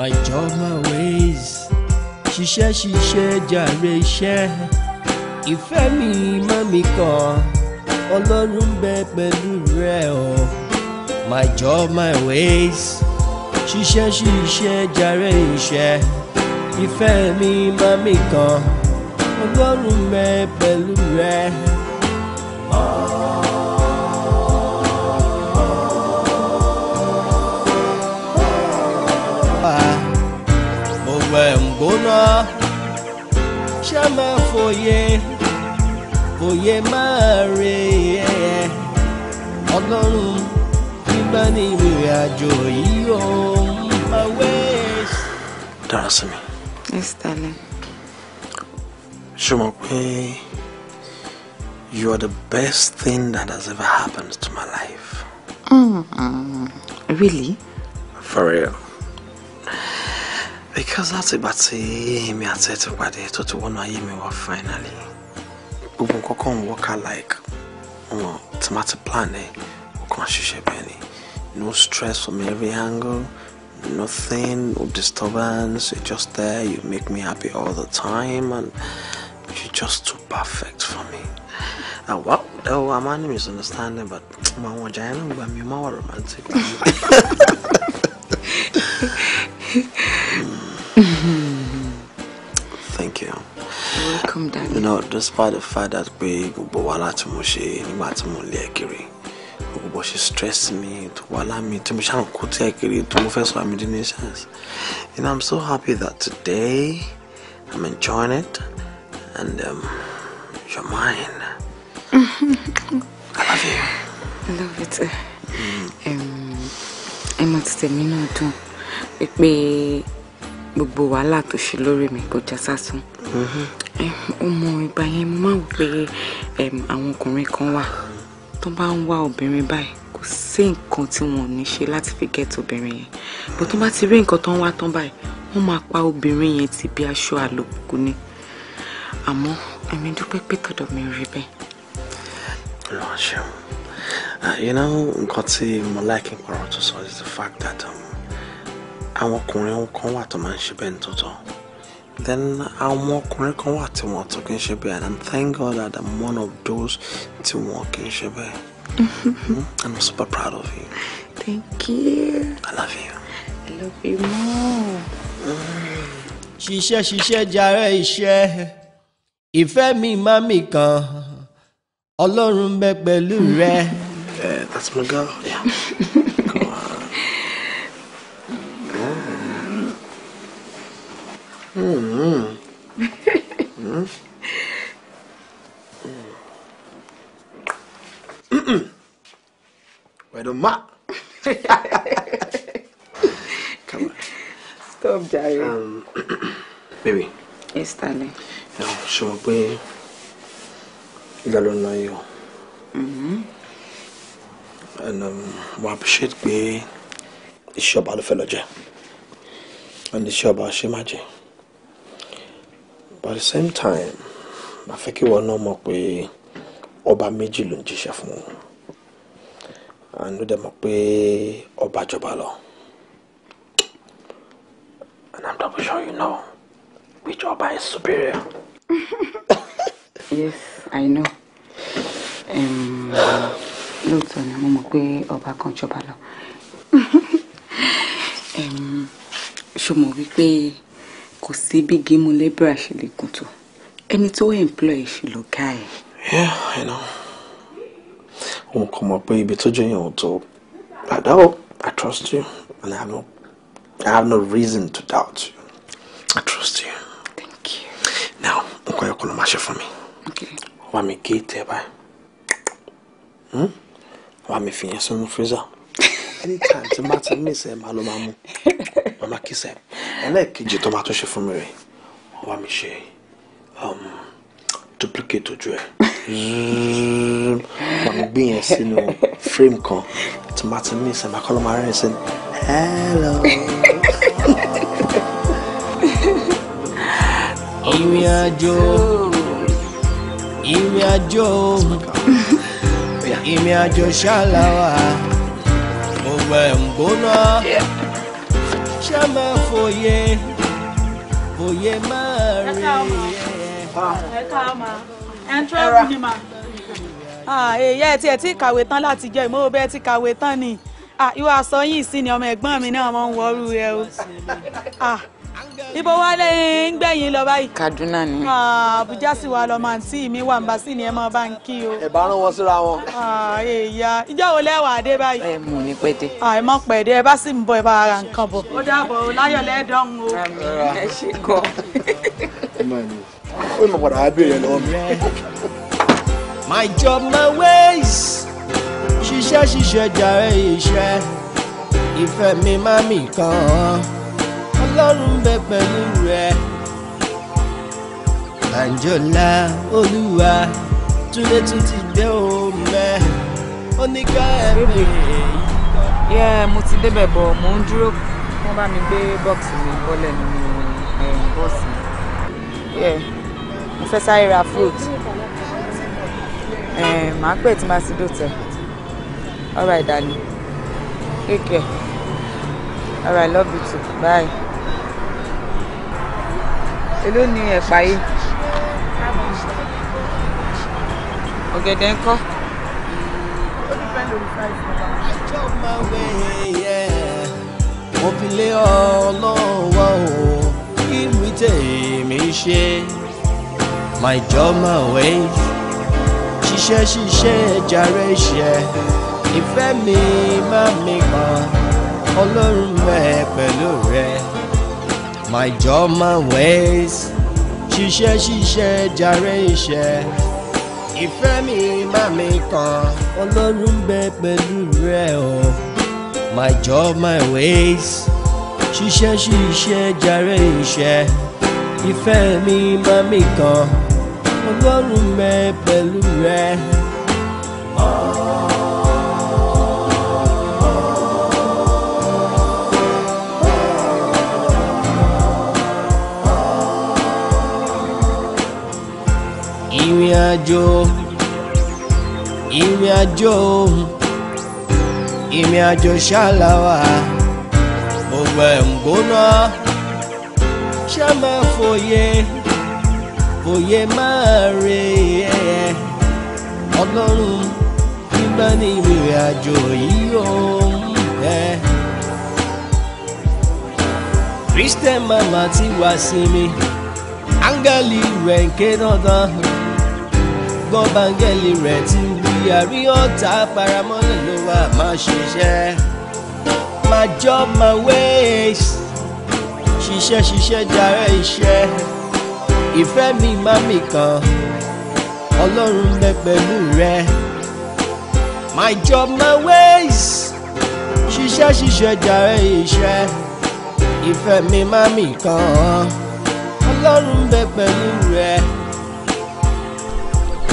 my job my ways ṣiṣẹ́ ṣiṣẹ́ jàre iṣẹ́ ìfẹ́ mi má mi kàn ọlọ́run bẹ pẹ̀lú rẹ o my job my ways ṣiṣẹ́ ṣiṣẹ́ jàre iṣẹ́ ìfẹ́ mi má mi kàn ọlọ́run bẹ pẹ̀lú rẹ. gbóná ṣá máa fòye fòye máa rè é ọlọ́run nígbà ní ìrìn àjò yìí ó máa wẹ́ẹ̀s. dára sí mi. yes pé you are the best thing that has ever happened to my life. Mm, mm, really? for real because that's tí èmi thing ẹ ti pàdé tó ti wọnú ayé mi wá finally gbogbo nǹkan kan ń work alike wọn tí má ti plan ẹ ó kàn ṣiṣẹ́ bẹ́ẹ̀ ni no stress from every angle nothing no disturbance you're just there you make me happy all the time and you're just too perfect for me. Uh, wow, oh, I might misunderstand it, but my vagina will me more romantic. mm thank you. welcome darling. you know despite the fact that we, gbogbo wàhálà tí mo ṣe nígbà tí mo lé ẹ kiri gbogbo ṣe stress me, tó wàhálà me. tí mo ṣàn kó tí ẹ kiri tó mo fẹ́ sọ àmì dín ní chance and i'm so happy that today i'm enjoying it and um, you're mine. I love you. I love it. Um, ẹ mọ̀ tètè mi náà dùn pé gbogbo wàhálà tó ṣe lórí mi kò já sásán ọmọ mm-hmm. ìgbà yẹn mo máa ń pe àwọn ọkùnrin kan wà tó bá ń wá obìnrin báyìí kò sí nǹkan tí wọn ò ní ṣe láti fi gẹ́ẹ̀tì obìnrin yẹn bó tó bá ti rí nǹkan tó ń wá tán báyìí wọ́n máa pa obìnrin yẹn ti bí aṣọ àlòkù ni àmọ́ èmi dúpẹ́ pé tọ̀dọ̀ mi rí bẹ́ẹ̀. lọ́ọ̀ṣẹ́ ah, nǹkan tí mo láìkí ń tó sọ is the fact that um, àwọn ọkùnrin kan wà tó máa ń ṣe bẹ́ẹ̀ ní tòótọ́ then àwọn ọkùnrin kan wà tí wọn tó kì í ṣe bẹ́ẹ̀ and thank God that I'm one of those tí wọn kì í ṣe bẹ́ẹ̀ and I'm super proud of you. Thank you. I love you. I love you more. ṣiṣẹ́ ṣiṣẹ́ jàre iṣẹ́ ìfẹ́ mi má mi kan ọlọ́run bẹ pẹ̀lú rẹ. Eh, that's my girl. Yeah. Wait a minute. Come on. Stop, Jerry. Um, baby. Yes, darling. Now, show me where you know you. Mm-hmm. And um, I appreciate pé iṣẹ́ ọba ló fẹ́ lọ jẹ́. And iṣẹ́ ọba ṣe máa jẹ́ but at the same time màá fẹ́ kí wọn náà mọ̀ pé ọba méjì ló ń jíṣẹ́ fún un and ó dẹ̀ mọ̀ pé ọba jọba lọ and I'm double sure you know which ọba is superior. yes I know Um, lóòótọ́ ni mo mọ̀ pé ọba kan jọba lọ ṣùgbọ́n wípé. Um, kò sí bí gímú lébírà ṣe lè gùn tó ẹni tó employ ṣe ló ká ẹ. yeah i know òun kò mọ̀ pé ibi tó jẹ́ yẹn ò tó i doubt i trust you and i have no i have no reason to doubt you i trust you. thank you. now nǹkan yẹn kò ló máa ṣe fún mi. okay. wàá mi gé tẹ báyìí hmm? wàá mi fìyẹn sínú freezer anytime tí n bá ti mí ìsẹ̀ máa ló máa mú mama kìsẹ ẹlẹ́ẹ̀kejì tó máa tún ṣe fún mi rẹ̀ wá mi ṣe um, duplicate ojú ẹ̀ wà mí gbé yẹn sínú frame kan tí màá ti mí ìsẹ̀ máa kọ́ ló máa rìn sí hello. ìrìn àjò ìrìn àjò ìrìn àjò ṣáláwá mo gbẹ̀ ń gbóná. Yeah ká máa fòye fòye máa rí ẹ ká máa ẹ ń tọ́ ní ma. èyí ẹ tiẹ̀ tí kàwé tán láti jẹ́ ìmọ̀ bẹ́ẹ̀ tí kàwé tán ni ìwà sọ yìí sí ni ọmọ ẹ̀gbọ́n mi náà mọ̀ ń wọ́ọ́rù rẹ o ibo wa lẹ́yìn ń gbẹ̀yìn lọ báyìí. Kaduna ni. Ah, Abuja sì wà lọ́mọ àǹtí mi wà nbàsí ni ẹ máa bá ń kí o. ẹ rán wọn síra wọn. èèyà ah, ìjọ wo lẹ́wà dé báyìí. ẹ mú ní pẹ́tẹ́. Ah, ẹ mọ̀ pẹ̀dẹ́ ẹ bá sì ń bọ̀ ẹ bá ara nǹkan bọ̀. ó dàbọ̀ láyọ̀ lẹ́dọ̀n o. ẹ ṣe kọ. ó mọ̀ padà á béèrè lọ́wọ́ mi. my job my ways ṣiṣẹ́ ṣiṣẹ́ jàre iṣẹ́ ìfẹ́ mi má mi kàn án ọlọ́run bẹ pẹ̀lú rẹ̀ àjọlá olúwa túnlé tún ti dé òmẹ ó ní ká ẹ bèrè. mo ti débẹ̀ bọ̀ mò ń dúró wọ́n bá mi gbé bọ́ọ̀sì mi bọ́lẹ̀ nínú eh, bọ́ọ̀sì mi mo fẹ́ sáré ra fruit eh, màá pè tí màá sì dòtẹ̀ all right darling take care all right love you too bye èló ni ẹ̀pà yìí. ọ̀gẹ̀dẹ̀ ńkọ́. àjọ máa o kí mi tèmi my job my way ṣiṣẹ́ ṣiṣẹ́ jàre ṣe ìfẹ́ mi má mi kàn ọlọ́run mẹ́ pẹ̀lú rẹ̀ my job my ways ṣiṣẹ́ ṣiṣẹ́ jàre iṣẹ́ ìfẹ́ mi má mi kàn ọlọ́run ń bẹ pẹ̀lú rẹ o my job my ways ṣiṣẹ́ ṣiṣẹ́ jàre iṣẹ́ ìfẹ́ mi má mi kàn ọlọ́run ń bẹ pẹ̀lú rẹ. Oh. ìrìn àjò ìrìn àjò ìrìn àjò ṣáláwà gbogbo ẹ̀ ń gbóná ṣá máa fòye fòye máa rè é ọlọ́run nígbà ní ìrìn àjò yìí ó ń bẹ́. Christian mama ti wá sí mi áńgẹ́lì rẹ̀ ń ké dandan gbọ́ báńgẹ́lì rẹ̀ ti wí àrí ọ̀tá paramọ́lẹ̀ ló wà má ṣiṣẹ́ má jọ́ má wéés ṣiṣẹ́ ṣiṣẹ́ jàre iṣẹ́ ìfẹ́ mi má mi kàn ọlọ́run bẹ pẹ̀lú rẹ my job my ways ṣiṣẹ́ ṣiṣẹ́ jàre iṣẹ́ ìfẹ́ mi má mi kàn ọlọ́run bẹ pẹ̀lú rẹ.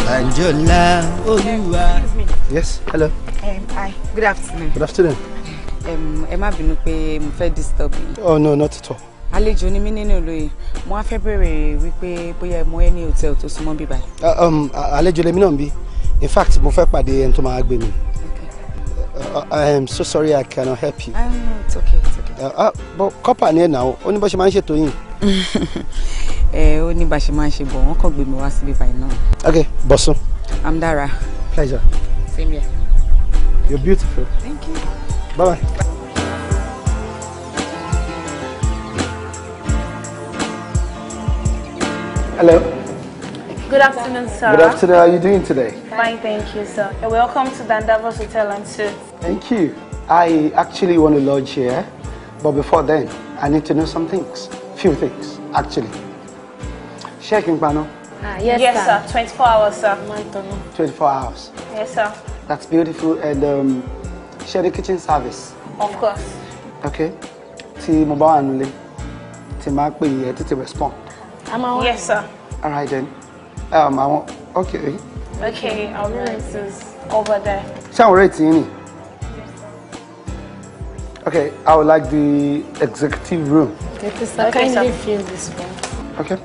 Anjola Olúwa. Yes, hello. Um, hi, good afternoon. Good afternoon. Um, ẹ má bínú mo fẹ́ disturb Oh no, not at all. Àlejò ni mí nínú olóye. Mo wá fẹ́ bèrè wípé bóyá mo hotel. ní hòtẹ́ẹ̀lì tó súnmọ́ bíbá. Uh, um, àlejò lèmi náà ń bí. In fact, mo fẹ́ pàdé ẹni tó máa gbé mi. Uh, uh I am so sorry I cannot help you. Um, it's okay, it's okay. Uh, uh, but copper ni now. náà, ó ní bó ṣe máa ń Eh, ó ní bá ṣe máa ń ṣe bọ̀ wọ́n kàn gbé mi wá síbí báyìí náà. okay bọ́sùn. I'm Dara. pleasure. same here. you're beautiful. thank you. bye bye. Hello. Good afternoon, sir. Good afternoon. How are you doing today? Fine, thank you, sir. And welcome to Dandavos Hotel and Suites. Thank you. I actually want to lodge here, but before then, I need to know some things few things, actually. Ṣé kí Ah, yes, yes sir. sir. 24 hours, sir. My turn. 24 hours. Yes, sir. That's beautiful. And um, share the kitchen service. Of course. Okay. See mobile only. See my tí máa pè yẹ títí respond. I'm aware. Yes, sir. All right then. Um, I want. Okay. Okay, our room is over there. Ṣé àwọn ọ̀rẹ́ tí Okay, I would like the executive room. Okay, sir. Okay, Kindly fill this one. Okay.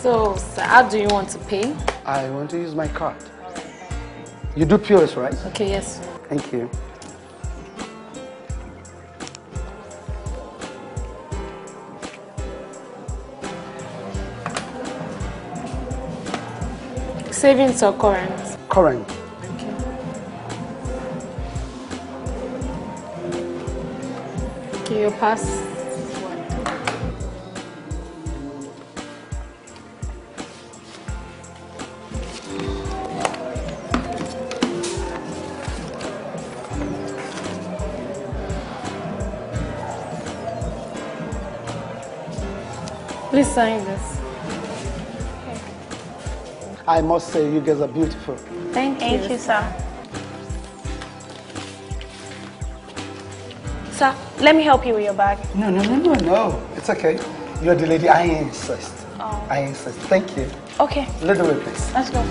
So, sir, how do you want to pay? I want to use my card. You do POS, right? Okay, yes. Thank you. Savings or current? Current. Okay. Okay, you pass. Please sign this. I must say, you guys are beautiful. Thank, Thank you, you, sir. Sir, let me help you with your bag. No, no, no, no, no. It's okay. You're the lady I insist. Oh. I insist. Thank you. Okay. Little bit, please. Let's go.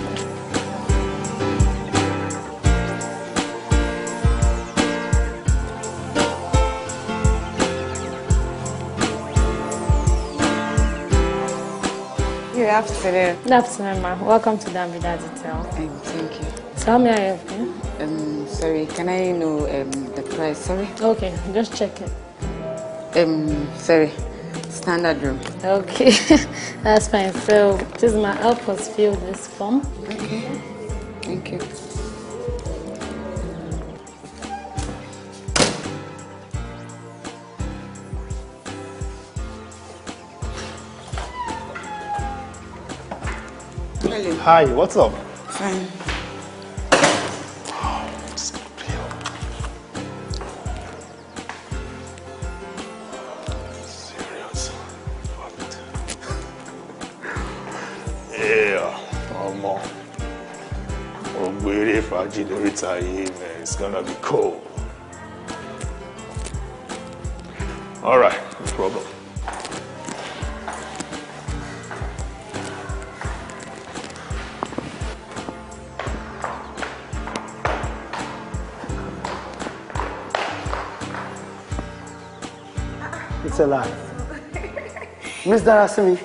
afternoon. Good afternoon, ma. Welcome to Danvida Hotel. Um, thank you. So may I help you? Um, sorry, can I know um, the price? Sorry. Okay, just check it. Um, sorry, standard room. Okay, that's fine. So this is my help us fill this form. Okay, thank you. Hello. Hi, what's up? Fine. Fàájì lórí tayé man, it's gonna be cool. All right, no problem. Stella. Miss Darasimi.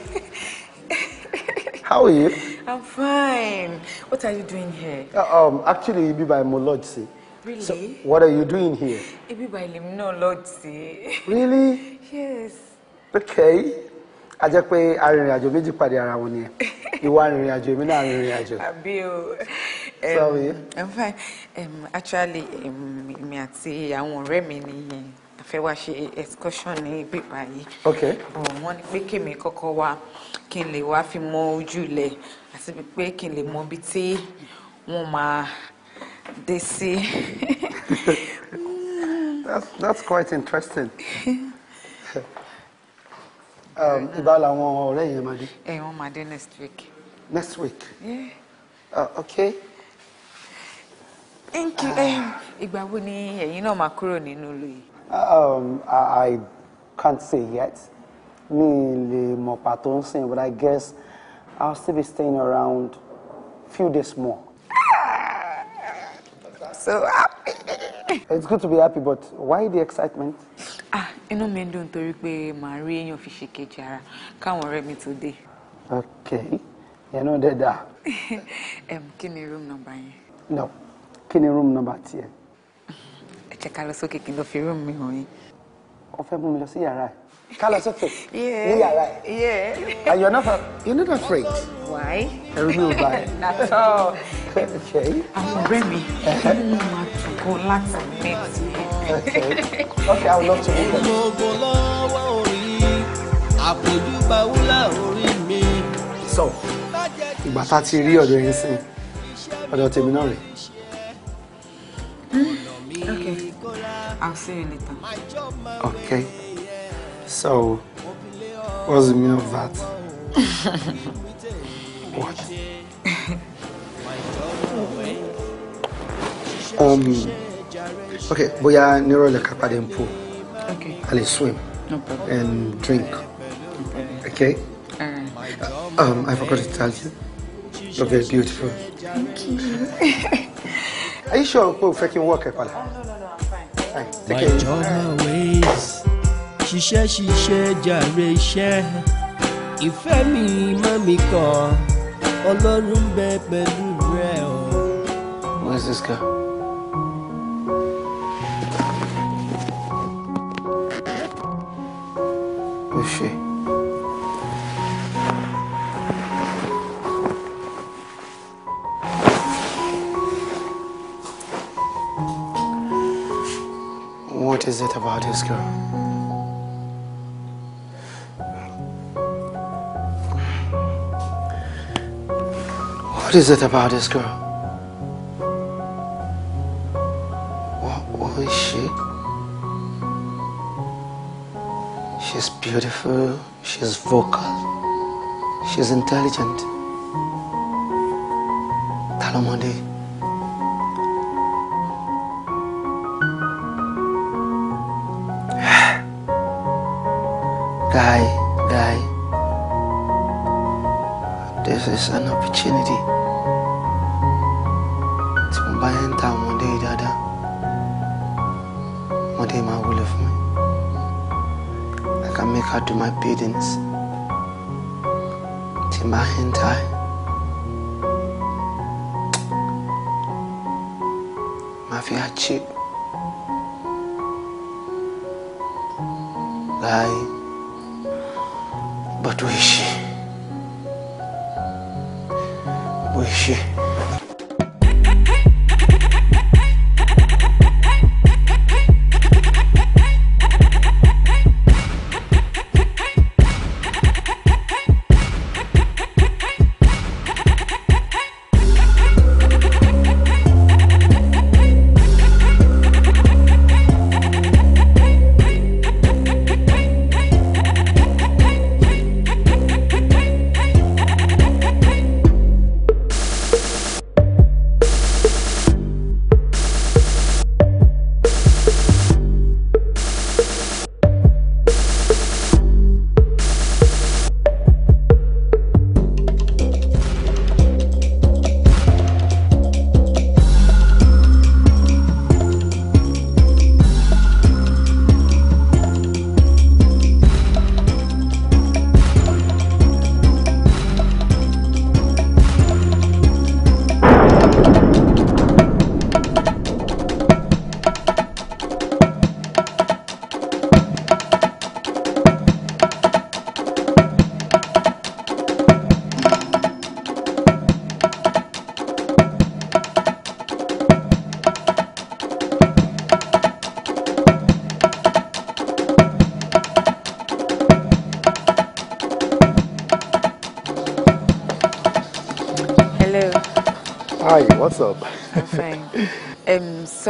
How are you? I'm fine. What are you doing here? Uh, um, actually, ibi by mo lodge si. Really? So, what are you doing here? Ibi by lèmi lodge si. Really? Yes. Okay. I just pé arìnrìn-àjò méjì pàdé ara the ni You want arìnrìn-àjò me náà arìnrìn-àjò. Àbí So how um, I'm fine. Um, actually, um, èmi àti àwọn ọ̀rẹ́ mi nìyẹn fẹ́ wá ṣe excursion ní bíbá yìí. ok bọ̀ wọ́n ní pé kèmí kọ́kọ́ wá kí n lè wá fi mọ ojú ilẹ̀ àti pé kí n lè mọ ibi tí wọ́n máa dé sí. that's that's quite interesting. Um, ìbá làwọn ọ̀rẹ́ yẹn máa dé. ẹ wọ́n máa dé next week. next week. Yeah. Uh, okay thank you. Ah. ìgbà wo ni ẹ̀yin náà máa kúrò nínú ìlú yìí. Um, I, I can't say yet. Mi lè mọ̀ pàtó but I guess I'll still be staying around few days more. So happy. Ah. It's good to be happy, but why the excitement? Ah, inú mi ń dùn torí pé màá rí èèyàn fi ṣe kejì ara káwọn Okay, You know, dẹ́ dáa. Kí room number No, kí room number tiẹ̀? jẹ́ ká lọ sókè kí n lọ fi rúùmù mi hàn yín. o fẹ́ mú mi lọ sí yàrá ẹ̀ ká lọ sókè ní yàrá ẹ̀. and you are not you are not afraid. why. ẹ̀rù mi ò bá ẹ. that's all. àwọn ọ̀rẹ́ mi mo máa tukọ̀ láti mẹ́tì. okay i would love to meet them. gbogbo lọ́wọ́ orí àpòjúbà wúlà orí mi. so ìgbà tá a ti rí ọ̀dọ̀ yẹn sìn ọ̀dọ̀ tèmi náà rèé. Hmm? I'll see you later. Okay. So, what's the meaning of that? what? um. Okay, bóyá nírọ̀ lè kápá dé pool. Okay. I will swim. No problem. And drink. No Okay. Uh, um, I forgot to tell you. You're very beautiful. Thank you. Are you sure we will working work, Epala? Oh, no, no. My it. Jog my ways. Ṣiṣẹ́ ṣiṣẹ́ jàre iṣẹ́. Ìfẹ́ mi má mi kọ̀. Ọlọ́run bẹ pẹ̀lú rẹ o. Where's this guy? is it about this girl? What is it about this girl? What, what is she? She's beautiful, she's vocal, she's intelligent. Talamadi. guy, guy, this is an opportunity. To buy bá yẹn ń ta àwọn ọmọdé yìí dáadáa, ọmọdé yìí máa I can make her do my biddings. To my bá yẹn ń ta ẹ̀.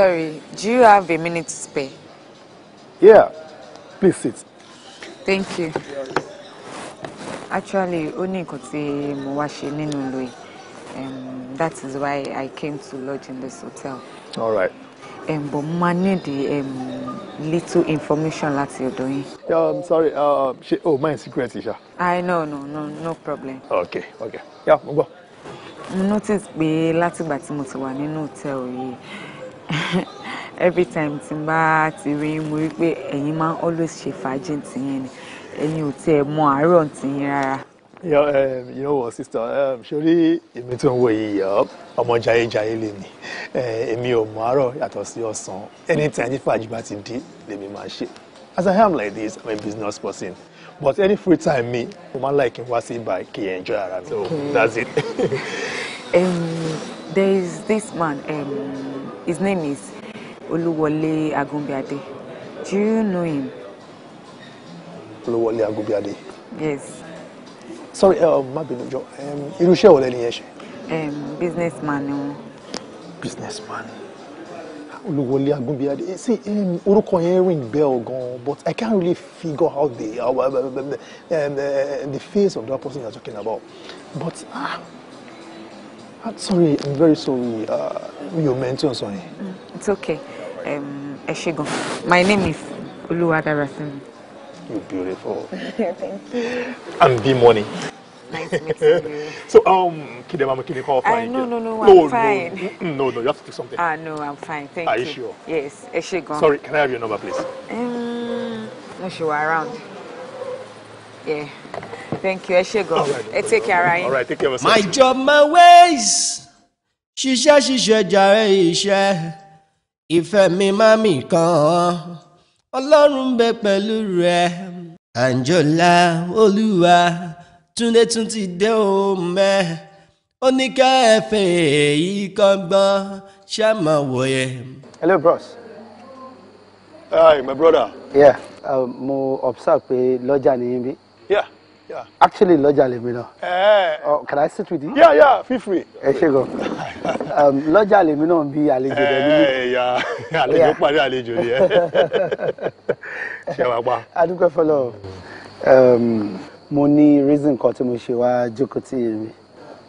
Sorry, do you have a minute to spare? Yeah, please sit. Thank you. Actually, only because nǹkan tí mo wá ṣe nínú That is why I came to lodge in this hotel. All right. Um, but ma the um, little information that you're doing. Yeah, I'm sorry. Uh, she, oh, my secret is. I know, no, no, no problem. Okay, okay. Yeah, mo go. notice pé látìgbà tí mo ti wà nínú hòtẹ́ẹ̀lì yìí. every time tí n bá ti rí mo rí pé ẹ̀yin máa ń always ṣe fàájì tìyẹn ni ẹ̀yin ò tiẹ̀ mọ àárọ̀ tìyẹn rárá. yọ um, you know what sister um, sori èmi tó ń wo yìí yọ ọmọ jayéjayé lèmi eh, èmi ò mọ àárọ̀ yàtọ̀ sí ọ̀sán anytime ní fàájì bá ti dé lèmi máa ṣe as i am like this i'm a business person but any free time me, mo máa like kí n wá sí ibà kí n enjoy ara mi so that's it. Um, there is this man um, his name is Oluwole Agunbiade do you know him. Oluwole Agunbiade. yes. sorry uh, má bínú jọ um, irú iṣẹ́ wo lẹ́ni yẹn ṣe. Um, businessman ni wọn. businessman Oluwole Agunbiade eh, see um, orúkọ yẹn ring bell gan but I can't really figure out the uh, uh, uh, uh, the face of that person you are talking about but. Uh, I'm ah, sorry, I'm very sorry. Uh, mi ò mẹ́ntì ọ̀sán yẹn. Mm, it's okay. Um, ẹ ṣé My name is Rasim. You're beautiful. Thank you. I'm Bimoni. Nice meeting you. So, um, can I make call fine? No, no, no, I'm no, fine. No, mm, mm, no, no, you have to take something. Ah, no, I'm fine. Thank Are you. Are you sure? Yes, ẹ Sorry, can I have your number, please? Um, no, she around. Yeah thank you ẹ ṣe gan ẹ take care ara yín. my job my ways ṣiṣẹ́ ṣiṣẹ́ jàre iṣẹ́ ìfẹ́ mi má mi kàn ọlọ́run bẹ pẹ̀lú rẹ àǹjọ́lá olúwa túndé tún ti dé òun mẹ́ẹ̀ ó ní ká ẹ fẹ́ èyí kan gbọ́n ṣá máa wọ̀ yẹ. hello bros. hi my brother. yeah um, mo observe pe loja ni yín bí. yeah Yeah. Actually, lọ́jà lèmi náà. Uh, can I sit with you? Yeah, yeah, feel free. Ẹ ṣe gan. Um, lọ́jà lèmi be bí àlejò eh, yeah, nílé. Àlejò parí àlejò yẹn. Eh. Ṣé wàá pa? Adúpẹ́ fọlọ́. Um, mo ní reason kan tí mo ṣe wá jókòó tì yẹn mi.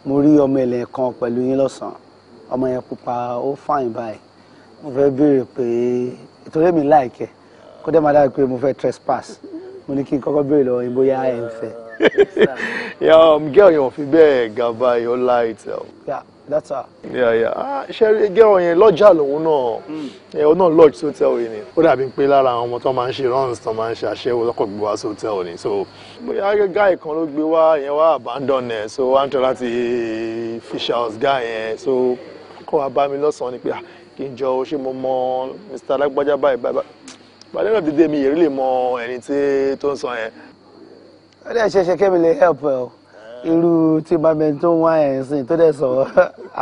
Mo rí ọmọ ẹ̀lẹ̀ kan pẹ̀lú yín lọ́sàn-án. Ọmọ pupa ó fine báyìí. Mo fẹ́ pe, ito ìtòrí mi láìkẹ́. Kó dẹ́ máa dára pé mo fẹ́ trespass. Mo ní kí n kọ́kọ́ béèrè lọ́wọ́ yín bóyá ẹ̀ ń fẹ́ yeah, um, girl yẹn ò fi bẹ́ẹ̀ gàba your light. yeah that's her. yeah yeah ah ṣe girl yẹn lọ́jà lòun náà ẹ hmm. ọ náà lodge hotel yìí ni ó dàbí pé lára àwọn ọmọ tó runs, ń ṣe runs share with ń ṣe aṣẹ́wó lọ́kọ̀ gbé wá hotel ni so a guy can look gbé wá yẹn wá abandon so I'm ń tọ́ láti fish house guy so kọ́ wa bá mi lọ́sàn-án ni pé ah, kí n jọ Mr. alágbájá báyìí báyìí bàdé rẹ̀ dídé mi yẹ̀rí lè mọ ẹni tí tó ń sọ yẹn ó dẹ̀ ṣẹ̀ṣẹ̀ kẹ́mi help ẹ o irú tí bàmẹ́ tó ń wá ẹ̀ sìn tó dẹ̀ sọ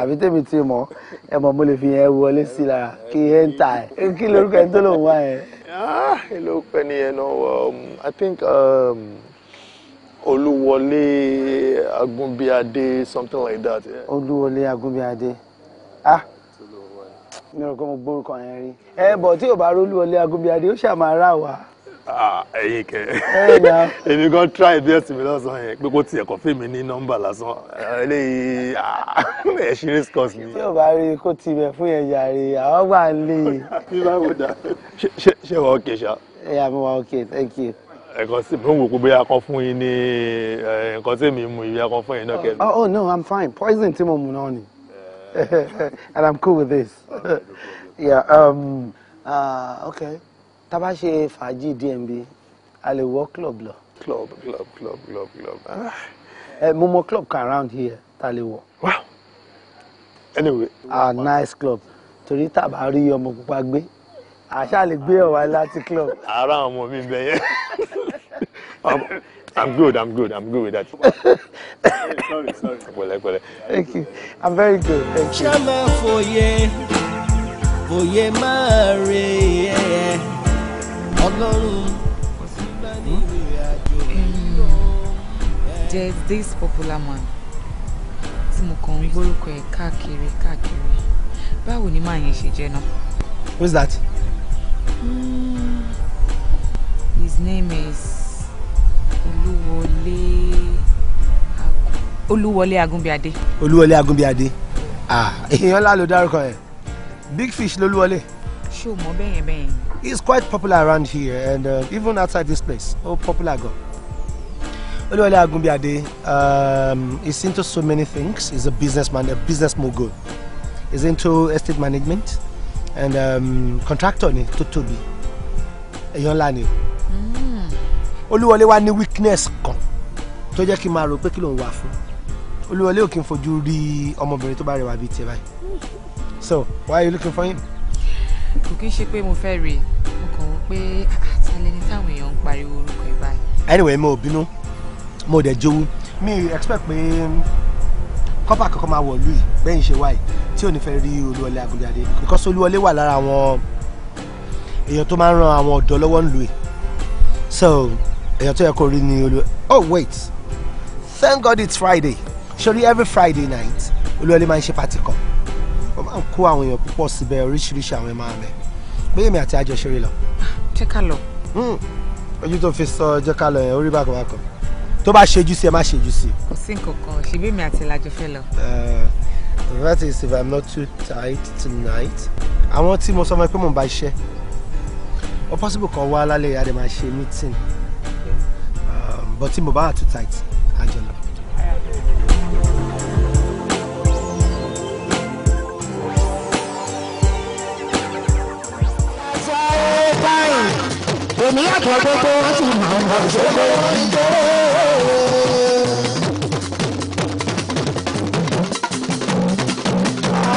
àbí tèmi ti mọ̀ ẹ mọ̀ mo lè fi ẹ wọlé sí la kí ẹ ń ta ẹ kí lórúkọ ẹ tó lòun wá ẹ. Ah, ló pẹ́ ní ẹnu um, I think um, Olúwọlé Agúnbíadé something like that. Yeah. Olúwọlé Agúnbíadé ah mi ò rò mo gbórúkọ yẹn rí ẹ eh, bọ̀ tí ò bá rólú Olúwọlé Agúnbíadé ó ṣàmà ara wa. Ah, ẹ̀yin kẹ èmi gan try bí ẹsìn mi lọ́sàn yẹn pé kó tiẹ̀ kọ́ fèmí ní nọ́mbà lásán eh, eléyìí ah, ẹ̀ ṣe race course mi. tí o bá rí kó tibẹ̀ fún yẹn jàre àwọn gbà ń lè. ṣé wàá òkè ṣá. ẹ yà mí wàá òkè thank you ẹ̀kan sí mo ń wò pé bóyá kan fún yín ní ẹ̀kan tí èmi mu ìyá kan fún yín náà kẹ́mi. Oh, oh no i'm fine poison tí mo mu náà ni eh. and i'm cool with this yeah um, uh, okay tá a ṣe fàájì DMB a lè wọ club lọ. club club club club club. ẹ ah. eh, mo mọ club kan around here tá lè wọ. wow anyway. a ah, nice club torí tá a bá rí ọmọ pupa gbé àṣà lè gbé ọ̀wá láti club. ara ọmọ mi bẹ yẹn. I'm good, I'm good, I'm good with that. sorry, sorry. Pẹ̀lẹ́, pẹ̀lẹ́. Thank you. I'm very good. Thank you. Ṣé máa fòye, fòye máa rè é? Mm. There's this popular man tí mo kàn ń gbórúkọ ẹ̀ káàkiri káàkiri báwo ni màá yẹn ṣe jẹ́ náà. who is that. Mm, his name is olúwọlé olúwọlé Agunbiade. olúwọlé Agunbiade. ah èèyàn ńlá ló dárúkọ yẹn big fish lolúwọlé. ṣé o mọ bẹ́yẹn bẹ́yẹn. He's quite popular around here and uh, even outside this place. Oh, popular guy! Oluwale Agunbiade um, Ade is into so many things. He's a businessman, a business mogul. He's into estate management and um, contractor ni tó tóbi. Èèyàn ńlá ni. Hmm. Olúwọlé wa ní weakness kan tó jẹ́ kí n máa rò pé kí ló ń wà fún. Olúwọlé ò kí n fojú rí ọmọbìnrin tó bá rẹwà bíi So why are you looking for him? kò kí ń ṣe pé mo fẹ́ rè mo kàn wọ́n pé àtàlẹ́ni ah, ah, táwọn èèyàn ń pariwo orúkọ ẹ̀ báyìí. anyway mo bínú mo dẹ̀ jowú mi expect pé kọ́pà kankan máa wọ̀ lùyìí bẹ́yìn ṣe wáyìí tí ò ní fẹ́ rí olúwọlé agolade because olúwọlé wà lára àwọn èèyàn tó máa ń ran àwọn ọ̀dọ́ lọ́wọ́ nílùú so èèyàn tó yẹ kó rí ni olú oh wait thank god it's friday Surely every friday night olúwọlé máa ń ṣe pàtì kan ó máa ń kó àwọn èèyàn púpọ̀ síbẹ̀ oríṣiríṣi àwọn ẹ̀ma rẹ̀ bóyá èmi àti àjọ ṣeré lọ. jẹ́ ká lọ. Hmm. ojú tó fi sọ jẹ́ ká lọ yẹn orí bákan bákan tó bá ṣejú sí ẹ má ṣejú sí. kò sí nǹkan kan ṣebí mi àti ìlàjọ fẹ́ lọ. Eh, that is if i'm not too tight tonight. àwọn tí mo sọ fún ẹ pé mò ń bá iṣẹ́ ó possible kan wá lálẹ́ ìyá rẹ̀ máa ṣe meeting um, but tí mo bá wà too tight àjọ lọ. fáìn èmi yàtọ̀ gbogbo wọn sì máa ń bọ̀ ṣogbo nítorí.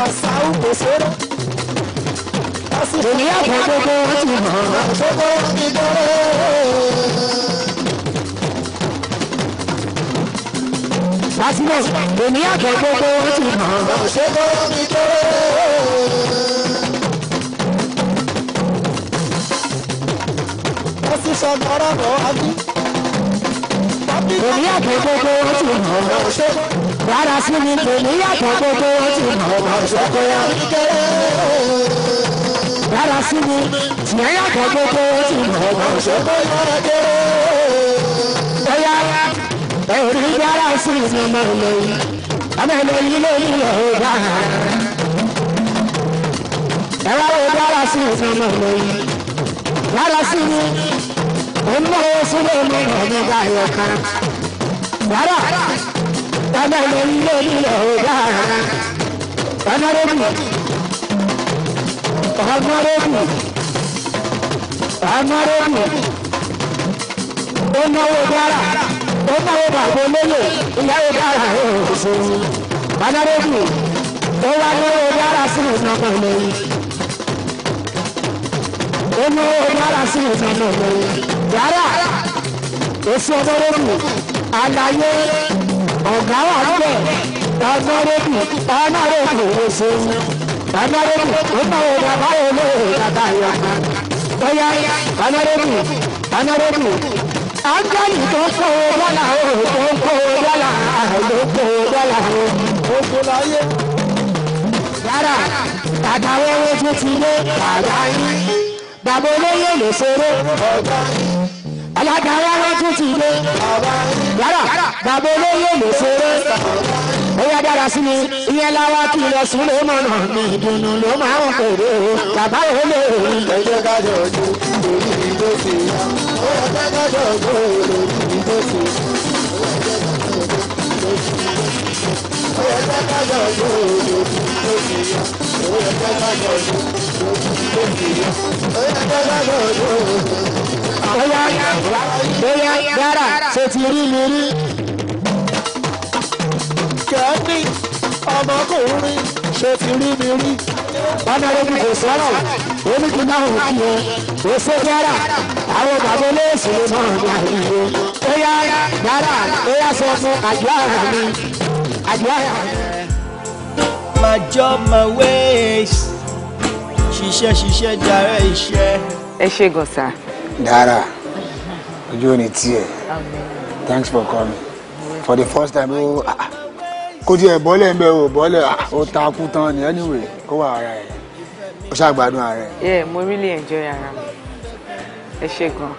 àṣàrò gbèsè rẹ. yàtọ̀ gbogbo wọn sì máa ń bọ̀ ṣogbo nítorí. Asinas, yàtọ̀ gbogbo wọn sì máa ń bọ̀ ṣogbo sí sọdọ ọlọ́rọ̀ ọdún. èmi yàtọ̀ gbogbo wọn ti mọ̀ ọ́ ṣe. rárá sí mi èmi yàtọ̀ gbogbo wọn ti mọ̀ ọ́ ṣe kó yá. rárá sí mi tìyẹn yàtọ̀ gbogbo wọn ti mọ̀ ọ́ ṣe kó yá. bóyá èmi rárá sí mi mọ̀ ọ́ lóyún. ọmọ ẹ̀ lóyún lóyún lọ́wọ́ bá a. ẹ wá wo rárá sí mi mọ̀ ọ́ lóyún. rárá sí mi. إنه سليمان هذا يكرم برا أنا لله له أنا ربي أنا ربي أنا ربي إنه برا إنه برا بلوله إنه برا أنا ربي هو أنا برا سليمان بلوله إنه برا سليمان بلوله dára èsì ọmọdébù àlàyé ọ̀gá wà níbẹ̀ ọmọdébù ọmọdébù èsì ọmọdébù ọmọdébù bàbá olè bàbá yọ ọyá ọmọdébù ọmọdébù agbẹ́ni tó ń kó dọ́là o tó ń kó dọ́là ló kó dọ́là o. ó kó láyé. yàrá àtàwọn ohun tó ti lé bàbá yín bàbá olóyè lè ṣeré. ọ̀gá yín alága alára tún ti dé yàrá bàbá olóyè lè ṣeré ó yá dára sí ni ìyẹn láwa kí lọ sùn ló mọ̀ náà ìdùnnú ló máa ń pèrè o bàbá yóò lè rí. ẹjẹ kájọ ojú èyí ni tó ṣe yá ó yẹ kájọ ojú èyí ni tó ṣe ó yẹ kájọ ojú èyí ni tó ṣe yá ó yẹ kájọ ojú èyí ni tó ṣe yá ó yẹ kájọ ojú èyí ni tó ṣe yá bóyá bóyá dára ṣe ti rí mi rí. kẹ́ẹ́nì ọmọkùnrin ṣe ti rí mi rí. ọ̀nà omi kò sọ̀rọ̀ omi kì í náà wò kí ẹ kò ṣe dára àwọn bàbá olóòṣù ló máa ń gbà yín o. bóyá dára bóyá sọ fún àjọ àrà mi àjọ àrà mi. My job, my ways. Ṣiṣẹ́ ṣiṣẹ́ jàre iṣẹ́. Ẹ ṣé gọ̀sà. Dara, ojú ò ní tiẹ̀. Thanks for coming. For the first time, ó ah, ah, kó tiẹ̀ bọ́lẹ̀ ń bẹ ò bọ́lẹ̀ ah, ó ta kú tán ni anyway ó wà ara ẹ̀ ó ṣàgbádùn ara ẹ̀. Yeah, mo really enjoy ara mi. Ẹ ṣe gan.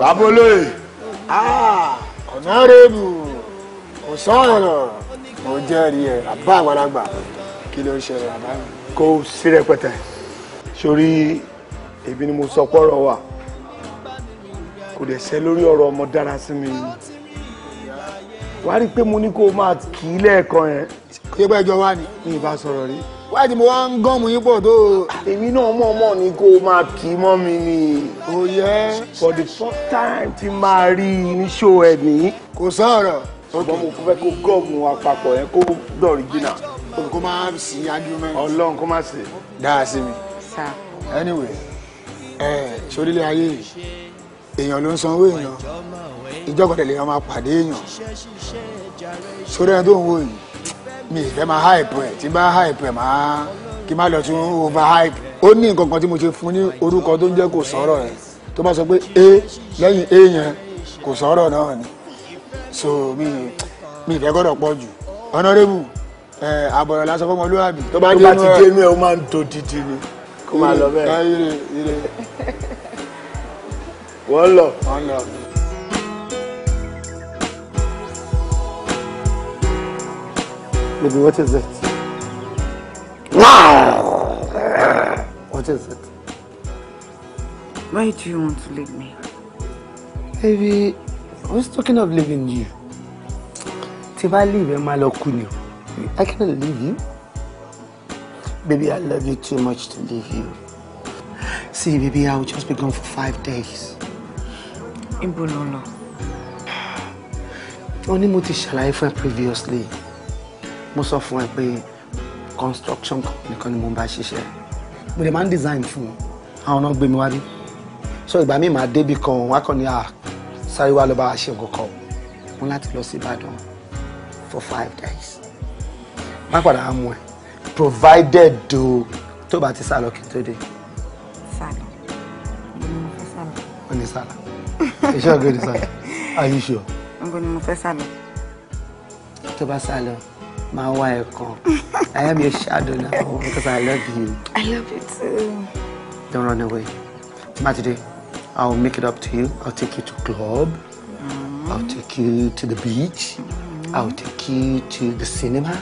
Babolóye, ọ̀nàrẹ́bù, kò sọ̀rọ̀, mo jẹ́rìí ẹ̀, àbá àgbàlagbà, kí ló ń ṣẹlẹ̀ àbá mi? Kò sí rẹpẹtẹ, sórí èmi ni mo sọ pọ́rọ̀ wà kò dẹ̀ ṣe lórí ọ̀rọ̀ ọmọ dára sí mi wàá rí i pé mo ní kó o máa kì í lẹ́ẹ̀kan yẹn. ṣé bá ẹjọ́ wá ni. mi ì bá sọ̀rọ̀ rí. wáyé tí mo wá ń gọ́ọ̀mù yín pọ̀ tó. èmi náà mọ̀ mọ̀ ní kó o máa kì í mọ́ mi ni. oh yes. for the first time tí máa rí i ní ṣó ẹ nìyí. kò sọ ṣùgbọ́n mo fẹ́ kó gọ́ọ̀mù àpapọ̀ yẹn kó dọ̀rí jìnnà. kó má sí argument. ọlọ́run kó má sí. dáa sí mi. sir. anyway. sórílẹ̀ ayé èèyàn ló ń sanwó èèyàn ìjọkọ̀dẹ̀ lèèyàn máa pàdé èèyàn sórí ẹni tó ń wò mi ì fẹ́ máa hype ẹ̀ tí bá hype ẹ̀ máa kí n má lọ sí over hype ó ní nǹkan kan tí mo ṣe fún ní orúkọ tó ń jẹ́ kò sọ̀rọ̀ ẹ̀ tó bá sọ pé e lẹ́yìn e yẹn kò sọ̀rọ̀ náà ni so mi mi fẹ́ pọ̀ jù àbọ̀rọ̀ lásán fọmọlúwàbí tó bá kó máa lọ bẹ́ẹ̀. wọ́n lọ. wọ́n lọ. Baby, what is it? What is it? Why do you want to leave me? Baby, who's talking of leaving you? Tí bá leave ẹ máa lọ kú ni I cannot leave you. Baby, I love you too much to leave you. See, baby, I will just be gone for five days. Ibo only multi Ó I mo previously. Most of fún ẹ pé construction company kan ni mo ń bá ṣiṣẹ́. Mo lè máa ń design fún àwọn náà gbé mi wá bí. So ìgbà míì máa débì kan wá kàn ní à sáré wá lọ bá wa ṣe nǹkan kan. Mo láti lọ for five days. My padà I'm mú provided o tó bá ti sálọ kí n tó dé. sálọ ibo ni mo fẹ́ sálọ. ó ní sálọ iṣẹ́ ọ̀gbìn ní sálọ are you sure. ibo ni mo fẹ́ sálọ. tó bá sálọ máa wá ẹ kàn I am your shadow now oh, because I love you. I love you too. Don't run away. Matide, I will make it up to you. I'll take you to club. Mm. I'll take you to the beach. Mm. I'll take you to the cinema.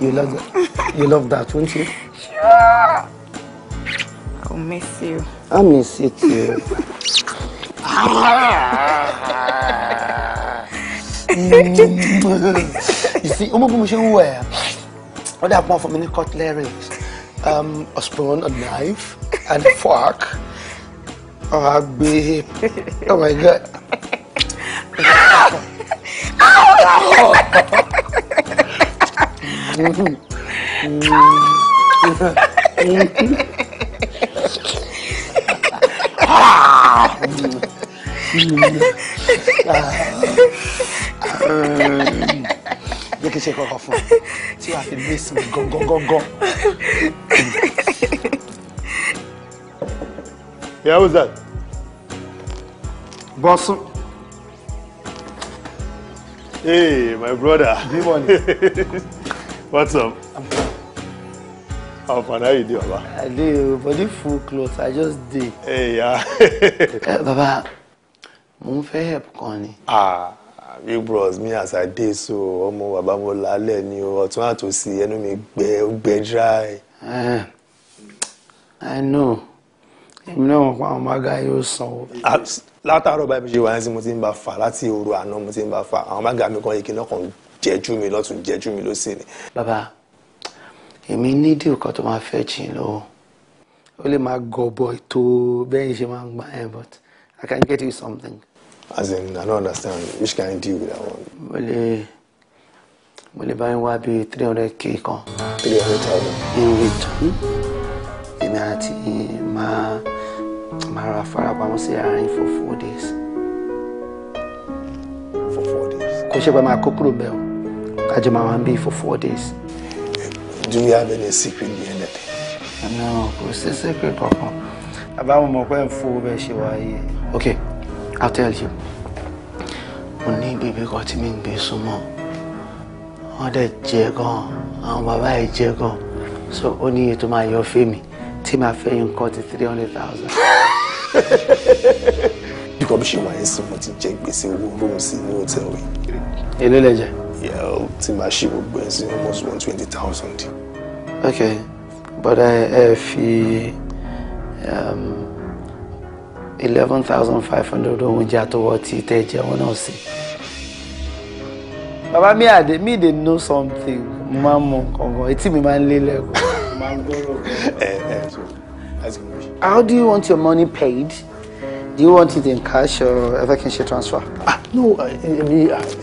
You love it. You love that, won't you? Sure. I'll miss you. I miss you too. Mm. you see, ọmọ bí mo ṣe ń wẹ̀ ọ́ dà pọ̀ fún mi um, a spoon, a knife, and a fork. Oh, I Oh my god. oh. jẹ́ kí n ṣe kọ́kọ́ fún ọ tí wàá fi bẹ́ẹ̀ sí mi gangan. Yeah, who's Hey, my brother. Good morning. What's up? I'm How far are you Baba? I dey oh, body full cloth I just dey. Hey, yeah. Baba, mo ń fẹ́ help kan ni. Ah big bros me as I dey so ọmọ bàbá mo lálẹ́ ni o ọ̀tún àtòsí ẹnu mi gbẹ gbẹ dry. Eh, I know èmi náà wọn pa àwọn mága yóò sanwó. Ah, látàárọ̀ báyìí ṣe wáyé sí mo ti ń bá fà láti òru àná mo ti ń bá fà àwọn mága mi kan yìí kí n náà kàn jẹ́jú mi lọ́tún jẹ́jú mi lọ́sìn ni. bàbá èmi ní díò kan tó máa fẹ́ jìn lọ́wọ́ ó lè máa gọbọ ètò bẹ́ẹ̀ ṣe máa ń gbà ẹ̀ but I can get you something. as in I don't understand which kind deal be that one. mo lè mo lè bá yín wá bíi three hundred k kan. three hundred thousand. in return èmi àti máa máa ra farapamọ́ sí ara yín for four days. for four days. kò ṣe pé máa kó kúrò bẹ́ẹ̀ o kájọ máa wá ń bí for four days do we have any secret behind it? No, kò sí secret Papa? Bàbá mo mọ̀ pé ń fowó bẹ́ẹ̀ ṣe Okay, I'll tell you. Mo ní bèbè kan tí mi ń gbé súnmọ́. Wọ́n dẹ̀ jẹ́ gan-an, àwọn So ó ní iye tó máa yọ fèmí tí màá fẹ́ yín kọ́ ti three hundred thousand. Bí kò bí ṣe wáyé sí mo ti jẹ gbèsè owó rúùmù sí ní hòtẹ́ẹ̀lì. Èlé lẹ jẹ. Yẹ́n tí màá almost one twenty thousand okay but I have um, eleven thousand five hundred oúnjẹ àtọwọ́ tí tẹ́ jẹun náà sí. bàbá mi àdé mi dey know something mo máa ń mọ kankan etí mi máa ń lé lẹ́kọ̀ọ́. Eh, eh. Eh, how do you want your money paid? Do you want it in cash or ever can she transfer? Ah, no, uh,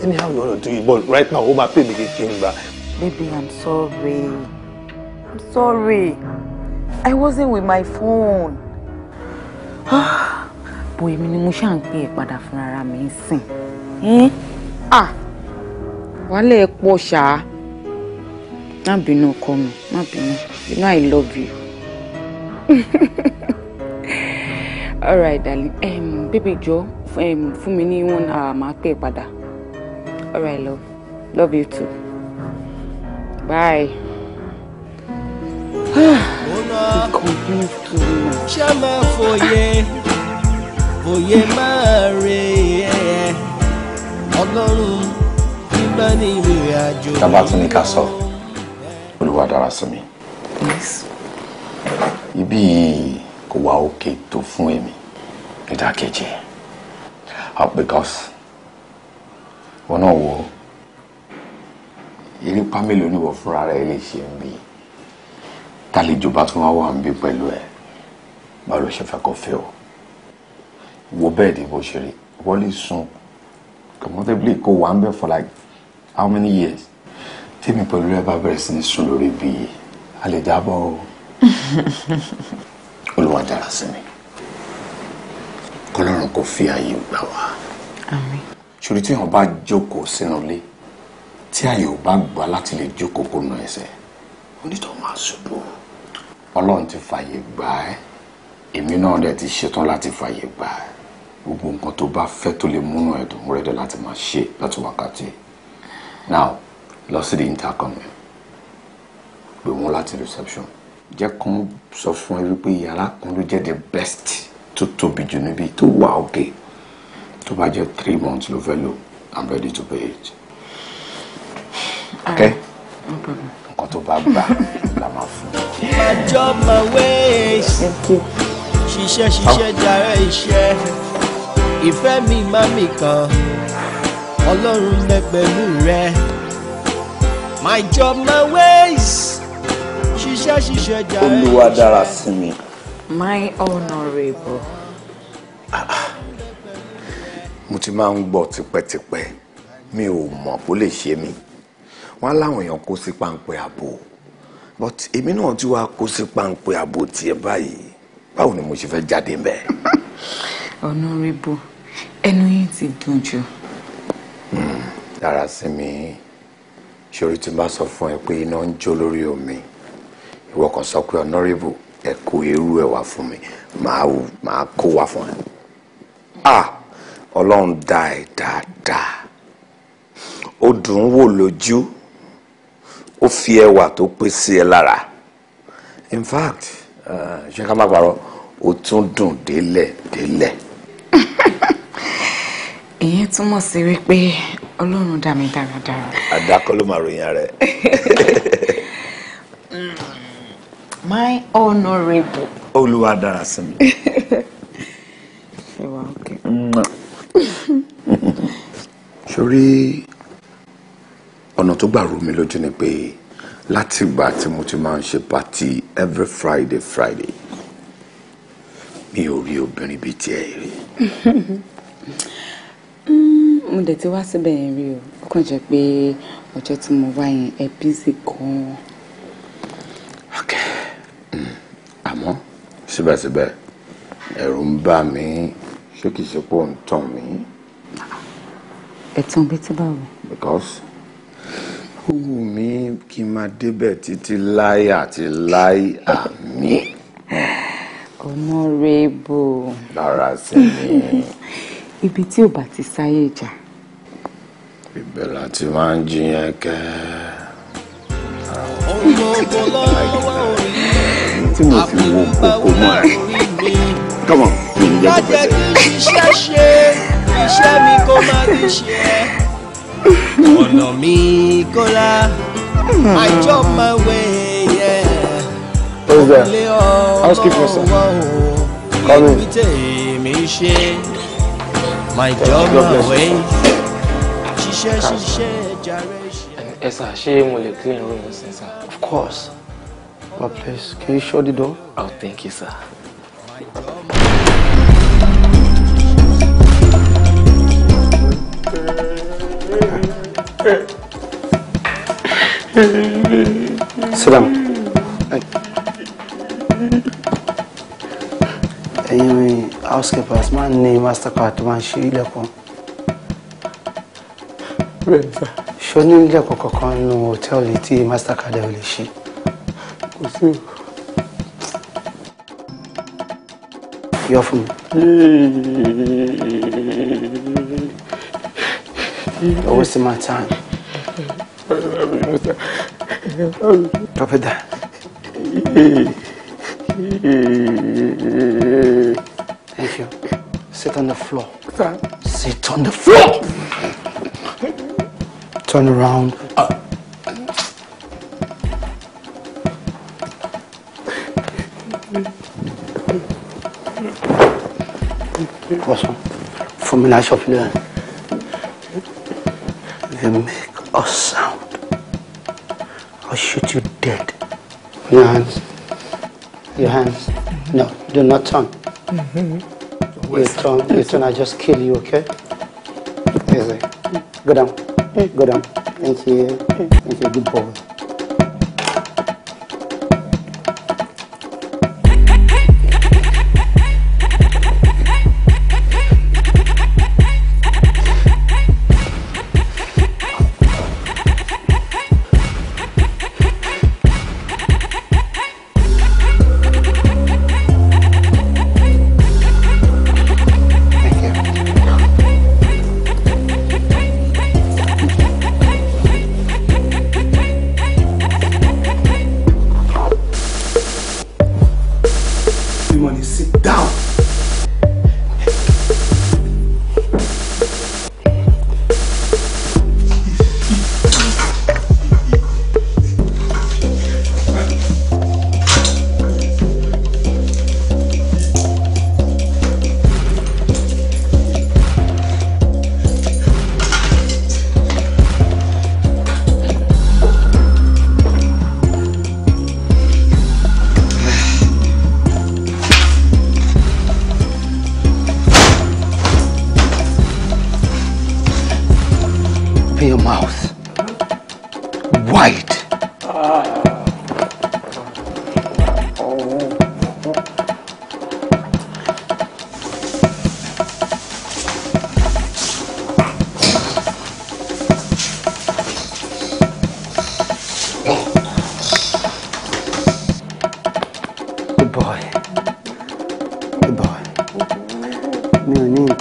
anyhow you want to do it, but right now, Oma pay me the thing back. Baby, I'm sorry. I'm sorry. I wasn't with my phone. Boy, èmi ni mo ṣáà ń pè é e padà fúnra ra mi ń sìn. Hmm? Ah! Wálé ẹ pọ̀ ṣáá. Má bínú ọkọ mi, má bínú. You know I love you. All right, darling. Um, baby Joe. um, fún mi ní one hour máa pè é All right, love. Love you too. Bye ṣá máa fòye fòye máa rè ọlọ́run nígbà ní ìrìn àjò. dábàá tún ní ká sọ olúwa dára sí mi ibi yìí kò wá òkè tó fún èmi ìdákẹ́jẹ́ because wọn náà wọ ìrípa mélòó ni wọ́n fúnra rẹ̀ lè ṣe ń bí tálejò bá tún wá wà ń bí pẹ̀lú ẹ̀ báwo ló ṣe fẹ́ kó fẹ́ o wo bẹ́ẹ̀ ni bó ṣe rí wọ́n lè sùn comfortably wà ń bẹ̀ for like how many years tèmi pẹ̀lú ẹ bá bẹ̀rẹ̀ sí ní sùn lórí bí a lè jábọ̀ o olúwa dára sí mi kọlọ́run kò fi ààyè gbà wá ṣòrí tí wọn bá jókòó sínú ilé tí ààyè ò bá gbà láti lè jókòó kó nà ẹsẹ̀ onítọ̀ máa ṣubú o ọlọ́run ti fàyè gbà ẹ́ èmi náà dẹ̀ ti ṣetán láti fàyè gbà ẹ́ gbogbo nǹkan tó bá fẹ́ tó lè múnú ẹ̀dùn rẹ́dẹ̀ láti máa ṣe láti wákàtí now lọ sí the intercom yẹn pè wọ́n láti reception jẹ́ kán sọ fún ẹ wípé yàrá kan ló jẹ́ the best tó tóbi jù níbi tó wà òkè tó bá jẹ́ three months ló fẹ́ lò i'm ready to pay it. okay. no nǹkan tó bá gbà la máa fún un. àjọ my ways ṣiṣẹ́ ṣiṣẹ́ jàre iṣẹ́ ìfẹ́ mi má mi kàn ọlọ́run bẹ pẹ̀lú rẹ. my job my ways ṣiṣẹ́ ṣiṣẹ́ jàre iṣẹ́. olúwa dára sí mi. my honourable. mo ti máa ń gbọ́ tipẹ́tipẹ́ mi ò mọ̀ kó lè ṣe mí wọ́n á láwọn èèyàn kó sí páńpẹ́ ààbò but èmi náà ti wá kó sí páńpẹ́ ààbò tiẹ̀ báyìí báwo ni mo ṣe fẹ́ jáde ń bẹ̀. honorable ẹnu yìí ti dùn jù. Hmm, dára sí mi ṣòro tí n bá sọ fún ẹ pé iná ń jó lórí omi ìwọ kan sọ pé honorable ẹ kó irú ẹ wá fún mi màá kó wá fún ẹ. Ah! ọlọ́run dá ẹ dáadáa ó dùn ún wò lójú ó fi ẹwà tó pé sí ẹ lára in fact ṣé ká má parọ́ ó tún dùn délẹ̀ délẹ̀. ìyẹn túmọ̀ sí wípé ọlọ́run dá mi dáradára. àdàkọ ló máa ròyìn rẹ. Hmm. my honourable. olúwa dára sí mi. ṣe wà ókè. sori ọ̀nà tó gbà rú mi lójú ni pé látìgbà tí mo ti máa ń ṣe pàtì every Friday Friday mi ò rí obìnrin bíi tiẹ̀ rí. Mm, mo dẹ̀ ti wá síbẹ̀ yẹn rí o ó kàn jẹ́ pé ọjọ́ tí mo wá yẹn ẹ bísí gan-an. ok mm. àmọ́ síbẹ̀síbẹ̀ ẹ̀rù ń bà mí ṣé kìí ṣe pé òun tàn mí. ẹ̀tàn bíi ti báwo. because ó wù mí kí n máa débẹ̀ títí láì àti láì àmì. ọ̀nàrẹ́bù. lára sí mi. ibi tí ò bá ti sáyé ìjà. ibẹ̀ la ti máa ń jiyàn kẹ́. tí mo fi wo kókó mọ́ ẹ̀. come on mi ò ní jẹ́ kó bẹ̀rẹ̀. má mi kó má di ṣe ọ̀nà mi kò I jump my way yeah. òkèlè ọ̀rọ̀ wọ̀ ò ibi tèmi ṣe my job my way ṣiṣẹ́ ṣiṣẹ́ jàre ṣe. ẹ sà clean room sir. of course but please can you shut the door. oh thank you sir. Sit down. Ẹ̀yin housekeepers máa ń ní mastercard tó máa ń ṣí ilẹ̀kùn. Ṣé o ní ilẹ̀kùn kankan nínú hòtẹ́ẹ̀lì tí mastercard ẹ̀ e lè ṣí? Kò sí o. Yọ You're wasting my time. Drop it down. Thank you. Sit on the floor. Sit on the floor! Turn around. Uh. What's wrong? From the shop, you make a sound, I'll shoot you dead. Your hands. Your hands. No, do not turn. Mm -hmm. You turn, you turn, I just kill you, okay? Easy. Go down. Go down. Thank you. Thank you, good boy.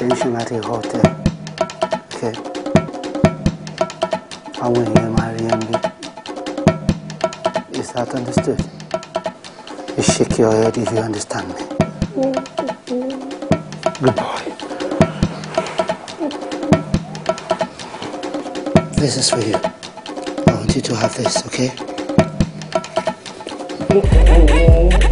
attention the hotel okay àwọn èèyàn máa rí ẹni is that understood you shake your head if you understand me good boy this is for you I want you to have this okay. Oh, oh, oh.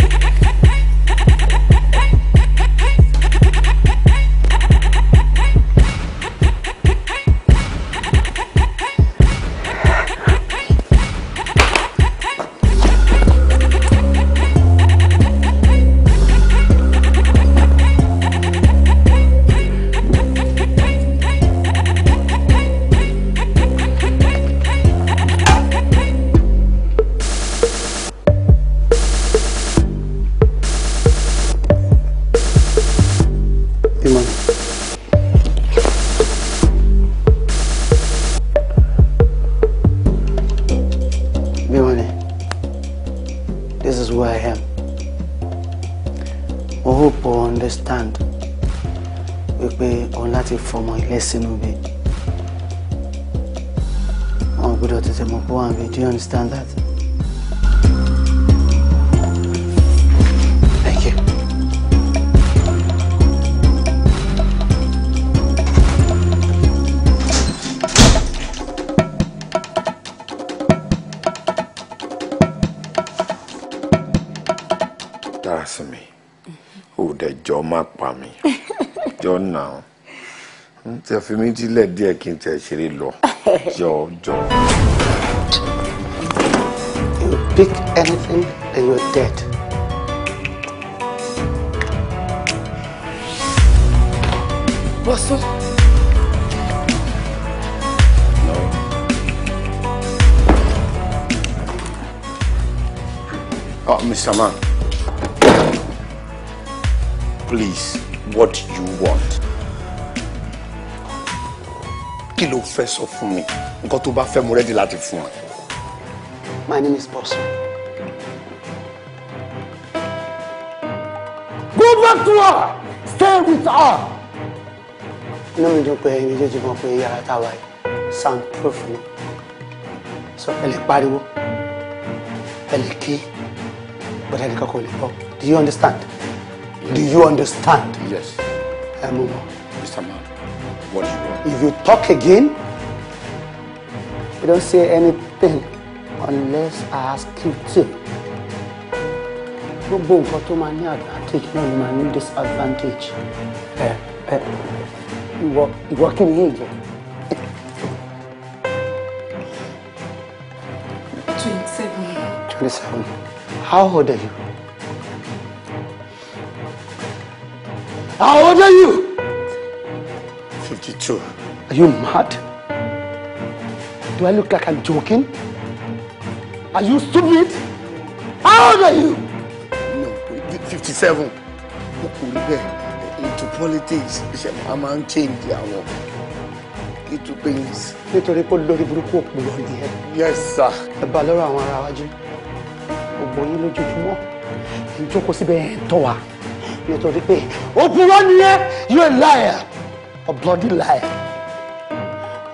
mi sílẹ̀ díẹ̀ kí n tẹ̀ ṣeré lọ jọjọ. You pick anything and you're dead. Bọ́sún. Oh, Mr. Man, please, what do you want? kí ló fẹ́ sọ fún mi nǹkan tó bá fẹ́ mo rẹ́dí láti fún ẹ. My name is Bosun. Go back to her. Stay with her. Inú mi dùn pé ẹyin méjèèjì mọ̀ pé yàrá tá a wáyé soundproof ni. Sọ ẹ lè pariwo, ẹ lè kí, bọ́dá ẹnìkan kò lè gbọ́. Do you understand? Do you understand? Yes. Ẹ mú mọ́. If you talk again, you don't say anything unless I ask you to. Gbogbo nǹkan tó máa ní advantage náà ló máa ní disadvantage. Ẹ Ẹ ìwọ ìwọ kí ni yéé jẹ? Twenty-seven. Twenty-seven. How old are you? you mad? Do I look like I'm joking? Are you stupid? How old are you? No, 57. Mo into politics I'm máa máa ń change àwọn little things. Nítorí pé lórí burúkú òpùrọ̀ ni ẹ. Yes sir. Ẹ bá lọ́rọ̀ àwọn ará wájú. Ògbọ́n yín lójoojúmọ́. Ìjókòó síbẹ̀ ẹ̀ tọ́ wa. Nítorí pé òpùrọ̀ ni ẹ, you're a liar, a bloody liar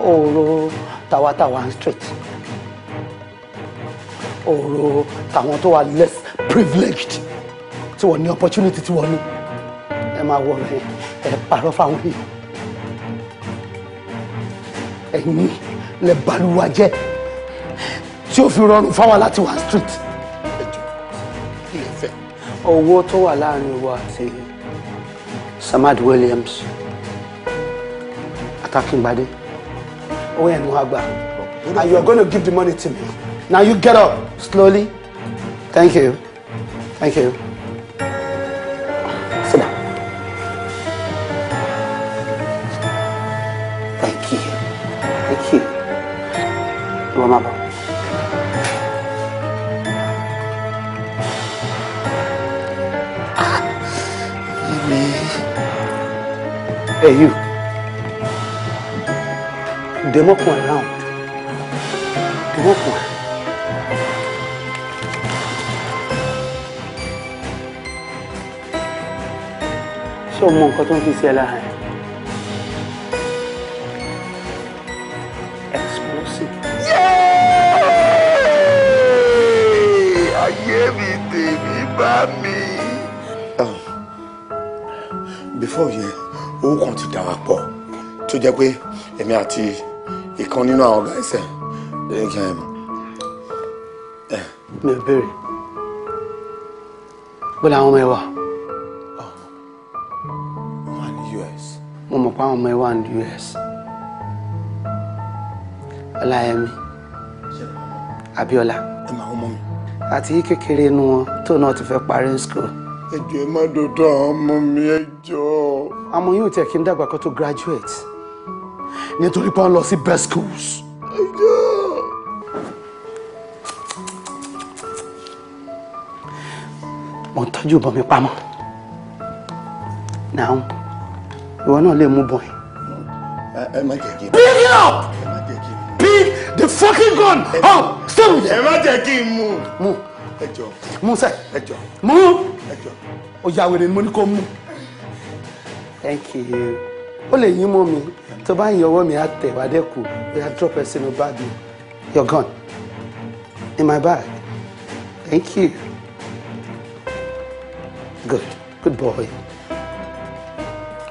òòrò tàwátàwá street òòrò tàwọn tó wà less privileged tí wọ́n ní opportunity tí wọ́n ní ẹ máa wọ rẹ ẹ parọ́ fáwọn èèyàn ẹ̀yin lẹ balùwà jẹ́ tí ó fi rọrùn fáwọn láti wá street owó tó wà láàrin wa àti Samad Williams Akingbade owó yẹn ni and you are to give the money to me now you get up slowly thank you thank you. Sit down. Thank you. Thank you. Ìwọ máa bọ̀. Hey, you them up and around. Them up and ṣé o mọ nǹkan tó ń fi sí ẹ lára ẹ. explosive. ayé before you, who want to talk about? pọ̀ tó jẹ́ pé èmi àti kan nínú àwọn ọ̀gá ẹsẹ̀ mi ò béèrè bóyá àwọn ọmọ ẹ wà. wà ní US. mo mọ̀ pé àwọn ọmọ ẹ wà ní US. ọláyẹmí abíọ́lá. ẹ máa ń mọ mi. àti kékeré inú wọn tóun náà ti fẹ́ parí school. ẹ jọ̀ọ́ má dòdò àwọn ọmọ mi ẹ jọ̀ọ́. àmọ́ yóò tẹ̀ kí n dàgbà kó tó graduate nítorí pé wọ́n lọ sí best schools. mo ń tọ́jú ìbọn mi pamọ́ Now, ìwọ náà lè mú bọ̀ ẹ́. ẹ má jẹ́ kí n. pick it up pick the fucking gun up stop it. ẹ má jẹ́ kí n mú. mú ẹjọ mú sẹ ẹjọ mú ẹjọ ó yà wèrè ni mo ní kó mú. thank you ó lè yín mọ́ mi tó bá yin ọwọ́ mi á tẹ̀ wá dẹ́kù drop ẹ sínú báàgì you're gone in my bag thank you good good boy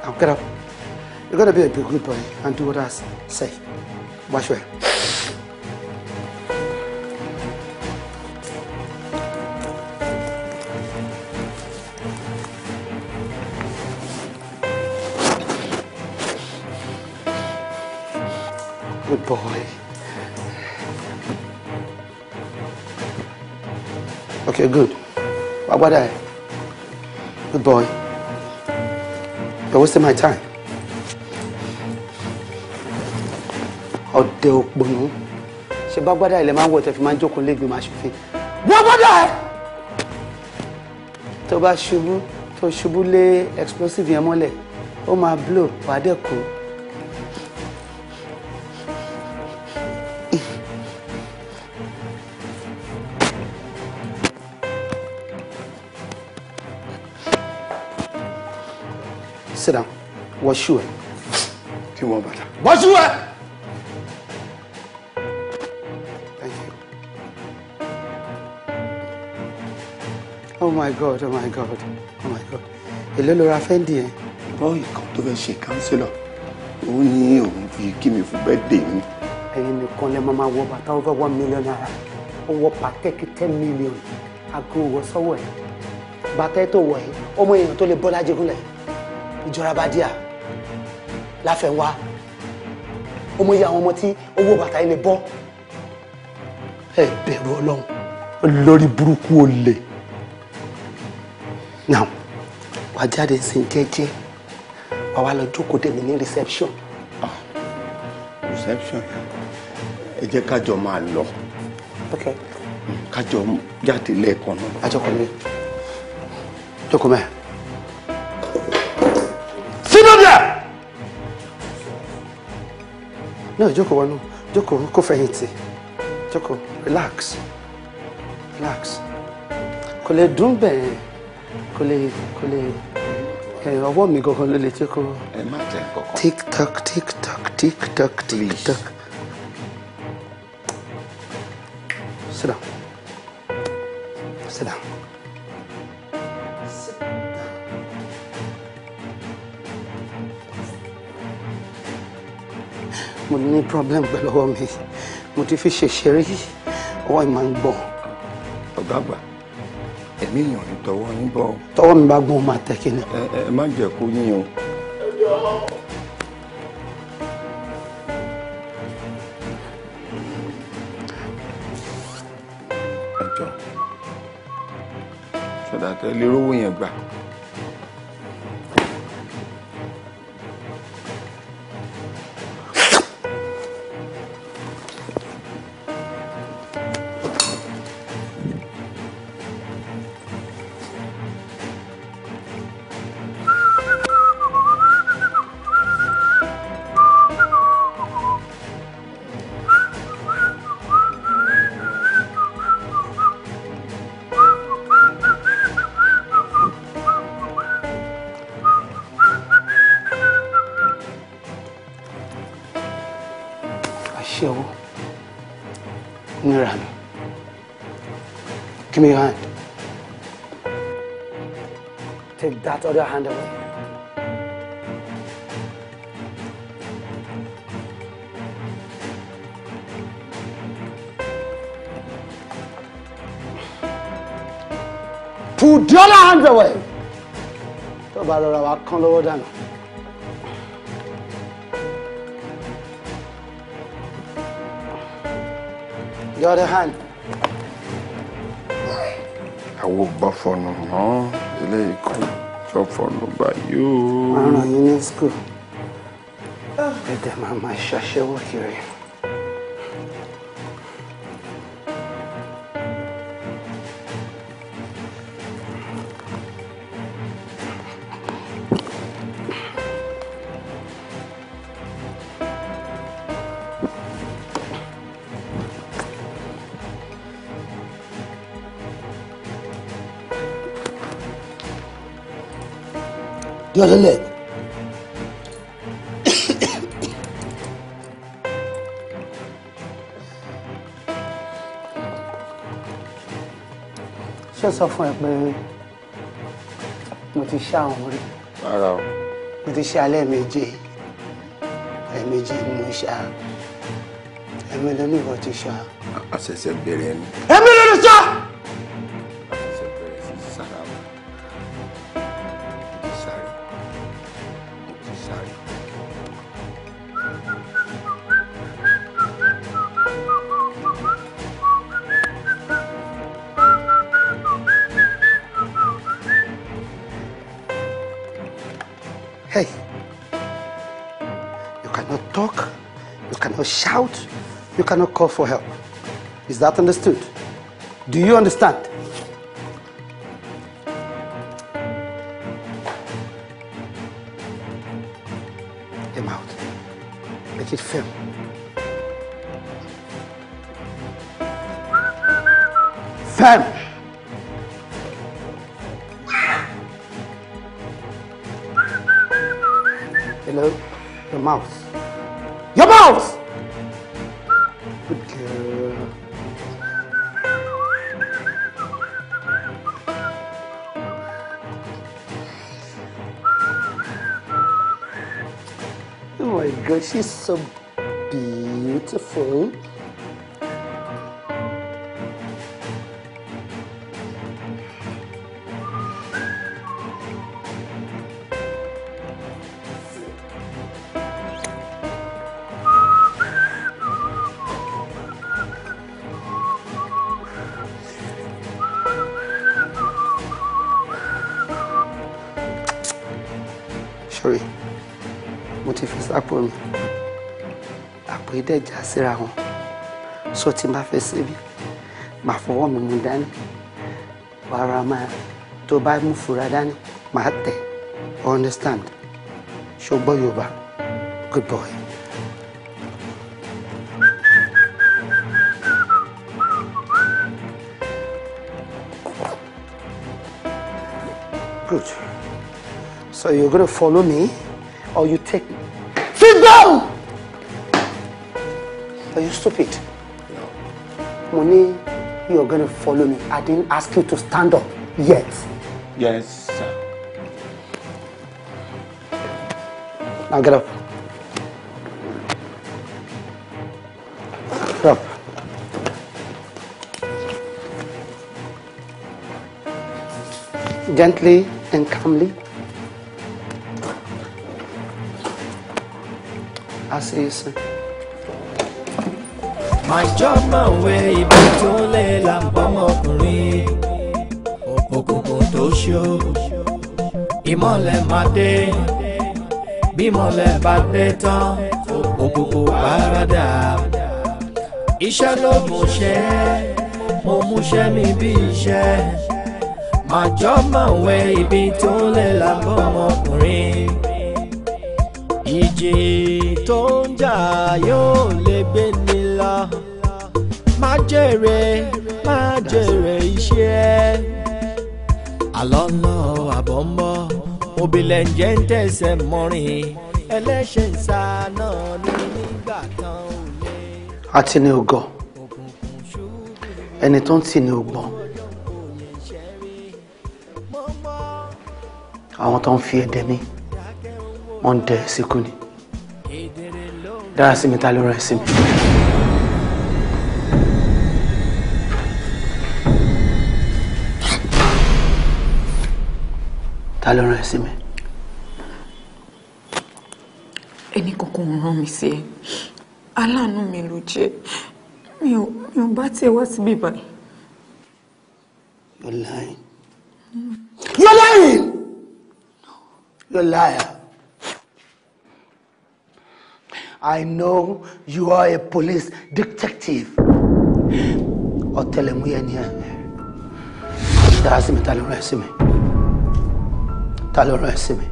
now get up you're gonna be a good boy and do what I say wash well. Okay, good. What about I? good boy. You're wasting my time. Ọ̀dẹ òpònú. Ṣé bágbádá ilẹ̀ máa ń wọ̀ tẹ́ fi máa ń jókòó lẹ́gbẹ̀ẹ́ máa ṣòfin? Bágbádá ẹ̀! Tó bá ṣubú tó ṣubú explosive yamole. mọ́lẹ̀, ó blue, blow wàá dẹ̀ bọ́ṣù ẹ̀. kí wọ́n bàtà. bọ́ṣù ẹ̀. oh my god oh my god oh my god èló ló ra fẹ́ǹdì yẹn. bọ́ọ̀yì kan tó fẹ́ ṣe kánsílọ̀ òun ní òun fi kí mi fún bẹ́ẹ̀dẹ̀ mi. ẹ̀yin nìkan lẹ máa wọ bàtà over one million naira ó wọ pàtẹ́kì ten million aago wọ sọ́wọ́ ẹ̀ bàtà ẹ̀ tó wọ̀ ẹ̀ ọmọ èèyàn tó lè bọ́lá jẹ́gúnlẹ̀ ìjọra bá díà láfẹ̀wá ọmọ yìí àwọn ọmọ tí owó bàtà yìí lè bọ́ ẹ bẹ̀rù ọlọ́run olórí burúkú olè now wàá jáde sí jẹ́jẹ́ wàá wá lọ jókòó dèmi ní reception. Ah. reception ẹ jẹ́ kájọ máa lọ kájọ jáde lẹ́ẹ̀kan náà. ajọkọ mi jókòó mẹ́ẹ̀. náà jókòó wọnú jókòó kó fẹ̀yìntì joko relax relax kò dunbe, dùn bẹ́ẹ̀ kò lè kò lè ọwọ́ mi gangan ló tick tock tick tock tick tock tick tock. sit down. mo ní problem pẹ̀lú ọwọ́ mi mo ti fi ṣèṣeré ọwọ́ mi máa ń gbọ̀n. ọ̀gá àgbà ẹ̀mí èèyàn ní tọwọ́ yín bọ́. tọwọ́ mi bá gbọ́n máa tẹ̀ kí ni. ẹ ẹ má jẹ́ kó yín o. ẹjọ́ ṣọdà tẹ lè rówó yẹn gbà. me hand. Take that other hand away. Put the other hand away. Tó bá rọra wa kán lọ́wọ́ The other hand. bá fọnù mọ́ eléyìí kú tó fọnù báyìí o. wọ́n ràn school ẹ̀dẹ̀ máa máa ṣàṣẹ́wó kiri. lọ́lẹ̀. ṣé sọ fún ẹ pé mo ti ṣá àwọn rí mo ti ṣá lẹ́ẹ̀mejì ẹ̀ẹ̀mejì mo ṣá ẹ̀mí lónìí wọ́n ti ṣá. àṣẹ̀ṣẹ̀ bẹ̀rẹ̀ ni. ẹ̀mí lónìí ṣá. cannot call for help. Is that understood? Do you understand? méjèèjì dẹ̀ síra wọn sọ tí n bá fẹ́ síbi màá fọwọ́ mi mú dání wàrà máa tó bá mú fura dání màá tẹ̀ understand ṣùgbọ́n yorùbá good boy. Good. So you're gonna follow me or you take me. Sit down! stupid. No. Mo ní you're gonna follow me. I didn't ask you to stand up yet. Yes, sir. Now get up. Get up. Gently and calmly. I see you soon màjọ́ mọ̀wé ibi tó lè là ń bọ́mọkùnrin òkùnkùn tó ṣó ìmọ̀lẹ̀ máa dé bímọ̀lẹ̀ bá dé tán òkùnkùn paradà iṣẹ́ ló mú ṣe mo múṣẹ́ mi bí iṣẹ́ màjọ́ mọ̀wé ibi tó lè là ń bọ́mọkùnrin ìjì tó ń jà yóò lè gbé ní jèrè máa jèrè iṣẹ́ àlọ́ lọ àbọ̀ ń bọ̀ obìnrin ǹjẹ́ ń tẹ̀sẹ̀ mọ́rin ẹlẹ́ṣẹ̀ ń sa náà ní nígbà kan ò a ti ní ògo ẹni tó ń tì ní ògbọ́n àwọn tó ń fi ẹ̀dẹ mi wọ́n ń dẹ síkú ni dára sí mi ta ló rẹ̀ sí mi. ta ló rán ẹ sí mi. ẹnì kankan ò rán mi sí ẹ aláàánú mi ló jẹ mi ò mi ò bá tiẹ̀ wá síbí báyìí. You're lying. Mm. You're lying. No. You're liar. I know you are a police detective. Ọ̀tẹlẹ̀múyẹ́ ni ẹ. Dara sí mi ta ló rán ẹ mi ta ló rán ẹ sí mi.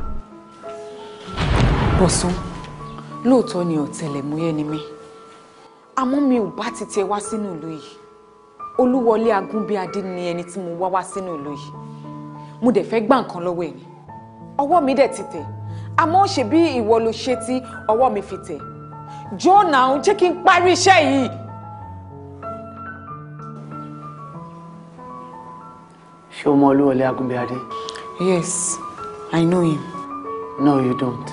bọ̀sán lóòótọ́ ni ọ̀tẹlẹ̀múyẹ́ ni mí àmọ́ mi ò bá ti tiẹ̀ wá sínú ìlú yìí olúwọlé agúnbíadé ni ẹni tí mo wá wá sínú ìlú yìí mo dẹ̀ fẹ́ gbà nǹkan lọ́wọ́ ẹ̀ ni ọwọ́ mi dẹ̀ ti tẹ̀ àmọ́ ṣe bí ìwọ ló ṣe tí ọwọ́ mi fi tẹ̀ jọ́nà òun jẹ́ kí n parí iṣẹ́ yìí. ṣé o mọ olúwọlé agúnbíadé. yes. I know him. No, you don't.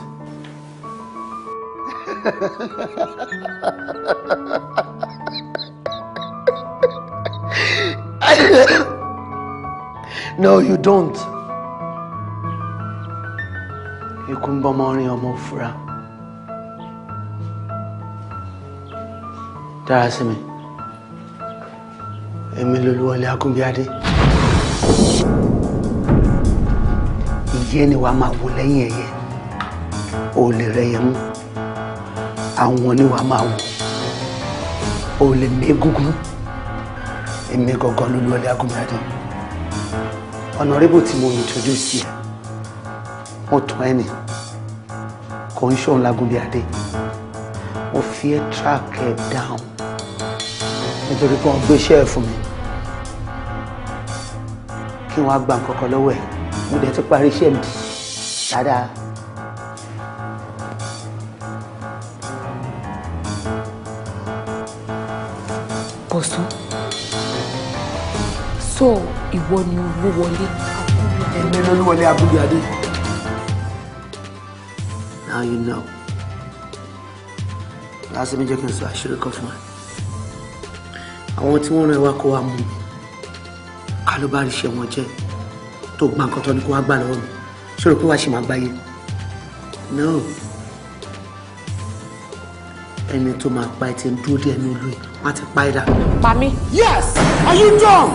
no, you don't. You Ikú ń bọ́mọ rin ọmọ fura. Dára sí mi. Èmi lolúwọlé here? adìẹ ni wàá máa wò lẹ́yìn ẹyẹ o lè rẹyẹ mú àwọn ni wàá máa wò o lè mégúngún èmi gangan ló lọlé agúnmíadán ọ̀nàrẹ́bù tí mo introduce sí ẹ mo tún ẹni kò ń ṣóun lágúnbíadé mo fi ẹ track ẹ down nítorí pé wọ́n gbéṣẹ́ ẹ fún mi kí wọ́n á gba nǹkan kan lọ́wọ́ ẹ̀ mo dẹ̀ ti parí iṣẹ́ mi dáadáa. bọ̀sùn sọ ìwọ ni olúwọlé. èmi ni olúwọlé abúlé-adé. now you know lásìmí jẹ́ kí n sọ àṣírí kan fún ẹ àwọn tí wọ́n rán ẹ wá kó wa mú mi ká bá rí iṣẹ́ wọn jẹ́ tó gba nǹkan tó ní kó wá gbà lọ́wọ́ mi ṣòro pé wàá ṣe máa gbáyé no ẹni tó máa pa ẹ ti ń dúró díẹ̀ ní olú ẹ wọn ti pa ẹ dà. pa yes are you dumb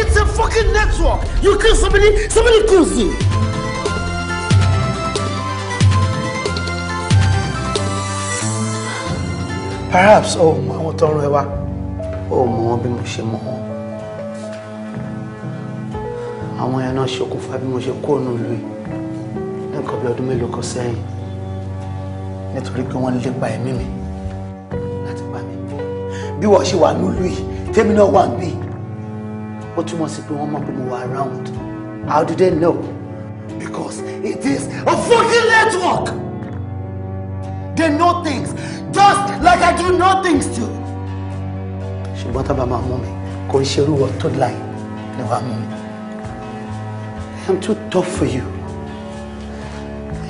it's a fucking network you kill somebody somebody kills you. perhaps ó oh, mọ àwọn tó ń rẹ wá oh, mọ wọn bí mo ṣe mọ wọn àwọn yẹn náà ṣokùnfà bí mo ṣe kó ònú ìlú yìí ní nǹkan bí ọdún mélòó kan sẹ́yìn nítorí pé wọ́n lépa ẹ̀mí mi láti pa mí bí wọ́n ṣe wà nílùú yìí tèmi náà wà níbí ó túmọ̀ sí pé wọ́n mọ̀ pé mo wà around how do they know because it is a fucking network they know things just like I do know things too ṣùgbọ́n tá máa mú mi kò ń ṣerú wọ́n tó láì ni wàá mú mi. I'm too tough for you.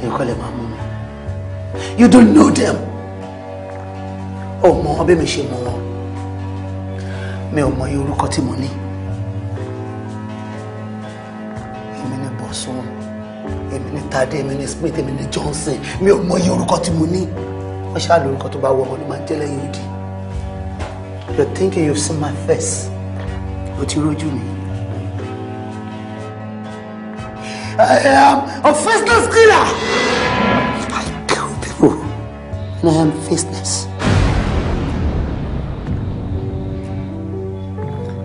You call them mom. You don't know them. Ọmọ ọbẹ̀ mi ṣe mọ wọn. Mi ò mọ iye orúkọ tí mo ní. Èmi ni Bọ̀sùn, èmi ni Tade, èmi ni Smith, èmi ni Johnson. Mi ò mọ iye orúkọ tí mo ní. Wọ́n ṣáà lórúkọ tó bá wọ ọmọ ní máa jẹ́ lẹ́yìn odi. You're thinking you've seen my face. O ti rójú mi. I am a faceless killer. I kill people, and I am faceless.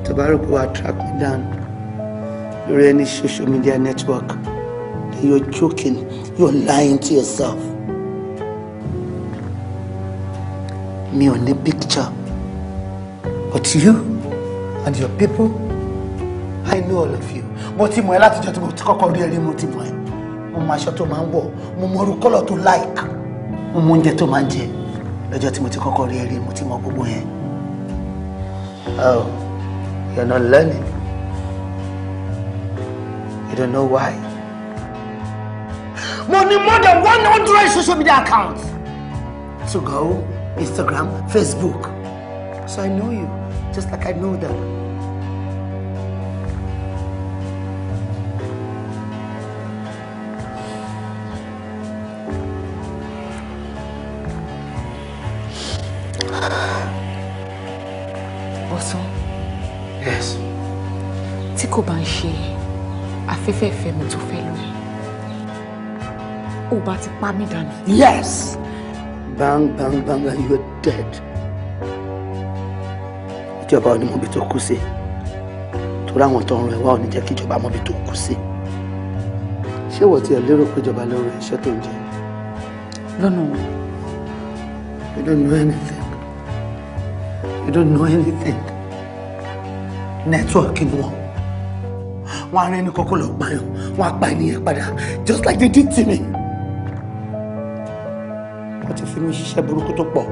Tabaruku will track me down through any social media network. You're joking. You're lying to yourself. Me on the picture. But you and your people, I know all of you mo ti mọ̀ ẹ́ látijọ́ tí mo ti kọ́kọ́ rí ẹ̀rí mo ti mọ̀ ẹ́ mo mọ aṣọ tó máa ń wọ̀ mo mọ orú kọ́lọ̀ tó láìka mo mọ oúnjẹ tó máa ń jẹ lọ́jọ́ tí mo ti kọ́kọ́ rí ẹ̀rí mo ti mọ gbogbo yẹn. Oh, you're not learning. You don't know why. Mo ní more than one hundred social media accounts. To go, Instagram, Facebook. So I know you, just like I know them. afẹ́fẹ́ mi tó fẹ́ lóyún ó ti pa mí dànù. yes bang bang bang and you're dead ìjọba onímọ̀bí tó kú sí torí àwọn tó ń ran ẹ̀wá ò ní jẹ́ kí ìjọba mọ̀bí tó kú sí ṣé wọ́n ti ẹ̀ lérò pé ìjọba lórí iṣẹ́ tó ń jẹ? lọ́nà wọn. you don't know anything you don't know anything network ni wọn wọn á rẹ ẹni lọ pààyàn wọn á ènìyàn padà just like they did to me. wọ́n ti fi mi ṣiṣẹ́ burúkú tó pọ̀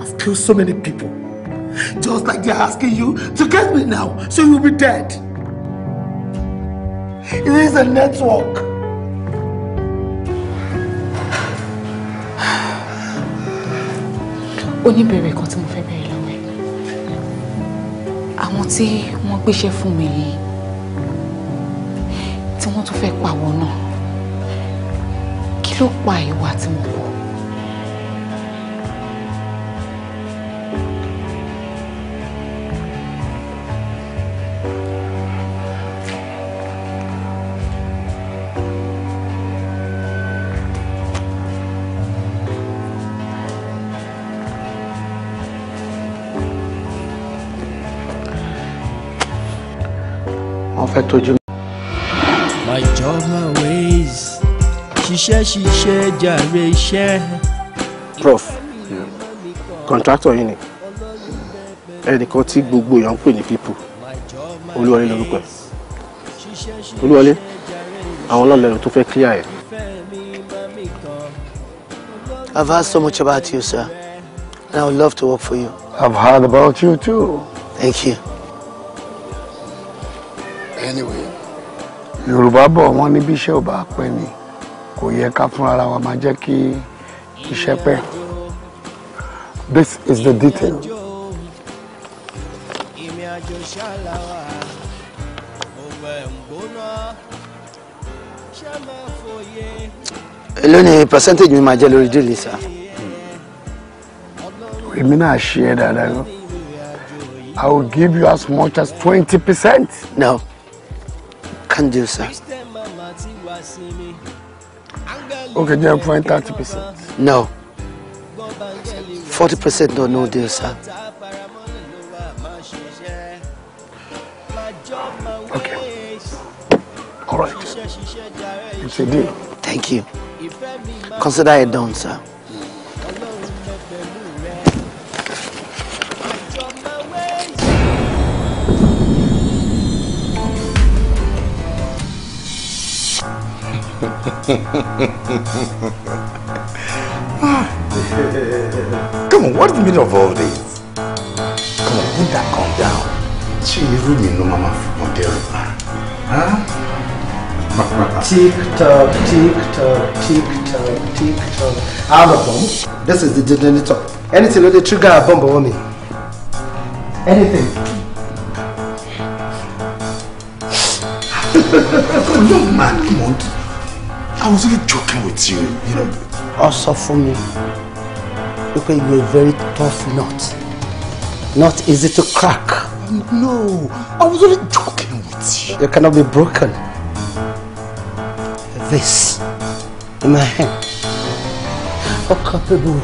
I've killed so many people just like they're asking you to get me now so you'll be dead. It is a network. oníbèrè kan tí mo fẹ́ bẹ̀rẹ̀ lọ́wọ́ ẹ̀ àwọn tí wọ́n gbéṣẹ́ fún mi yìí tó fẹ́ pàwọ́ náà kí ló pa ìwà tí mo wọ̀. fẹ́ ṣiṣẹ́ ṣiṣẹ́ jàre iṣẹ́. prof kọ̀ǹtrátọ̀ yìí ni ẹnìkan tí gbogbo èèyàn ń pè ní pípù olúwọlé lórúkọ ẹ̀ olúwọlé àwọn ọlọ́lẹ́rù tó fẹ́ clear ẹ̀. I've heard so much about you, sir, and I would love to work for you. I've heard about you too. Thank you. Anyway. Yorùbá bọ̀ wọ́n ní bí iṣẹ́ ò bá pẹ́ ni kò yẹ ká fúnra wa máa jẹ́ kí iṣẹ́ pẹ́. This is the detail. èló percentage mi máa jẹ́ lórí díìlì sá. Hmm. èmi náà ṣe é dáadáa lọ I will give you as much as twenty percent. No, can't do sir. Okay, then point 30%. No. 40% don't no deal, sir. Okay. All right. It's a deal. Thank you. Consider it done, sir. Come on, what's the meaning of all this? Come on, put that calm down. She irú mi ló máa fi mọ̀ dẹ́rù Tick-tock, tick-tock, tick-tock, tick-tock. I have a bomb. This is the detonator. Anything with the trigger, a bomb over me. Anything. Young man, come on. I was only joking with you, you know. Also for me. mi you're a very tough nut, not easy to crack. No, I was only joking with you. You cannot be broken. This in my hand. How capable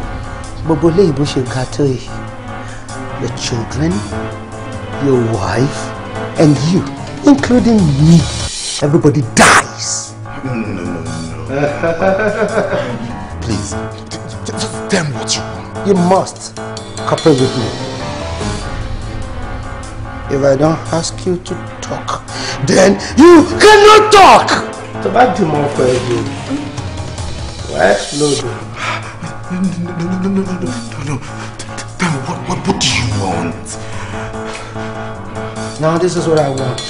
gbogbo ilé ìbò ṣe ga tó yìí. children, your wife, and you, including me, everybody dies. No, no, no. Please, tell them what you want. You must cooperate with me. If I don't ask you to talk, then you cannot talk! Tó bá dì mọ́ ọkọ ẹ̀ jù, wẹ́ lóde. No, no, no, no, no, no, no. Tell me, what, what, what do you want? Now this is what I want.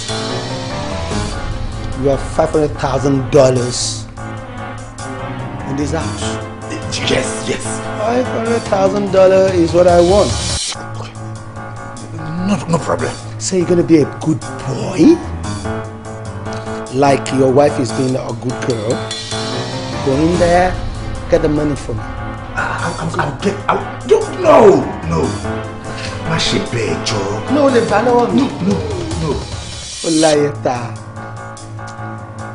You have $500,000 in this house. Yes, yes. Five hundred thousand dollar is what I want. Okay. No, no problem. So you're gonna be a good boy, like your wife is being a good girl. Go in there, get the money for me. Ah, I'll, I'll, I'll get. I'll, you, no, no. Má ṣe bẹ́ẹ̀ jọ. No, the lè bá lọ́wọ́ No, no, no. Ó láyé ta.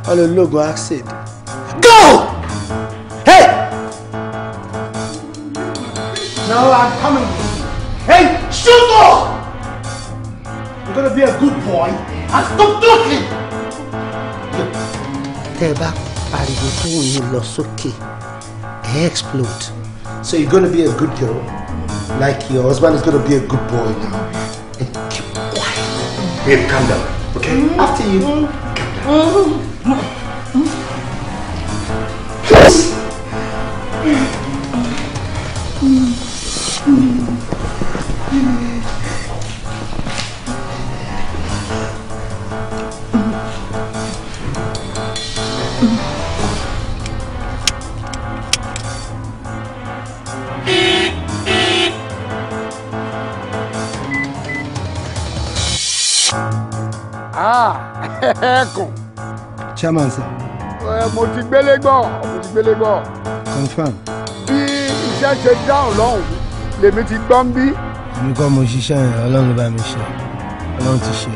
Olóògùn acid. Go! No, I'm coming with you. Hey, shut up! You're gonna be a good boy and stop talking! Tẹ́ bá you fóun yín lọ okay. explode. So you're gonna be a good girl, like your husband is gonna be a good boy now. And keep quiet. Babe, calm down, okay? Mm -hmm. After you, mm -hmm. calm down. Mm -hmm. Ah, ẹ̀ẹ́kùn. chairman sir. mo ti gbélé gbọ́ mo ti gbélé gbọ́. confam. bí iṣẹ́ ṣe dáhùn lọ́hùn lèmi ti gbọ́n bí. èmi kọ́ mo ṣiṣẹ́ yẹn ọlọ́run ló bá mi ṣe ọlọ́run ti ṣe.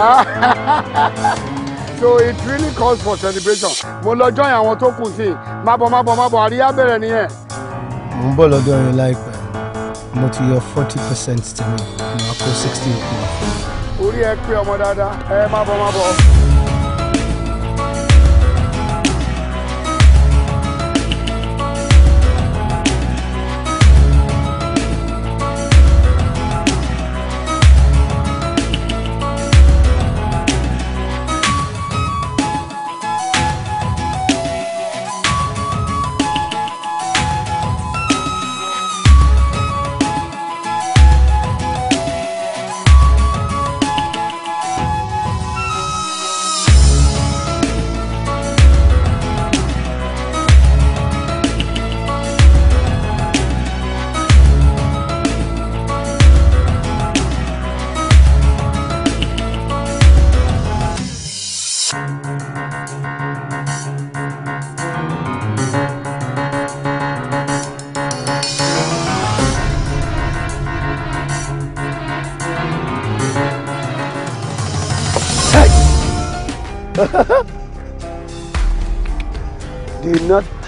so it really calls for celebration mo lọ jọyìn àwọn tó kù sí i mábọ̀ mábọ̀ mábọ̀ àríyá bẹ̀rẹ̀ nìyẹn. mo ń bọ̀ lọ́dọ̀ yín láìpẹ́ mo ti yọ forty percent tèmi mo máa kó sixty òkú orí ẹ pé ọmọ dáadáa ẹ má bọ̀ má bọ̀.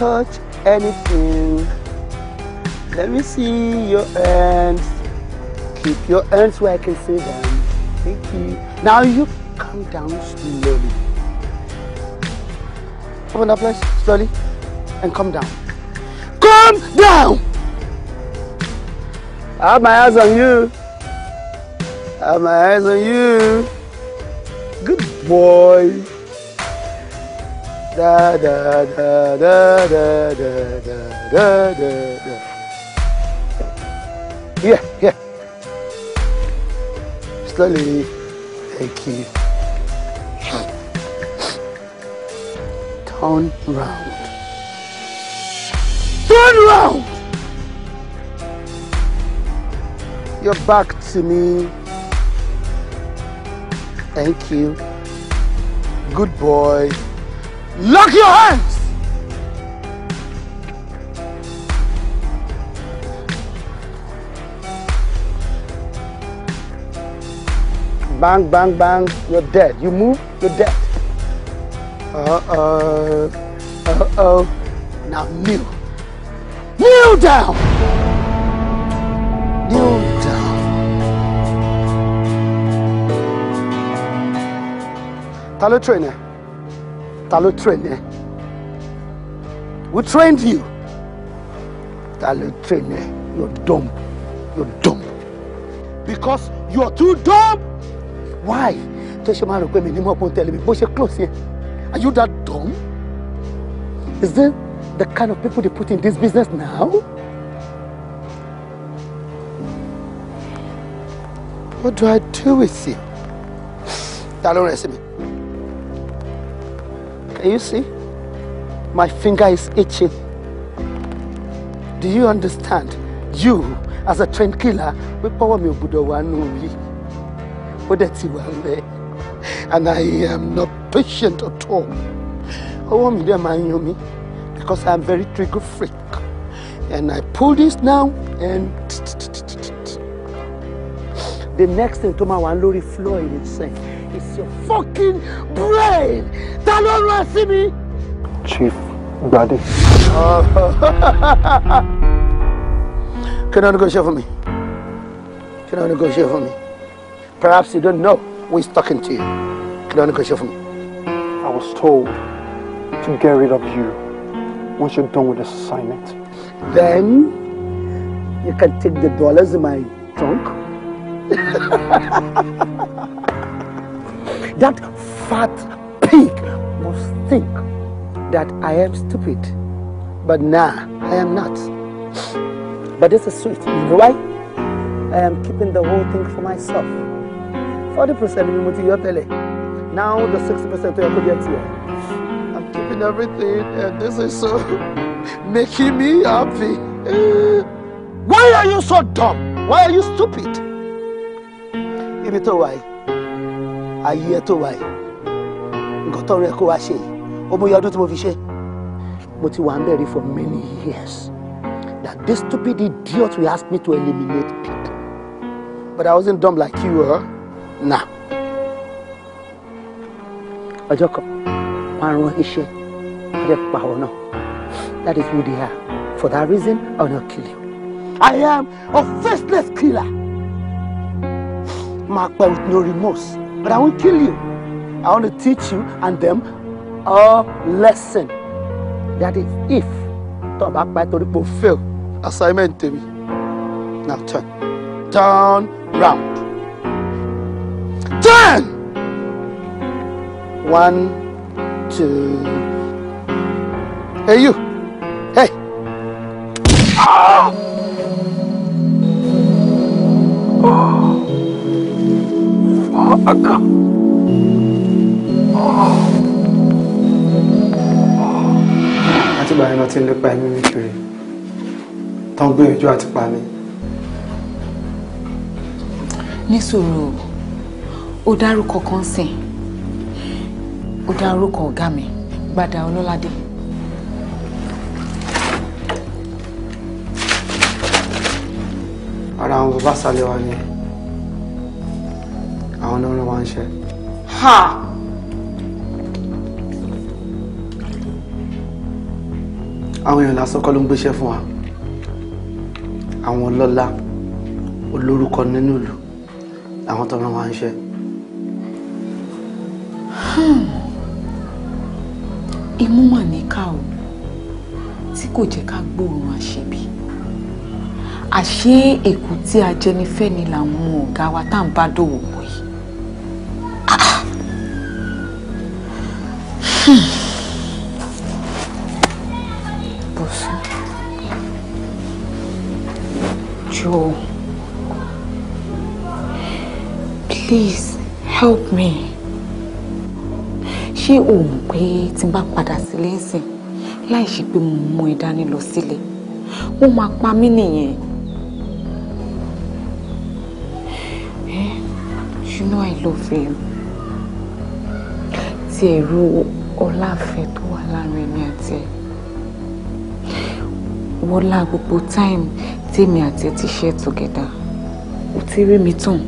touch anything. Let me see your hands. Keep your hands where I can see them. Thank you. Now you come down slowly. Open up, please, slowly, and come down. Come down! I have my eyes on you. I have my eyes on you. Good boy. Da da da da da da da da da da. Yeah, yeah. Slowly. Thank you. Turn round. Turn round! You're back to me. Thank you. Good boy. Lock your hands! Bang, bang, bang, you're dead. You move, you're dead. Uh-oh, uh-oh. Now kneel. Kneel down! Kneel down. Tell ló train ta ló train ẹ who trained you ta ló train ẹ you're dumb you're dumb because you're too dumb why tó ṣe máa rò pé mi ní mọ̀ pé ó ń tẹ̀lé mi bó ṣe close yẹn are you that dumb is this the kind of people they put in this business now. What do I do with you? Ta ló rẹ̀ You see? My finger is itching. Do you understand? You, as a train killer, we power me obudo wa nu yi. O de ti wa nbe. And I am not patient at all. I want me máa ń you me because I am very trigger freak. And I pull this now and the next thing tó máa wà lórí floor yìí sẹ́yìn. your fucking brain? can ló rán see me, Chief Daddy. Can I negotiate for me? Can I negotiate for me? Perhaps you don't know who is talking to you. Can I negotiate for me? I was told to get rid of you once you're done with this assignment. Then you can take the dollars in my trunk. That fat pig must think that I am stupid. But nah, I am not. But this is sweet. You know why? I am keeping the whole thing for myself. 40% ni mo ti Now the 60% tó yẹ kó jẹ́ I'm keeping everything and this is so making me happy. Why are you so dumb? Why are you stupid? You know why? ayé ẹ tó wà yìí nǹkan tọrọ ẹ kó wá ṣe yìí ó mú ọdún tí mo fi ṣe mo ti wà ń bẹ̀rẹ̀ for many years that this stupid idiot will ask me to eliminate people but I wasn't dumb like you huh? nah ọjọ́ kan wọ́n á rán iṣẹ́ wọ́n dẹ̀ náà that is who they are for that reason I will not kill you I am a faceless killer máa pẹ̀lú no remorse. But I won't kill you. I want to teach you and them a lesson. That is, if tó bá pa torí pé o fail assignment me. now turn turn round turn one two hey you hey. Ah! aga. àtìgbà yẹn lọ ti ń lépa ẹ̀mí mi kiri tán gbìyànjú àti pa mí. nísòro ó dárúkọ kan sìn ó dárúkọ ọ̀gá mi gbadà ọlọ́ládé. ara àwọn bàbá sálẹ̀ wa ni àwọn náà rán wa ń ṣe. ha. àwọn èèyàn lásán kọ́ ló ń gbéṣẹ́ fún wa àwọn ọlọ́lá olórúkọ nínú ìlú àwọn tó rán ń ṣe. imú mà ní o tí kò jẹ́ ká gbóòórùn àṣebí àṣé èkó tí a jẹ ní fẹ́ni làwọn ọ̀gá wa tá à ń bá dòwò pọ̀ Bọ̀sán. Jọ̀ọ́. Please help me. She o mọ̀ pé tí n bá padà sílé ńsìn láì ṣe pé mo mú ẹ dání lọ eh, You know I love him. Ti ọlá àfẹ́ tó wà láàrin èmi àti ẹ̀ wọ́lá gbogbo time tèmi àti ẹ̀ ti share together ò ti rí mi tàn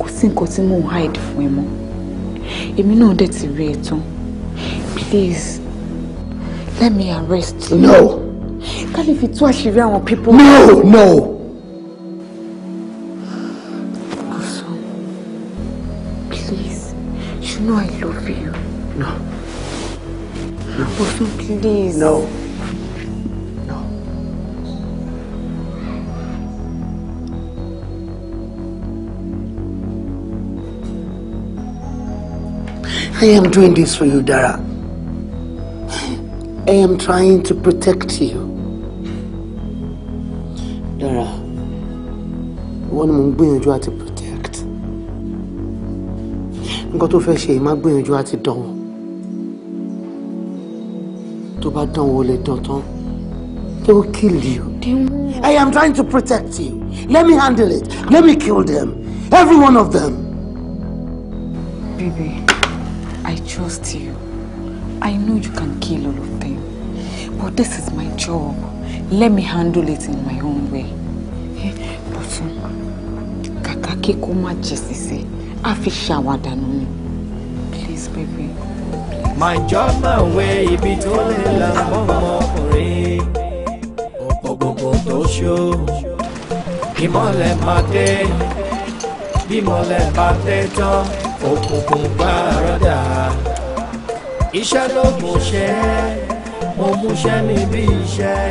kò sí nǹkan tí mò ń hide fún ẹ mọ́ èmi náà dẹ̀ ti rí ẹ tán please let me arrest you. no. ká lè fi tú àṣírí àwọn people. no no. Boso, please. No. No. I am doing this for you, Dara. I am trying to protect you. Dara, ìwọ ni mo ń gbìyànjú àti protect. Nǹkan tó fẹ́ ṣe, you gbìyànjú àti dánwò tó bá dán wọlé dantan they kill you. I am trying to protect you. Let me handle it. Let me kill them. Every one of them. Baby, I trust you. I know you can kill all of them. But this is my job. Let me handle it in my own way. Eh, but um, kàkà kí Jesse, má jẹ sísè, á fi Please, baby máa jọ́ máa wẹ ibi tó lè la ọmọkùnrin òpópónà tó ṣó ìmọ̀lẹ̀ máa dé bímọ̀lẹ̀ bá dé tán òkùnkùn gbàrọ̀dà iṣẹ́ ló mú ṣẹ́ mo mú ṣẹ́ mi bí iṣẹ́.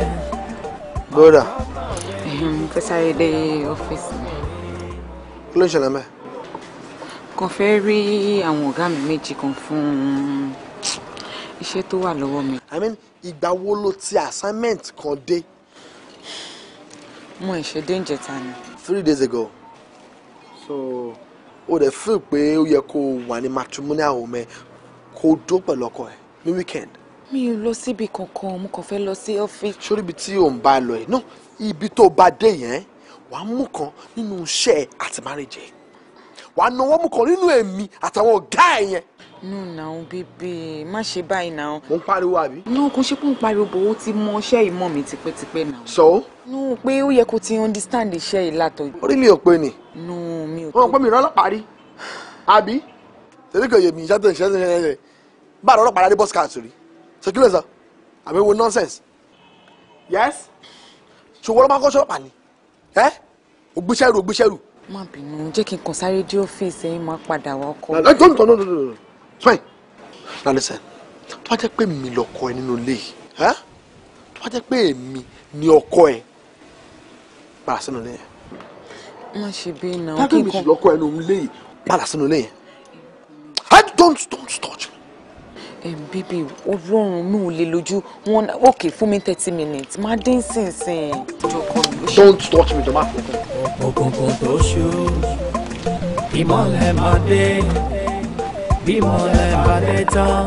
bóra. fẹ́ sáré dé ọ́fíìsì mi. kí ló ń ṣẹlẹ̀ mẹ́. kò fẹ́ rí àwọn ọ̀gá mi méjì kan fún un iṣẹ́ tó wà lọ́wọ́ mi. i mean ìgbà wo ló ti assignment kan dé. mo ìṣe déńjẹ ta ni. three days ago so o dẹ̀ feel pé ó yẹ kó o wà ní matrimonial home ẹ kó o dó pẹ̀lú ọkọ ẹ ní weekend. mi ò lọ síbi kankan mo kàn fẹ́ lọ sí ọ́fíìsì. sórí ibi tí ò ń bá a lọ yìí náà ibi tó o bá dé yẹn wàá mú kan nínú iṣẹ́ àti marriage wàá náwó mú kan nínú èmi àtàwọn ọ̀gá ẹ̀ yẹn nù náà bíbí má ṣe báyìí náà. mo ń pariwo àbí. náà kò ṣe pé ń pariwo bò ó ti mọ iṣẹ́ ìmọ̀ mi tipẹ́tipẹ́ náà. sọ ó. nù pé ó yẹ kó ti understand iṣẹ́ yìí látọ̀. orí mi ò pe nì. nù mi ò pe. wọn pè mí rọlọpàá rí àbí tẹ̀lé kò yẹ mi ìṣẹ́ tó ń ṣe é ṣe ṣe bá rọlọpàá rí bọ́sì káàtó rí ṣe sọ àbí wo nonsense. yes. ṣòwò ló máa kọ́ ṣọ́ọ̀pà ni ẹ́ ògbésẹ́rù ògbésẹ́rù. má bínú jẹ́ kí n kàn sáré dé ọ́fíìsì ẹ̀yin máa padà wá ọkọ. ẹ jọ́ǹtọ̀ náà fine now listen tó bá jẹ́ pé mi lọ́kọ ẹ nínú ilé yìí tó bá jẹ́ pé èmi ni ọkọ ẹ padà sínú ilé yẹn. má ṣe bí iná kíkan lábẹ́ mi ẹ nínú ilé yìí padà sínú ilé yẹn. I don't don't touch me. Hey, bíbí ọlọ́run mi ò lè lójú wọn okay fún mi thirty minutes má dé nísinsìnyí. don't touch me jọba. òkùnkùn tó ṣú ìmọ̀lẹ̀ máa dé bímọlẹ̀ balẹ̀ tán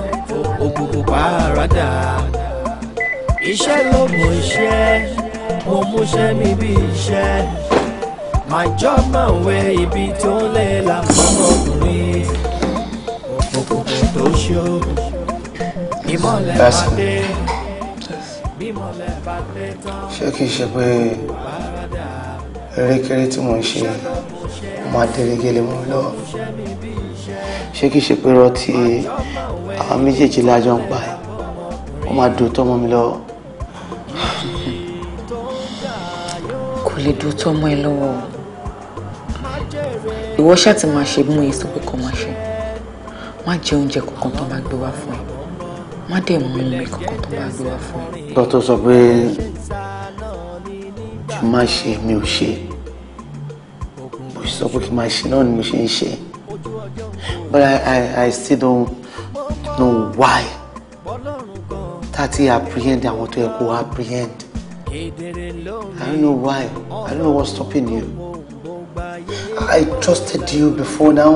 òkùnkùn pàràdà iṣẹ́ ló mọ iṣẹ́ mo múṣẹ́ mi bí iṣẹ́ my job máa wẹ ibi tó ń lé làmọ́mọ́kùnrin òkùnkùn tó ṣó ìmọ̀lẹ̀ balẹ̀ bímọlẹ̀ balẹ̀ tán ṣé kìí ṣe pé erékeré tí mo ń ṣe máa dérégélé mọ́ lọ́wọ́ ṣé kìí ṣe pé rọtí àwọn méjèèjì lájọ ń pa ẹ̀ wọ́n máa dùn tọ́mọ mi lọ́wọ́. kò lè dùn tọ́mọ ẹ lọ́wọ́ o ìwọ ṣáà ti máa ṣe mú èso pé kò máa ṣe má jẹ oúnjẹ kankan tó bá gbé wá fún ẹ má dẹ̀ mú omi kankan tó bá gbé wá fún ẹ. dókítà sọ pé kí má ṣe mi ò ṣe bó ṣe sọ pé kí n má ṣe náà ni mo ṣe ń ṣe but I, I, I still don't know why tati apprehend àwọn tó yẹ kó apprehend I don't know why I don't know what's stopping you I trusted you before now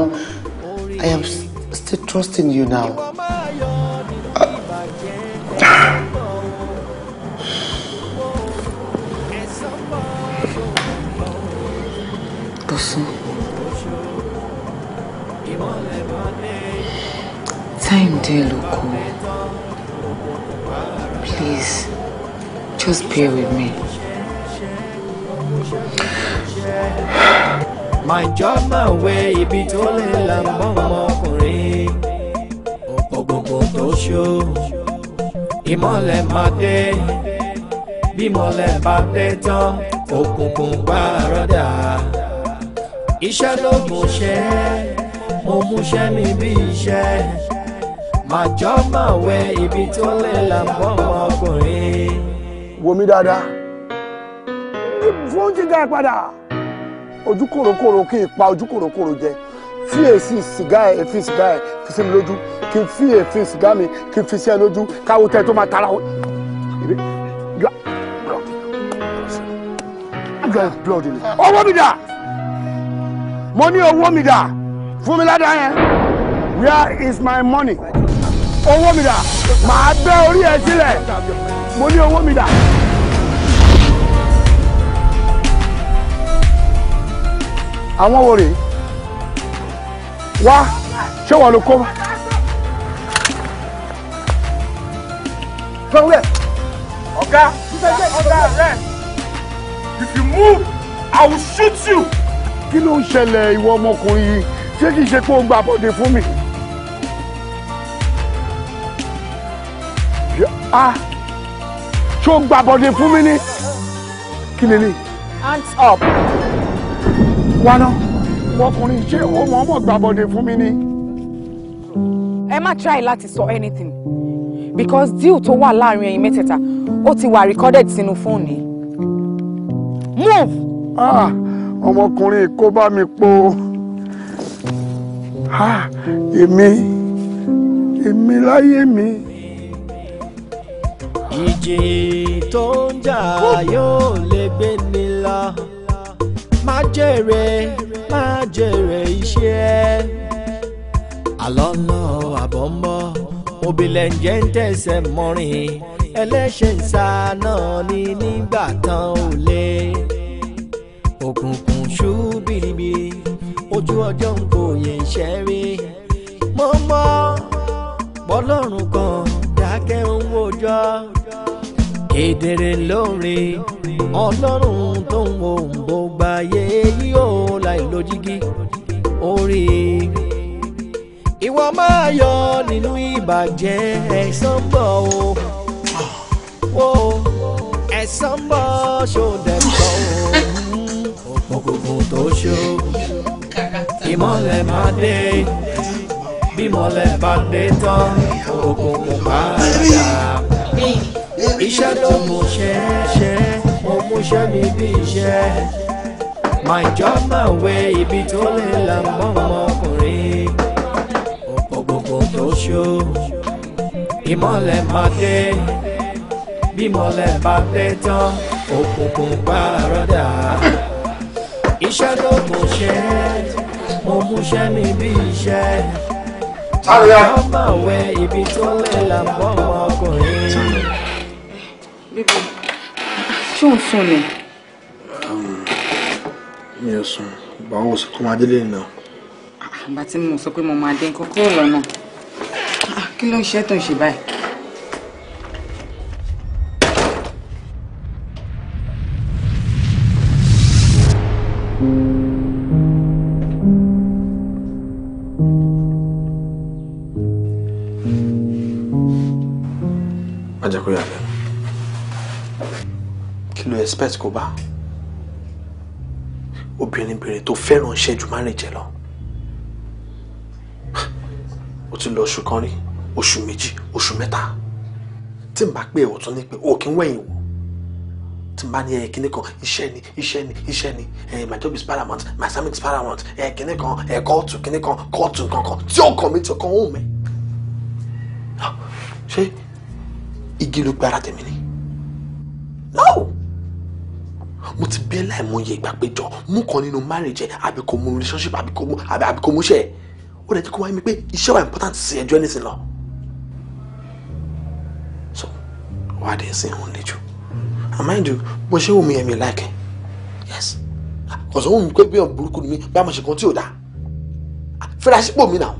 I am st still trusting you now. time díẹ̀ please just bear with me. my job my way be tó lè là ń bọ́ ọmọkùnrin ògbóngbò tó ṣó ìmọ̀lẹ̀ máa dé bímọ̀lẹ̀ bá dé tán òkùnkùn gbá rọ́dà iṣẹ́ ló mú ṣe mo múṣẹ́ mi bi iṣẹ́ àjọ máa wẹ ibi tó lè là mọ́ ọmọkùnrin. wo mi dáadáa fún jíga padà ojú kòròkòrò kí n pa ojú kòròkòrò jẹ fi èsì sìgá ẹ èfi sìgá ẹ fi sí mi lójú kí n fi èfi sìgá mi kí n fi sí ẹ lójú káwọn tẹ tó máa tara wọn. owó mi dà mo ní owó mi dà fún mi ládàá yẹn where is my money owó mi dà màá bẹ́ orí ẹ sílẹ̀ mo ní owó mi dà. àwọn wo rèé wá ṣé wọn ló kó Oga, Oga, rest. If you move, I will shoot you. Kí ló ń ṣẹlẹ̀ ìwọ ọmọkùnrin yìí? Ṣé kìí ṣe pé o gba àbọ̀dé fún mi? a ah. ṣó gbàbọ̀dé fún mi ní kí lélẹ̀. hands up. wánà ọkùnrin ṣé ó mọ̀ ọmọ gbàbọ̀dé fún mi ní. ẹ má try láti sọ anything because deal tó wà láàrin ẹ̀yin mẹ́tẹ̀ẹ̀ta ó ti wà recorded sínú fóònù yìí move. ah ọmọkùnrin kó bá mi po ah èmi èmi láyé mi ìjì tó ń jà yóò lè gbé ni lọ má jèrè má jèrè iṣẹ́ àlọ́ lọ àbọ̀ mọ́ obìnrin ǹjẹ́ ń tẹ̀sẹ̀ mọ́rin ẹlẹ́ṣẹ̀ ń sá náà ni nígbà tán ò lé òkùnkùn ṣú bìrìbìrì ojú ọjọ́ ń kò yẹn ṣẹ́ rí mọ́mọ́ bọ́lọ́run kan dákẹ́ ń wòjọ́ kedere lori, ọlọ́run tó ń wo gbogbo ayé yóò láì lójígí orí ìwọ máa yọ nínú ìbàjẹ́ ẹ̀san bọ̀ o ẹ̀san bọ̀ ṣòdẹ̀ bọ̀ o òkùnkùn tó ṣó ìmọ̀lẹ̀ máa dé bímọ̀lẹ̀ bá dé tán òkùnkùn máa dà iṣẹ́ tó mo ṣe ṣe mo múṣẹ́ mi bí iṣẹ́ my job my way ibi tó lè là ń bọ́ ọmọkùnrin òpópópó tó ṣó ìmọ̀lẹ̀ máa dé bímọ̀lẹ̀ bá dé tán òkùnkùn gbàrọ̀dà iṣẹ́ tó mo ṣe mo múṣẹ́ mi bí iṣẹ́ my job my way ibi tó lè là ń ọmọkùnrin. ṣó ń sùn ni. Ah, mi ò sùn báwo sọ pé máa délé nìyẹn. Ah, àbá tí mo sọ pé mo máa dé kókó lọ́nà ah, kí ló ń ṣe tó ń ṣe báyìí. expect kò bá obìnrin bèrè tó fẹ́ràn iṣẹ́ ju márìjẹ lọ o ti lọ oṣù kan rí oṣù méjì oṣù mẹ́ta tí n bá pè ẹ̀ ọ̀tún ní pé o kì í wẹ̀yìn wò tí n bá ní ẹ̀ kíní kan iṣẹ́ ni iṣẹ́ ni iṣẹ́ ni ẹ̀ my job is paramount my assignment is paramount ẹ̀ kíní kan ẹ̀ kóòtù kíní kan kóòtù kankan tí ó kàn mí tí ó kàn òun mi ṣé igi ló gbára tèmi ni no mo ti bẹ́ẹ̀ láìmọye ìgbà péjọ mú kan nínú marriage àbí kò mú relationship àbí kò mú àbí kò mú ṣẹ́ ó lè jẹ́ kó wáyé mi pé iṣẹ́ wa important sí ẹjọ́ ẹni sí lọ. so wà á dé sí ìhun lẹ́jọ́ and mind you bó ṣe wù mí ẹ̀mí láìkẹ́ yes ọ̀sán wù mí pé bí ọ̀n burúkú ni mí bá a mọ̀ ṣe kan tí ò dáa fẹ́rẹ́ àṣìpò mi náà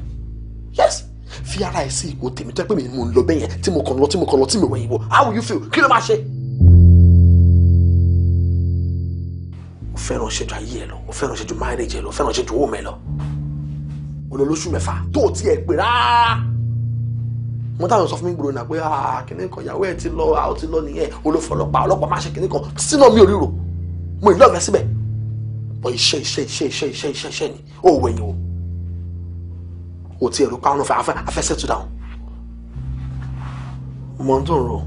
yes fi ara ẹ̀ sí ipò tèmi tó pé mi mò ń lọ bẹ́yẹn tí mo kàn lọ tí mo kàn lọ tí mi wẹ̀yìn wò how will you feel kí ló máa ṣe. o fẹ́ràn ṣe ju ayé ẹ lọ o fẹ́ràn ṣe ju marriage ẹ lọ o fẹ́ràn ṣe ju home lọ o lọ lóṣù mẹ́fà tó o tiẹ̀ pè rárá mo táwọn sọ fún mi gbòòrò náà pé ah, kìnìún kan ìyàwó ẹ ti lọ a ó ti lọ nìyẹn olófò ọlọ́pàá ọlọ́pàá má ṣe kìnìún kan sínú mi ò ríro mo ì lọ́ọ̀gá síbẹ̀ bọ iṣẹ́ iṣẹ́ iṣẹ́ iṣẹ́ iṣẹ́ iṣẹ́ iṣẹ́ ni ó wẹ̀yìn o ò tiẹ̀ ló pa ọ́n fẹ́ afẹ́ settle down mọ̀ ń tó ń rò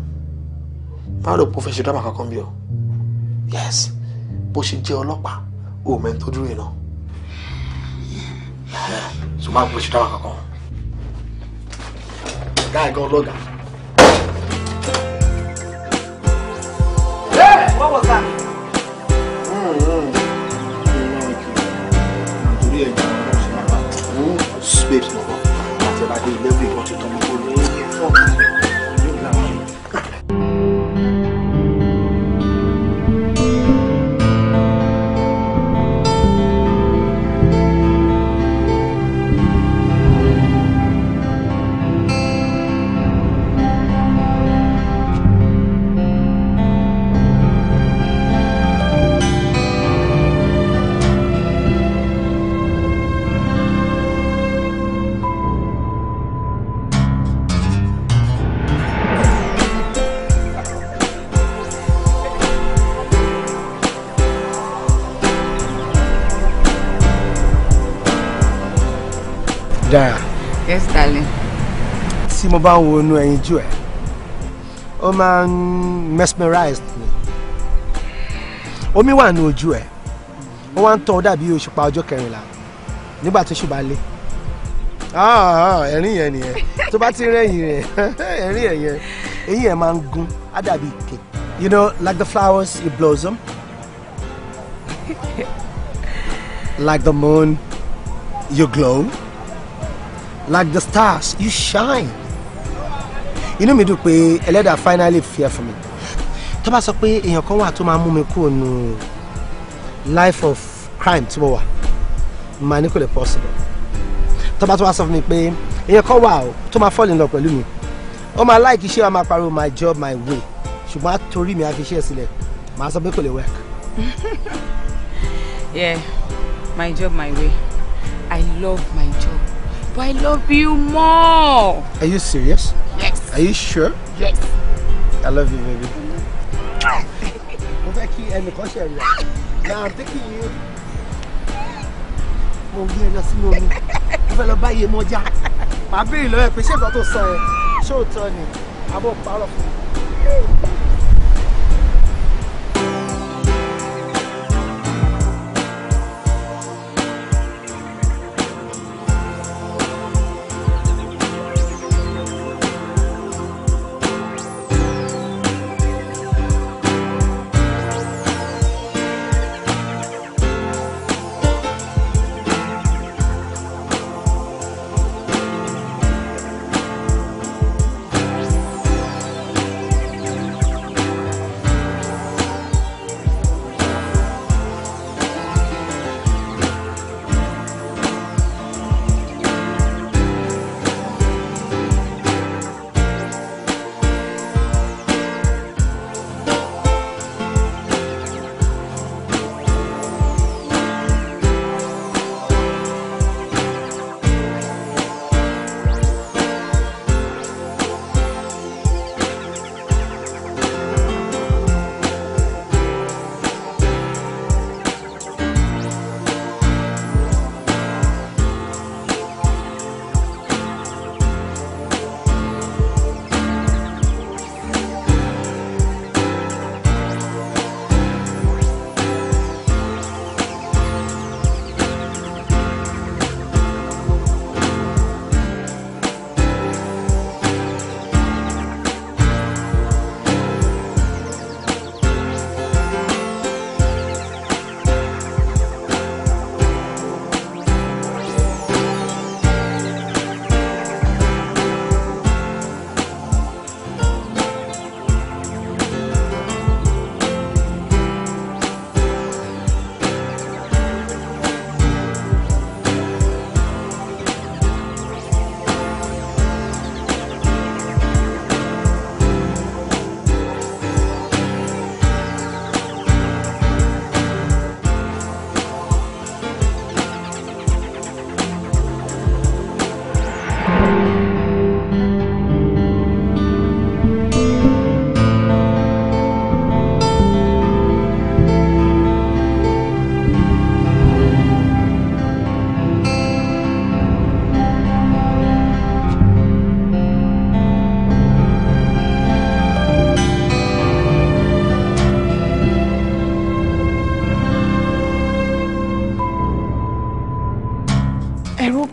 má rò pé fẹ́ ṣe drama kankan bí o yes bó ṣe jẹ́ ọlọ́pàá ò mẹ́ni tó dúró yìí náà so máa gbèsè dáwà kankan ọ̀gá ẹ̀gán ọlọ́gà. What was that? Nítorí ẹ̀jẹ̀ àwọn ọ̀ṣun náà, babes náà, àti ẹ̀bá dé ilé ìwé tí mo bá ń wo ẹyin jù ẹ ó máa ń mesmerized mi omi wà ní ojú ẹ ó wá ń tọ́ ọ dàbí òṣùpá ọjọ́ kẹrìnlá nígbà tó ṣùgbọ́n lé ah, ẹ̀rín yẹn nìyẹn tó bá ti rẹ́yìn rẹ̀ ẹ̀rín yẹn yẹn eyín yẹn máa ń gún á dàbí ike you know like the flowers you blossom like the moon you glow like the stars you shine inú mi dùn pé ẹlẹ́dàá finally fi ẹ̀ fún mi tó bá sọ pé èèyàn kan wà tó máa mú mi kúrò nù life of crime tí mo wà màá ní kò lè possible tó bá tó wá sọ fún mi pé èèyàn kan wà tó máa fall in love pẹ̀lú mi ó máa like iṣẹ́ wa máa pariwo my job my way ṣùgbọ́n torí mi á fi iṣẹ́ sílẹ̀ màá sọ pé kò lè work. yeah my job my way I love my job but I love you more. Are you serious? Are you sure? Yes. I love you, baby. Mo fẹ́ kí ẹnìkan ṣe ẹ̀yà. Now I'm taking you. Mo gbé ẹyọ sínú omi. Mo fẹ́ lọ bá iye mọ́jà. Màá béèrè lọ́wọ́ ẹ pé ṣé ìgbà Show sọ ẹ ṣé òótọ́ ni?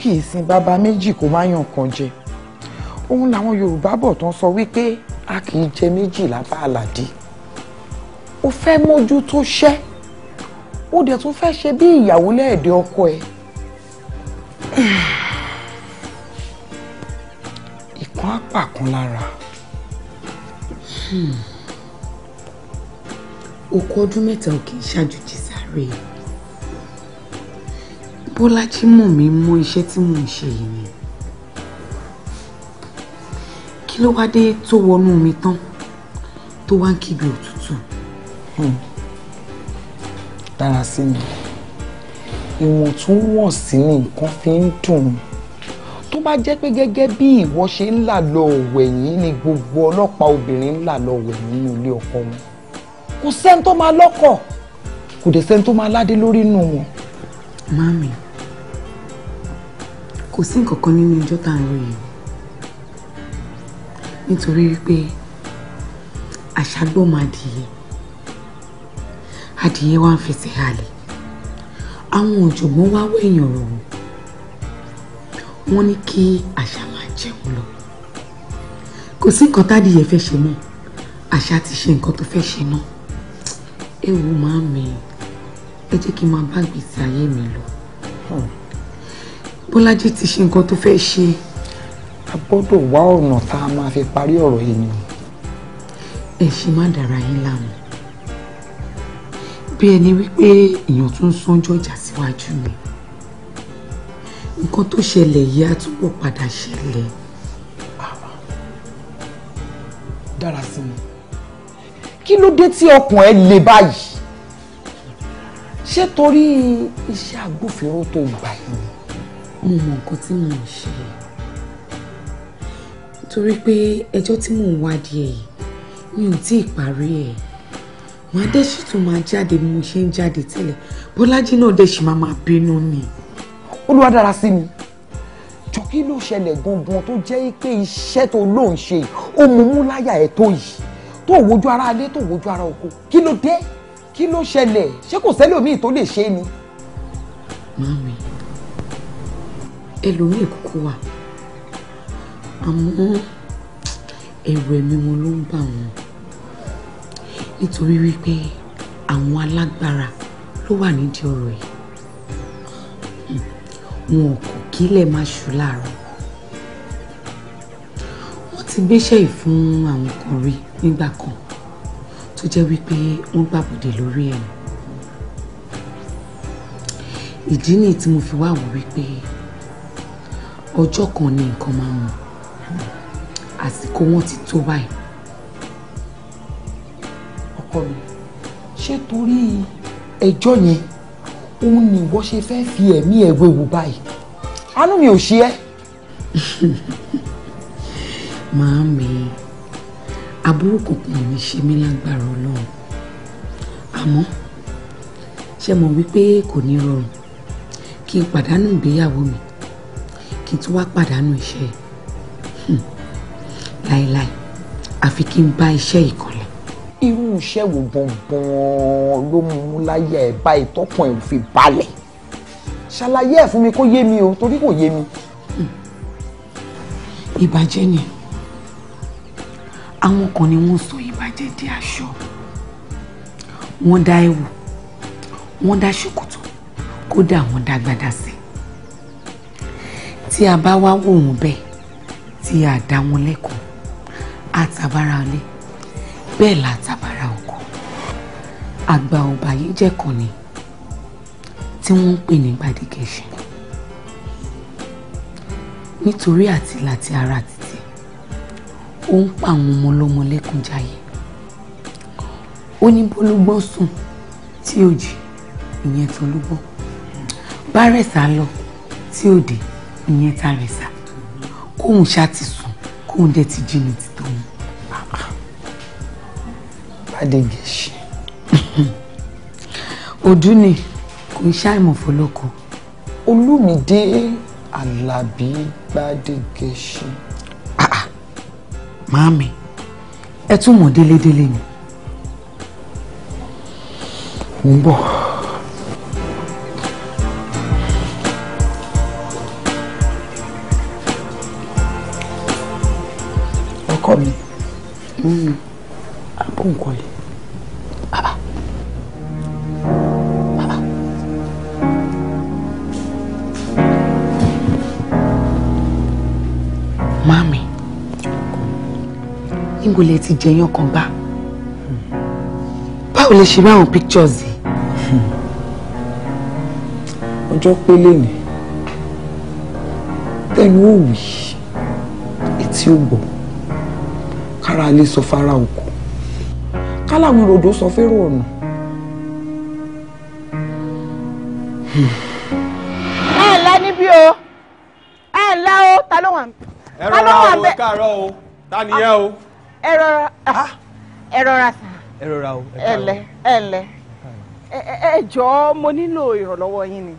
kì í sin bàbá méjì kó má yàn kan jẹ òun làwọn yorùbá bọ̀ tán sọ wípé a kì í jẹ méjì lábá àlàdé ó fẹ́ mójú tó ṣẹ́ ó dẹ̀ tún fẹ́ ṣe bí ìyàwó lẹ́ẹ̀dẹ̀ ọkọ ẹ̀ ìkan apá kan lára hmm. okò ọdún mẹ́ta ò kì í ṣàjòjì sáré. Bọ́lájí mọ̀ mí mọ́ iṣẹ́ tí mò ń ṣe yìí ni kí ló wá dé tó wọnú mi tán tó wá ń kígbe òtútù. Hmm. dára sí mi ìwọ̀ntúnwọ̀nsí ni nǹkan fi ń dùn tó bá jẹ́ pé gẹ́gẹ́ bí ìwọ ṣe ń là lọ ọ̀wẹ̀ yìí ni gbogbo ọlọ́pàá obìnrin ń là lọ ọ̀wẹ̀ yìí nínú ilé ọkọ wọn kò sẹ́ni tó máa lọ́kọ kò dẹ̀ sẹ́ni tó máa ládé lórí inú wọn. mami kò sí nǹkan kan nínú ìjọ tá à ń ròyìn nítorí wípé àṣàgbọ́mọ adìyẹ adìyẹ wa ń fẹsẹ̀ halẹ̀ àwọn ọ̀jọ̀gbọ́n wá wẹ̀yìn ọ̀rọ̀ wò wọ́n ní kí àṣà máa jẹun lọ kò sí nǹkan tádìyẹ fẹ́ ṣe mọ́ àṣà ti ṣe nǹkan tó fẹ́ ṣe náà ẹ wò máa mi ẹ jẹ́ kí n máa bá gbèsè ayé mi lọ. Hmm. Bọ́lájí ti ṣe nǹkan tó fẹ́ ṣe. a gbọ́dọ̀ wá ọ̀nà tá a máa fi parí ọ̀rọ̀ yìí ni. ẹ ṣì má dára yín láàmú bí ẹni wípé èèyàn tún sánjọ́ ọjà síwájú mi nǹkan tó ṣẹlẹ̀ yìí á túbọ̀ padà ṣẹlẹ̀. dára sí mi kí ló dé tí ọkàn ẹ le báyìí ṣé torí iṣẹ́ agbófinró tó gbà yìí mo mọ nǹkan tí mò ń ṣe torí pé ẹjọ́ tí mò ń wádìí ẹ̀ mi ò tí ì parí ẹ̀ wọn á dẹ́sì tún máa jáde bí mo ṣe ń jáde tẹ́lẹ̀ bọ́lájí náà dẹ́sì máa máa bínú ni. olúwa dára sí mi jọ kí ló ṣẹlẹ̀ gangan tó jẹ́ pé iṣẹ́ tó ló ń ṣe ó mú mú láyà ẹ̀ tó yìí tó wojú ara alé tó wojú ara oko kí ló dé kí ló ṣẹlẹ̀ ṣé kò sẹ́lẹ̀ omi tó lè ṣe ni. mami ẹlòmíì kúkú wà àmọ́ ẹ̀rù ẹ̀mí wọn ló ń bà wọ́n nítorí wípé àwọn alágbára ló wà nídìí ọ̀rọ̀ yìí wọn kò kílẹ̀ má ṣù láàárọ̀ wọ́n ti gbéṣẹ́ yìí àwọn kan rí nígbà kan tó jẹ́ wípé wọ́n gbàbọ̀dẹ̀ lórí ẹ̀yìn ìdí nìyí tí mo fi wá wípé ọjọ́ kan ni nǹkan máa ń mu àsìkò wọn ti tó báyìí. ọkọ mi ṣé torí ẹjọ́ yẹn òun ni ìwọ ṣe fẹ́ fi ẹ̀mí ẹ̀ wewu báyìí àánú mi ò ṣe ẹ́. màámi aburú kankan mi ṣe mí lágbára ọlọ́run àmọ́ ṣe mọ̀ wípé kò ní rọrùn kí n pàdánù ìgbéyàwó mi kí n tún wá pàdánù iṣẹ́ yìí hmm. láéláé àfi kí n bá iṣẹ́ yìí kanlẹ̀. irú iṣẹ́ wo gbọ̀ngbọ̀n ló mú láyà ẹ̀ báyìí tọkàn ẹ̀ fi balẹ̀ ṣàlàyé ẹ̀ fún mi kó yé mi o torí kò yé mi. Hmm. ìbàjẹ́ ni àwọn kan ni wọ́n sọ ìbàjẹ́ di aṣọ wọ́n dá ẹ̀wù wọ́n dá ṣòkòtò kódà wọ́n dá gbádà sí tí a bá wá wò wọ́n bẹ́ẹ̀ tí a dá wọn lẹ́kọ̀ọ́ àtàbára ilé bẹ́ẹ̀ látàbára ọkọ àgbà ọba yìí jẹ́ kan ni tí wọ́n ń pè ní gbadegẹ̀ṣin nítorí àti láti ara títí ó ń pa àwọn ọmọ ọlọ́mọ lẹ́kùn ó ní bólúgbọ́n sùn tí ó jí ìyẹn tó lúgbọ́n bá rẹ̀ sá lọ tí ó dé ìyẹn Tàrẹ̀sà kóun ṣáà ti sùn kóun dẹ̀ ti jí ní ti tóun. Bádégèṣì. Òdú ni kò ń ṣàìmọ̀ fọlọ́kọ. Olúmídé Àlàbí Bádégèṣì. Ah, ah. Màámi, ẹ tún mọ̀ délédélé ni. Mo ń bọ̀. ọkọ mi. Mm. àbò nǹkan lè. Ah, ah. ah, Mami, níbo lẹ ti jẹyàn kan gbá? Hmm. Báwo lẹ ṣe máa ń pictures yìí? Hmm. Ọjọ́ pélé ni, tẹnu ò wí, ò gbọ́ kára ilé sọ fara oko káláwọn ìròdó sọ fẹ́rọ ọ̀nà. Hmm. ẹ ǹlá níbí o ẹ ǹlá o ta ló wà ń bẹ. ẹ rọra o ẹ káàárọ̀ o ta ni ẹ o. ẹ rọra ẹ ah. rọra sàn. ẹ rọra o ẹ káàárọ̀. ẹ lẹ ẹ lẹ ẹ jọ̀ọ́ mo nílò ìrànlọ́wọ́ yín ni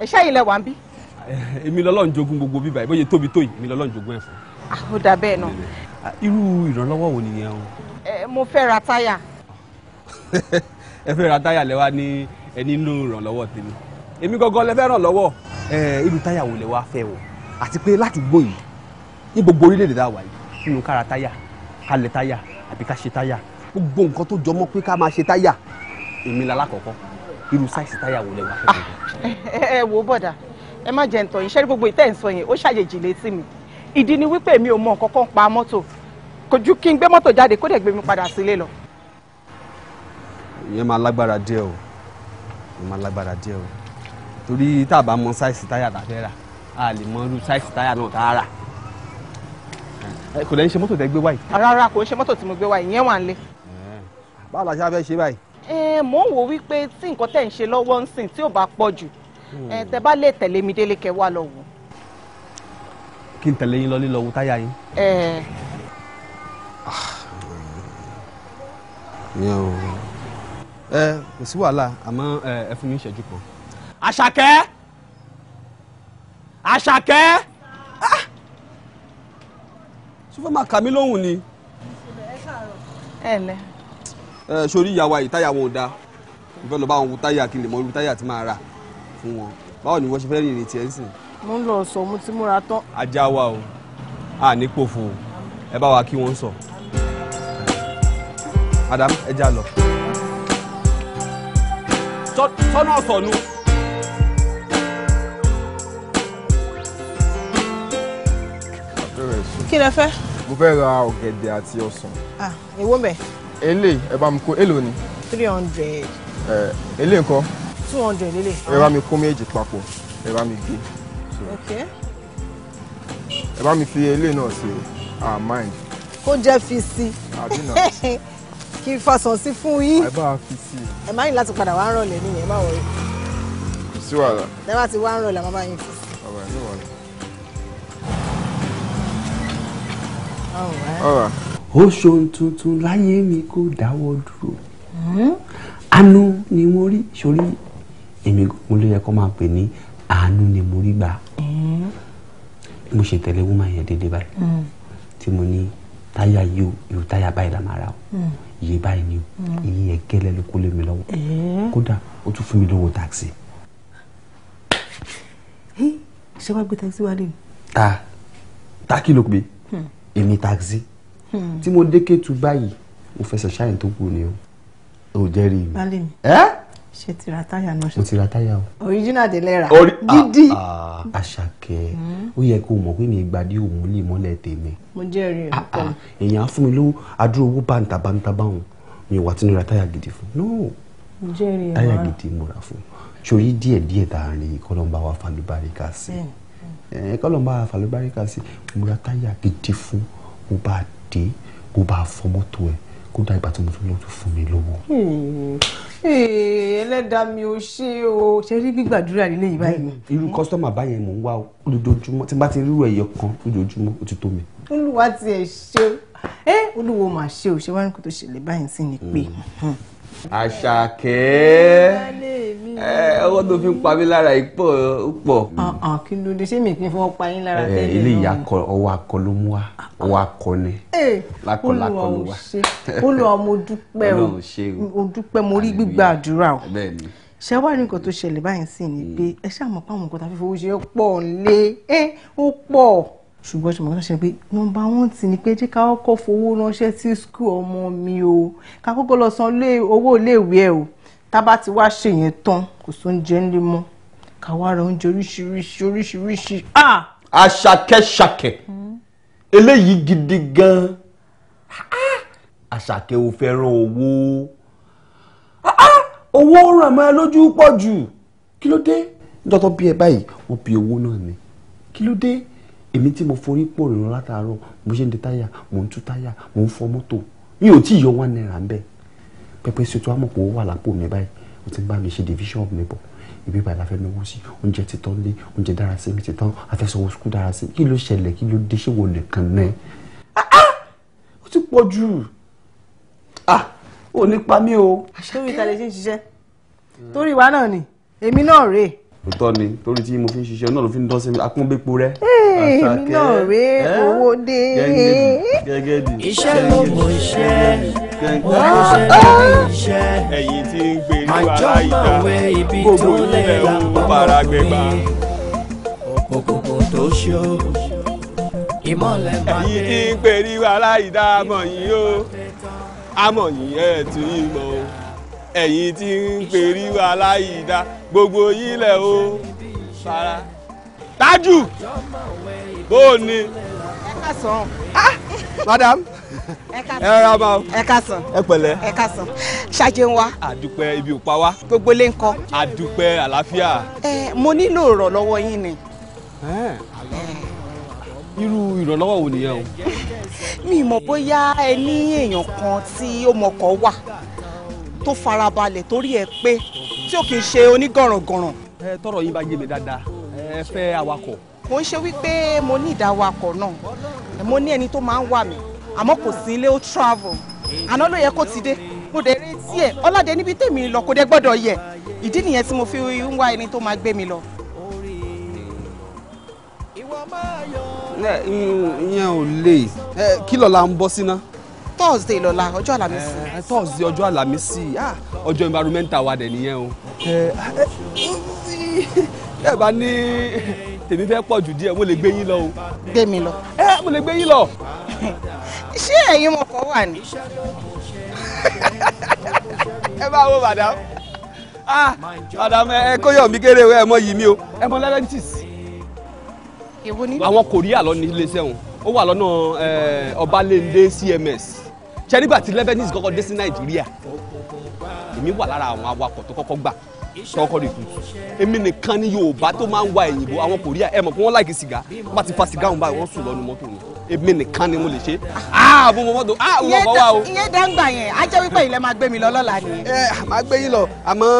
ẹ ṣáyìn lẹ wà ń bí. èmi lọ́lọ́run gbogbo bíbá ìbóye tóbi tó èmi lọ́lọ́run jogún fún. Ah, ó dà bẹ́ẹ̀ náà irú ìrànlọ́wọ́ wo nìyẹn o. ẹ mo fẹ́ ra táyà. ẹ fẹ́ ra táyà lẹ́wà ní ẹ nílò ìrànlọ́wọ́ tèmi èmi gangan lẹ fẹ́ ràn lọ́wọ́ ẹ irú táyà wo lẹ wá fẹ́ o àti pé ládùúgbò yìí ní gbogbo orílẹ̀-èdè tá a wà yìí nínú ká ra táyà ká lẹ̀ táyà àbí ká ṣe táyà gbogbo nǹkan tó jọmọ́ pé ká máa ṣe táyà èmi la lákọ̀ọ́kọ́ irú sáìsì táyà wo lẹ wá fẹ́. Ah, ẹ ẹ wo bọ̀dà ẹ má jẹ́ ntọ́ yìí ṣẹ́rí gbogbo ìtẹ́ ń yẹn ó ṣàjèjì létí mi ìdí ni wípé mi ò mọ nǹkan pa mọ́tò kò ju kí n gbé mọ́tò jáde kó dẹ̀ gbé mi padà sílé lọ. ìyẹn máa lágbára díẹ̀ o ìyẹn máa lágbára díẹ̀ o torí tá a bá mọ sáìsì táyà tá a fẹ́ rà a lè mọ irú sáìsì táyà náà tá a rà kò lẹ́yìn ṣe mọ́tò tẹ́ gbé wáyìí. rárá kò ń ṣe mọ́tò tí mo gbé wáyìí ìyẹn wà ń lé. báwo la ṣe á fẹ́ ṣe báyìí. ẹ mò ń wò wípé tí nǹkan tẹ̀ ń ṣe lọ́wọ́ ń sìn tí ò bá pọ̀ jù hmm. ẹ tẹ bá lè tẹ̀lé mi délé kẹ lọ wò kí n tẹ̀lé yín lọ lílọ wo táyà yín. ìyẹn o ẹ kò sí wàhálà àmọ́ ẹ fún mi ìṣẹ́jú kan. àṣàkẹ́ àṣàkẹ́ ah! sọfọ́ máa kà mí lóhùn ni. ẹ lẹ. ẹ sori ìyàwó àyè táyà wọn ò da mo fẹ́ lọ bá wo táyà kí n lè mọ irú táyà tí màá rà fún wọn báwo ni wọ́n ṣe fẹ́ rìn ìrètí ń sìn mo ń lọ sọ mo ti múra tán. ajá wa o a ní pòfo o ẹ bá wa kí wọn sọ adam ẹ já lọ. sọ́nà ọ̀sọ̀ nu. kí lẹ fẹ́. mo fẹ́ ra ọ̀gẹ̀dẹ̀ àti ọsàn. ah èwo bẹ̀. Ele, ẹ bá mi kó o ni. three hundred. ẹ eléyìí nǹkan. two hundred ele. ẹ bá mi kó méjì papọ̀ ẹ bá mi gbé okay. ẹ bá mi fi eléyìí náà sí ah mind. kó jẹ́ fi sí i kí n fasàn sí fún yín ẹ bá fi si. i. ẹ má yín láti padà wá ń rọlẹ̀ nìyẹn má wọlé. kò sí wàhálà. ẹ bá ti wá ń rọlẹ̀ àmọ́ yín fi sí. ọ̀rọ̀ ẹ̀ ní wọlé. ọ̀rọ̀ ó ṣohun tuntun láyé mi kó dáwọ́ dúró hmm? àánú ni mo rí sórí èmi mo ló yẹ kó máa pè ní àánú ni mo rí gbà mo ṣe tẹ̀lé woman yẹn dédé báyìí mm. tí mo ní táyà yìí o ìrù táyà báyìí la máa ra o mm. iye báyìí ni o mm. iye yẹn gẹ́lẹ́ ló kó lé mi lọ́wọ́ eh? kódà ó tún fún mi lówó táksì. ṣé wàá gbé táksì wálé ni. ta ta kí ló gbé hmm. èmi táksì hmm. tí mo dé Kétu báyìí mo fẹsẹ̀ ṣáyẹn tó kù ni o ò jẹ́rìí mi ṣe ti náà ṣe. mo ti o. original de lẹ́ra ah, dídí. Ah, àṣàkẹ́ hmm. ó yẹ kó mọ̀ pé mi gbadé òun lè mọ́lẹ̀ tèmi. mo jẹ́rìí ẹ̀ ah, pọ̀. èèyàn á fún mi lówó adúrò owó báńtà mi wà tí mo ra táyà gidi fún. no táyà gidi mo ra fún. sori díẹ̀ díẹ̀ tá a rìn kọ́lọ́mbà wa falùbáríkà sí i kọ́lọ́mbà falùbáríkà sí i mo ra táyà gidi fún mo bá dé mo bá fọ mọ́tò ẹ̀ kódà ìgbà tí mo tún lọ tún fún mi lówó. Hmm. ẹlẹ́dàá mi ò ṣe o ṣe rí gbígbàdúrà nílé yìí báyìí. irú kọ́sítọ́mà báyẹn mò ń wá lójoojúmọ́ tí n bá ti rírú ẹ̀yọ kan lójoojúmọ́ ó ti tó mi. olúwa tiẹ̀ ṣe é olúwo mà ṣe ò ṣe wá ní kó tó ṣẹlẹ̀ báyìí sí ni pé. Hmm. Hmm àṣàkẹ́ ọwọ́ tó fi ń pa mí lára ìpọ̀ pọ̀. kí ló dé ṣé mi kì í fọwọ́ pa yín lára tẹ́lẹ̀ náà. ilé ìyá akọ ọwọ́ akọ ló mú wa ọwọ́ akọ ni lákọlákọ ló wà. Olúwa mo dúpẹ́ o mo dúpẹ́ mo rí gbígbà àdúrà o ṣe wá ní nǹkan tó ṣẹlẹ̀ báyìí sí ni pé hmm. ẹ ṣáà mọ̀ pé àwọn nǹkan tá a fi fowó ṣe pọ̀ ń lé ó pọ̀ ṣùgbọ́n ṣe mọ̀kàn ṣe pé nọmba one ti ni pé jẹ́ ká kọ́kọ́ fowó ránṣẹ́ sí skul ọmọ mi o ká kọ́kọ́ lọ san owó iléèwé ẹ̀ o tá bá ti wá ṣe yẹn tán kò sóúnjẹ ńlẹ̀ mọ́ ká wá ra oúnjẹ oríṣiríṣi oríṣiríṣi. àṣàkẹ́ṣàkẹ́ ah! eléyìí gidi gan-an ah! àṣàkẹ́ ò fẹ́ràn owó ah! owó ràn mọ́ lójú pọ̀ jù kí ló dé dọ́tọ́ bí ẹ báyìí wọ́n bí owó náà ni kí ló dé èmi tí mo forí pò nínú mo ṣe ń di táyà mo ń tú táyà mo ń fọ mọ́tò mi ò tí ì yọ one naira ń bẹ pẹpẹ ṣètò àmọ̀pọ̀ wà lápò mi báyìí o ti ń bá mi ṣe division of labour ibi ìbàdàn afẹ́ sí oúnjẹ ti tán lé oúnjẹ dára sí mi ti tán afẹ́sọ̀wọ́ sukú dára sí kí ló ṣẹlẹ̀ kí ló dé ṣé wo nìkan náà ah, ah! ó ti pọ̀ jù ò ah, ní pa mí o. àṣírí ìtàlẹ́sí ń ṣiṣẹ́ torí ìwà náà ni èmi náà rèé òótọ́ ni torí tí mo fi ń ṣiṣẹ́ náà ló fi ń dán sí mi akúnbépo rẹ. èmi náà rè owó dé. iṣẹ́ ló mọ iṣẹ́ ó ṣe iṣẹ́ ẹ̀yìn tí ń gbé ní aláìda gbogbo ilẹ̀ ó bára gbẹgbà. òkùnkùn tó ṣó ìmọ̀lẹ̀ máa dé. ẹ̀yìn tí ń gbé ní aláìda mọ̀ yìí o amọ̀ ẹ̀ tún yìí mọ̀ o ẹ̀yìn tí ń gbé ní aláìda gbogbo yín lẹ̀ o fara tájù bó o ní. ẹ ká sàn. Ah, madam ẹ rárá bá o. ẹ ká sàn. ẹ pẹ̀lẹ́. ẹ ká sàn. ṣáájú ń wá. àdúpẹ́ ibi ò pa wá. gbogbo lè ń kọ. àdúpẹ́ àlàáfíà. ẹ mo nílò ìrànlọ́wọ́ yín ni. irú ìrànlọ́wọ́ wo nìyẹn o. mi mọ̀ bóyá ẹ ní èèyàn kan tí ó mọkọ̀ wà tó farabalẹ̀ torí ẹ pé tí ò kì í ṣe onígọ̀rọ̀gọ̀rọ̀. ẹ tọrọ yín bá yé mi dáadáa ẹ fẹ́ awakọ̀. mo ń ṣe wípé mo ní ìdáwakọ̀ náà mo ní ẹni tó máa ń wà mí àmọ́ kò sí ilé ó travel àná ló yẹ kó ti dé mo dẹ̀ retí ẹ̀ ọlọ́dẹ níbi tèmi lọ kó dé gbọ́dọ̀ yẹ ìdí nìyẹn tí mo fi ń wá ẹni tó máa gbé mi lọ. ìyẹn ò lè kí lọ́la ń bọ́ síná thursday lọ́la ọjọ́ àlàmísì. Eh, eh, thursday ọjọ́ àlàmísì ah, ọjọ́ environmental wa dẹ̀ nìyẹn o. Eh, ẹ bá ní tèmi fẹ́ pọ̀ jù díẹ̀ mo lè gbé yín lọ o. gbé mi lọ. ẹ mo lè gbé yín lọ. ṣé ẹ̀yin mọ̀kọ́ wà ní. ẹ bá wo madam ah madam ẹ kó yọ̀ mí kéré ẹ mọ yìí mi o ẹ mọ lẹ́rẹ́ntìs. èwo ni. àwọn kòríà lọ ní iléeṣẹ́ wọn ó wà lọ́nà ọbalẹ́ndé cms ṣe nígbà tí lebanese kọ́kọ́ dé sí nàìjíríà èmi wà lára àwọn awakọ̀ tó kọ́kọ́ gbà tọkọ de tutu èmi nìkan ni yorùbá tó máa ń wa ẹ̀yìnbó àwọn kòríà ẹ mọ̀ pé wọ́n láìkí sìgá wọ́n bá ti fa sìgá wọn báyìí wọ́n sùn lọ́nu mọ́tò ni èmi nìkan ni mo lè ṣe ààbò ah, mọ́ mọ́tò ààbò ah, mọ́ wa o. iye dáńgbà yẹn á jẹ́ wípé ilẹ̀ máa gbé mi lọ lọ́la ni. ẹ máa gbé yín lọ àmọ́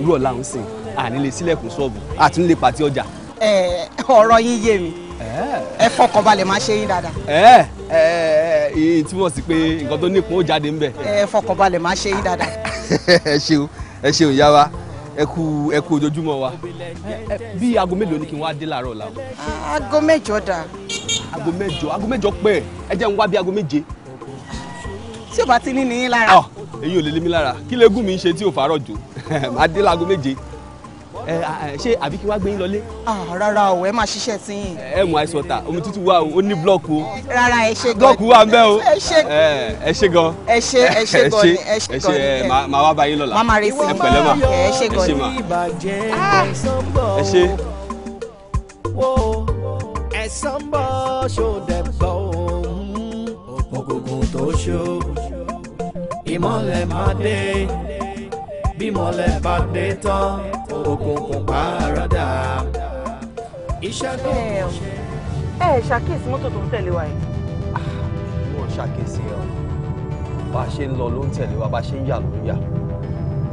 irú ọ̀la ń sìn àní lè ṣílẹ̀kùn ṣọ́ọ̀bù àti nílé pàtí ọjà. ọ̀rọ̀ yín yé mi Eh. ẹ fọkànbalẹ̀ máa ṣe yín dáadáa. ẹ ẹ ẹ èyí túmọ̀ sí pé nǹkan tó nípọn ó jáde ńbẹ. ẹ fọkànbalẹ̀ máa ṣe yín dáadáa. ẹ ṣeun ẹ ṣeun wa ẹ kú ẹ kú ojoojúmọ́ wa eh, eh, bí aago mélòó ni kí n wá dé láàárọ̀ la. aago mẹ́jọ dà. aago mẹ́jọ aago mẹ́jọ pẹ́ ẹ jẹ́ wá bí aago méje. tí o bá ti ní ní lára. Ah, ò lè lé mi lára kí lè gún mi ṣe tí o fàárọ̀ jò máa dé láago méje. ṣé àbí kí wá gbé yín lọlé. rárá o ẹ máa ṣiṣẹ́ sí yín. ẹ mú àìsàn ta omi tútù wà o ó ní blọọkù o. rárá ẹ ṣe gan. blọọkù wà ń bẹ o ẹ ṣe gan. ẹ ṣe ẹ ṣe gan ni ẹ ṣe gan ni ẹ máa wá bá yín lọ́la. máma retí ẹ pẹ̀lẹ́ ma ẹ ṣe gan ni. ẹ ṣe. ẹ̀sán bọ́ ṣòdẹ̀ bọ́ òun òkùnkùn tó ṣó ìmọ̀lẹ̀ máa dé bímọlẹ̀ bá dé tán òkùnkùn pàrọ̀dà. iṣẹ́ tó ń ṣe. ẹ ṣàkíyèsí mọ́tò tó ń tẹ̀lé wa yìí. mo ṣàkíyèsí ẹ o bá a ṣe ń lọ ló ń tẹ̀lé wa bá a ṣe ń yà ló ń yà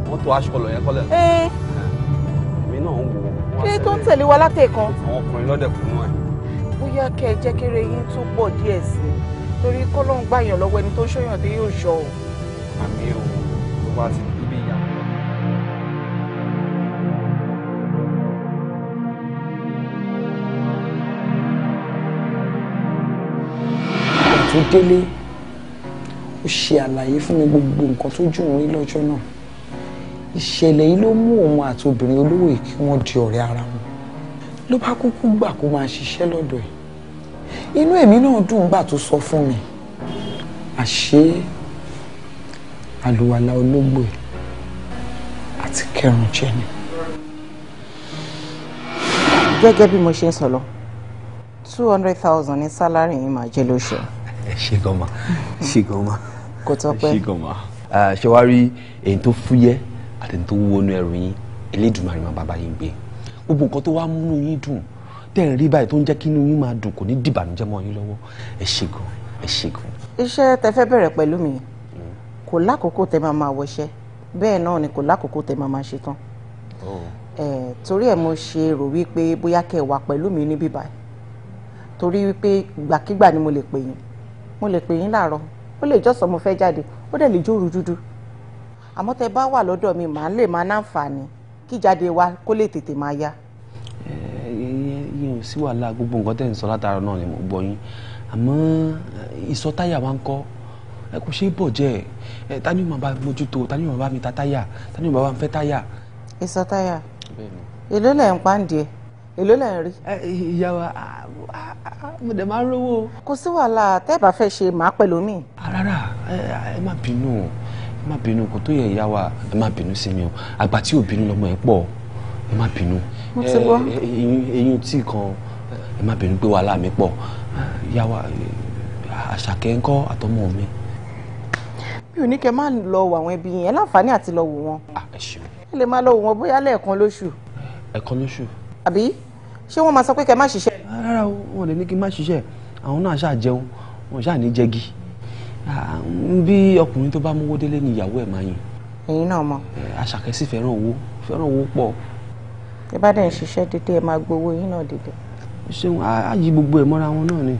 mọ́tò aṣọ lọ yẹn kọ́lẹ̀. èmi náà ń wò ó. kí tó ń tẹ̀lé wa látẹ̀kan. àwọn ọkùnrin lọ́dẹ̀kùnú ẹ̀. bóyá kẹ́ ẹ jẹ́ kéré yín tún pọ̀ díẹ̀ sí i torí kọ́lọ́hún gbàyàn lọ́wọ́ ẹni tó ṣòyàn dé yóò ṣọ o. àmì o tó bá ti tó délé ó ṣe àlàyé fún mi gbogbo nǹkan tó jù wọn lọ́jọ́ náà ìṣẹ̀lẹ̀ yìí ló mú òun àti obìnrin olówó yìí kí wọ́n di ọ̀rẹ́ ara wọn ló bá kúkú gbà kó máa ṣiṣẹ́ lọ́dọ̀ ẹ̀ inú èmi náà dùn gbà tó sọ fún mi àṣé àlùwàlà ológbò ẹ̀ àti kẹrùn jẹ ni. gẹ́gẹ́ bí mo ṣe ń sọ lọ two hundred thousand ní sálárì yìí máa jẹ́ lóṣù ẹ ṣe gan ma ṣe gan ma kò tọ́ pẹ́ ṣe gan ma ṣe wá rí èyí tó fúyẹ́ àti èyí tó wọnú ẹrù yín Elédùmarè máa bàbá yín gbé gbogbo nǹkan tó wá múnú yín dùn tẹ́ ẹ̀ rí báyìí tó ń jẹ́ kí inú yín máa dùn kò ní dìbànújẹ́ mọ́ yín lọ́wọ́ ẹ ṣe gan ẹ ṣe gan. iṣẹ́ tẹ fẹ́ bẹ̀rẹ̀ pẹ̀lú mi mm. kò lákòókò tẹ máa máa wọṣẹ́ bẹ́ẹ̀ náà ni kò lákòókò tẹ máa máa ṣe tán oh. torí ẹ̀ mo ṣe rò wípé bóyá kẹ́ wà pẹ̀lú mi níbí báyìí torí wípé ìgbàkigbà ni mo lè pè yín mo lè pè yín láàárọ̀ ó lè jọ́sàn mo fẹ́ jáde ó dẹ̀ lè jóru dúdú àmọ́ tẹ bá wà lọ́dọ̀ mi màá lè máa náǹfààní kí jáde wa kó lè tètè máa yá. ẹ ẹ yẹn ò sí wàhálà gbogbo nǹkan tẹ̀ ń sọ látara náà ni mo gbọ́ yín àmọ́ ìsọtáyà wa ń kọ́ ẹ kò ṣe é bọ̀ jẹ́ ẹ ta ni màá bá mójútó ta ni màá bá mi ta táyà ta ni màá bá mi fẹ́ táyà. ìsọtáyà èló lẹ̀ ń ẹ̀ èló lẹ̀ ń rí. ìyá wa mo dẹ̀ máa ń rówó. kò sí wàhálà tẹ́ ẹ bá fẹ́ ṣe màá pẹ̀lú mi. rárá ẹ má bínú ẹ má bínú kò tó yẹ ìyá wa ẹ má bínú sí mi o àgbà tí ò bínú lọ́mọ ẹ pọ̀ ẹ má bínú. mo ti gbọ́. eyín tí kan ẹ má bínú pé wàhálà mi pọ̀ ìyá wa àṣàkẹ́ ń kọ́ àtọmọ mi. mi ò ní kẹ́ máa lọ wọ àwọn ẹbí yẹn láǹfààní àti lọ wò wọn. Ah, ẹ lè máa lọ wò wọn bóyá lẹ́ẹ̀kan lóṣù. ẹ̀kan lóṣù àbí ṣé wọ́n máa sọ pé kẹ́ má ṣiṣẹ́. Ah, rárá wọn lè ní kí n má ṣiṣẹ́ àwọn náà ṣáà jẹun wọn ṣáà ní jẹgi ah, bí ọkùnrin tó bá mówó délé ni ìyàwó ẹ̀ máa yìn. ẹ̀yin náà mọ̀. Eh, Àṣàkẹ́ sì fẹ́ràn owó fẹ́ràn owó pọ̀. ẹ bá dẹ̀ ń ṣiṣẹ́ dédé ẹ máa gbowó yín náà dédé. ṣeun ààyè gbogbo ẹ̀ mọ́ra wọn náà ni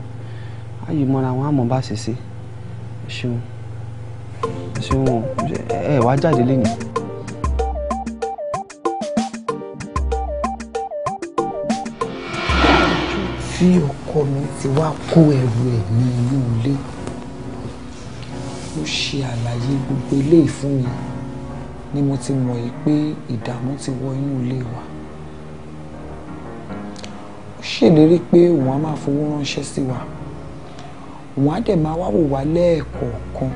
ààyè mọ́ra wọn àmọ́ bá ṣe ṣe ṣeun ṣeun ẹ wá jáde lẹ́yìn. tí ọkọ mi ti wá kó ẹrù ẹ̀ ní inú ilé ó ṣe àlàyé gbogbo eléyìí fún mi ni mo ti mọ̀ yìí pé ìdààmú ti wọ inú ilé wa ó ṣèlérí pé òun á máa fowó ránṣẹ́ sí wa òun á dẹ̀ máa wá wò wá lẹ́ẹ̀kọ̀ọ̀kan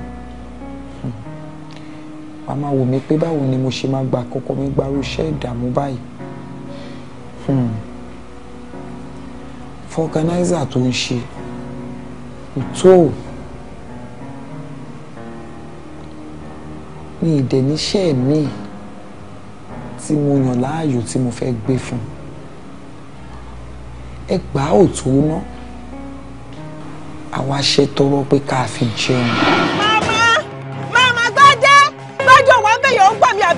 wàá máa wò mí pé báwo ni mo ṣe máa gbà kọ́kọ́ mi gbárù ìdààmú báyìí. Hmm fọganáísà tó ń ṣe kò tó o ní ìdẹ̀níṣẹ́ mi tí mo yàn láàyò tí mo fẹ́ gbé fún ẹ gbà á ò tó ná àwa ṣe tọrọ pé ká fi jẹun.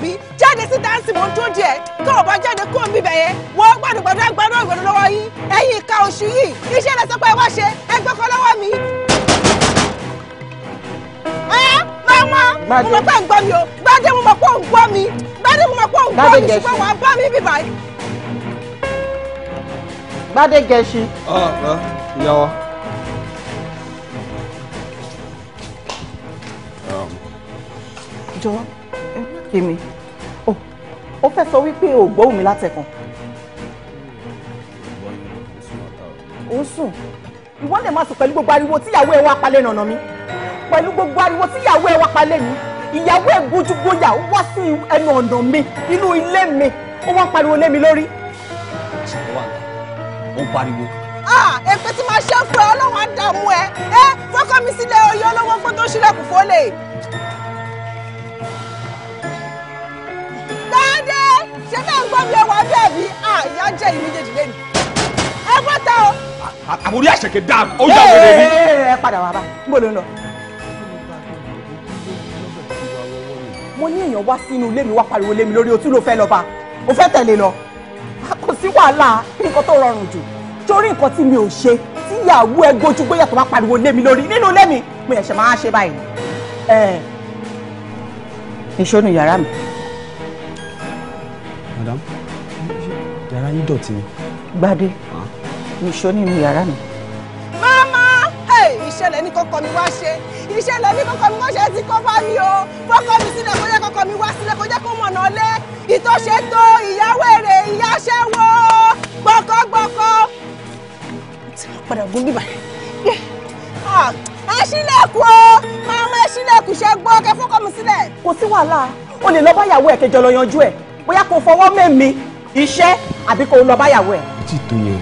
àbí jáde sí dáǹsì mò ń dúró díẹ̀ tó o bá jáde kó o ń bíbẹ̀ yẹn wọ́n gbàdúgbàdú àgbàdo ìgbàdo lọ́wọ́ yín ẹ̀yin ìka oṣù yìí iṣẹ́ rẹ̀ sọ pé wá ṣe ẹ gbọ́kọ́ lọ́wọ́ mi. ẹ máa mo mọ̀ pé ń gbọ́ mi o gbádé mo mọ̀ pé ń gbọ́ mi gbádé mo mọ̀ pé ń gbọ́ mi ṣùgbọ́n wọn bá mi bíbá yìí. gbádé gẹ̀ẹ́sì. ọ̀ọ́ ìyàwó. jọ̀wọ́ Kemi o oh, ò fẹ́ sọ wípé o gbóhùn mi látẹ̀kàn. ó ń sùn ìwọ lè máa sùn pẹ̀lú gbogbo ariwo tíyàwó ẹ wá palẹ̀ nànà mi pẹ̀lú gbogbo ariwo tíyàwó ẹ wá palẹ̀ mi ìyàwó ẹ gbójúgbóyà ó wá sí ẹnu ọ̀nà mi inú ilé mi ó wá ń pariwo lé mi lórí. ṣàlọ́ wà ó ń pariwo ah, èpè tí máa ṣe fún ẹ ọlọ́run á dààmú ẹ ẹ fọkàn mi sílẹ̀ oyè olówó fún tó ṣílẹ̀kùn fọ́lẹ̀. mi ẹ wà bí ẹbí àyà jẹ ìlú méjèèjì lẹ́nu ẹ wá ta o. àbúrí àṣẹkẹ dá ó yà wẹrẹ mi. ẹ padà wá bá níbo ló ń lọ. mo ní èèyàn wá sínú ilé mi wá pariwo lé mi lórí otú ló fẹ́ lọ bá o fẹ́ tẹ̀lé lọ kò sí wàhálà nǹkan tó rọrùn jù torí nǹkan tí mi ò ṣe tí ìyàwó ẹ gojú gbóyà tó bá pariwo lé mi lórí nínú ilé mi mo yẹ̀ ṣe máa ṣe báyìí. ìṣó nu yàrá mi. yàrá dọ̀tí. gbadé nìṣó nínú yàrá mi. mama ìṣẹ̀lẹ̀ ní kọ́kọ́ mi wá ṣe ìṣẹ̀lẹ̀ ní kọ́kọ́ mi wá ṣe ti kọ́ bá mi o kọ́kọ́ mi sílẹ̀ kó jẹ́ kọ́kọ́ mi wá sílẹ̀ kó jẹ́ kó mọ̀nà lé ìtọ́ṣe tó ìyáwó èrè ìyáṣẹ́ wo gbọ́kọ́gbọ́kọ́. tí wọ́n padà gún bíbá ẹ ṣílẹ̀kùn o máa mọ ẹ ṣílẹ̀kùn ṣe gbọ́ kẹ fọ́kọ́ mi sílẹ̀. kò sí wàhálà o lè lọ báyàwó ẹ̀ kẹjọ lọ yanjú ẹ̀ bóyá kò fọwọ́ mẹ́mi iṣẹ́ àbí kó lọ báyàwó ẹ. kò tí ì tó yẹn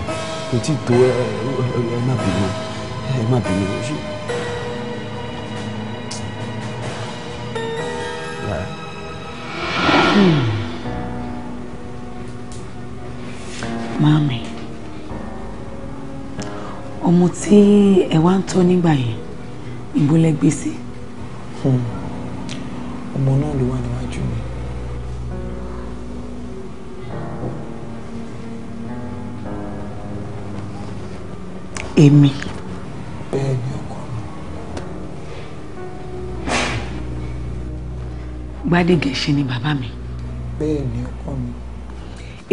kò tí ì tó ẹ ẹ má bínú ẹ má bínú ṣe. Mami, ọmọ tí ẹ wá ń tọ́ nígbà yẹn, ìbò lẹ hmm. Ọmọ náà ló wà níwájú. èmi. bẹ́ẹ̀ ni ọkọ mi. Gbádégẹṣin ni bàbá mi. bẹ́ẹ̀ ni ọkọ mi.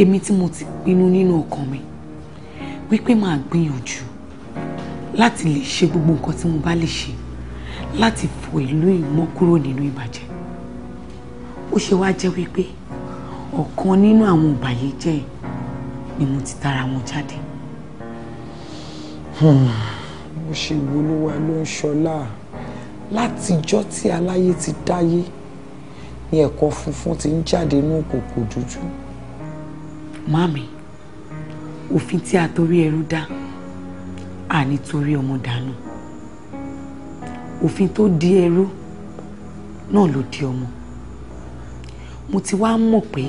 èmi tí mo ti pinnu nínú ọkàn mi wípé màá gbìyànjú láti lè ṣe gbogbo nǹkan tí mo bá lè ṣe láti fò ìlú ìmọ́ kúrò nínú ìbàjẹ́ ó ṣe wá jẹ́ wípé ọ̀kan nínú àwọn ìbàyéjẹ́ ni mo ti tara wọn jáde mo ṣe ìwolówó ló ń ṣọlá látijọ́ tí aláyé ti dáyé ni ẹ̀kọ́ funfun ti ń jáde ní òkòkò dúdú. mami òfin tí a torí ẹrú dá a nítorí ọmọ dànù òfin tó di ẹrú náà ló di ọmọ mo ti wá mọ̀ pé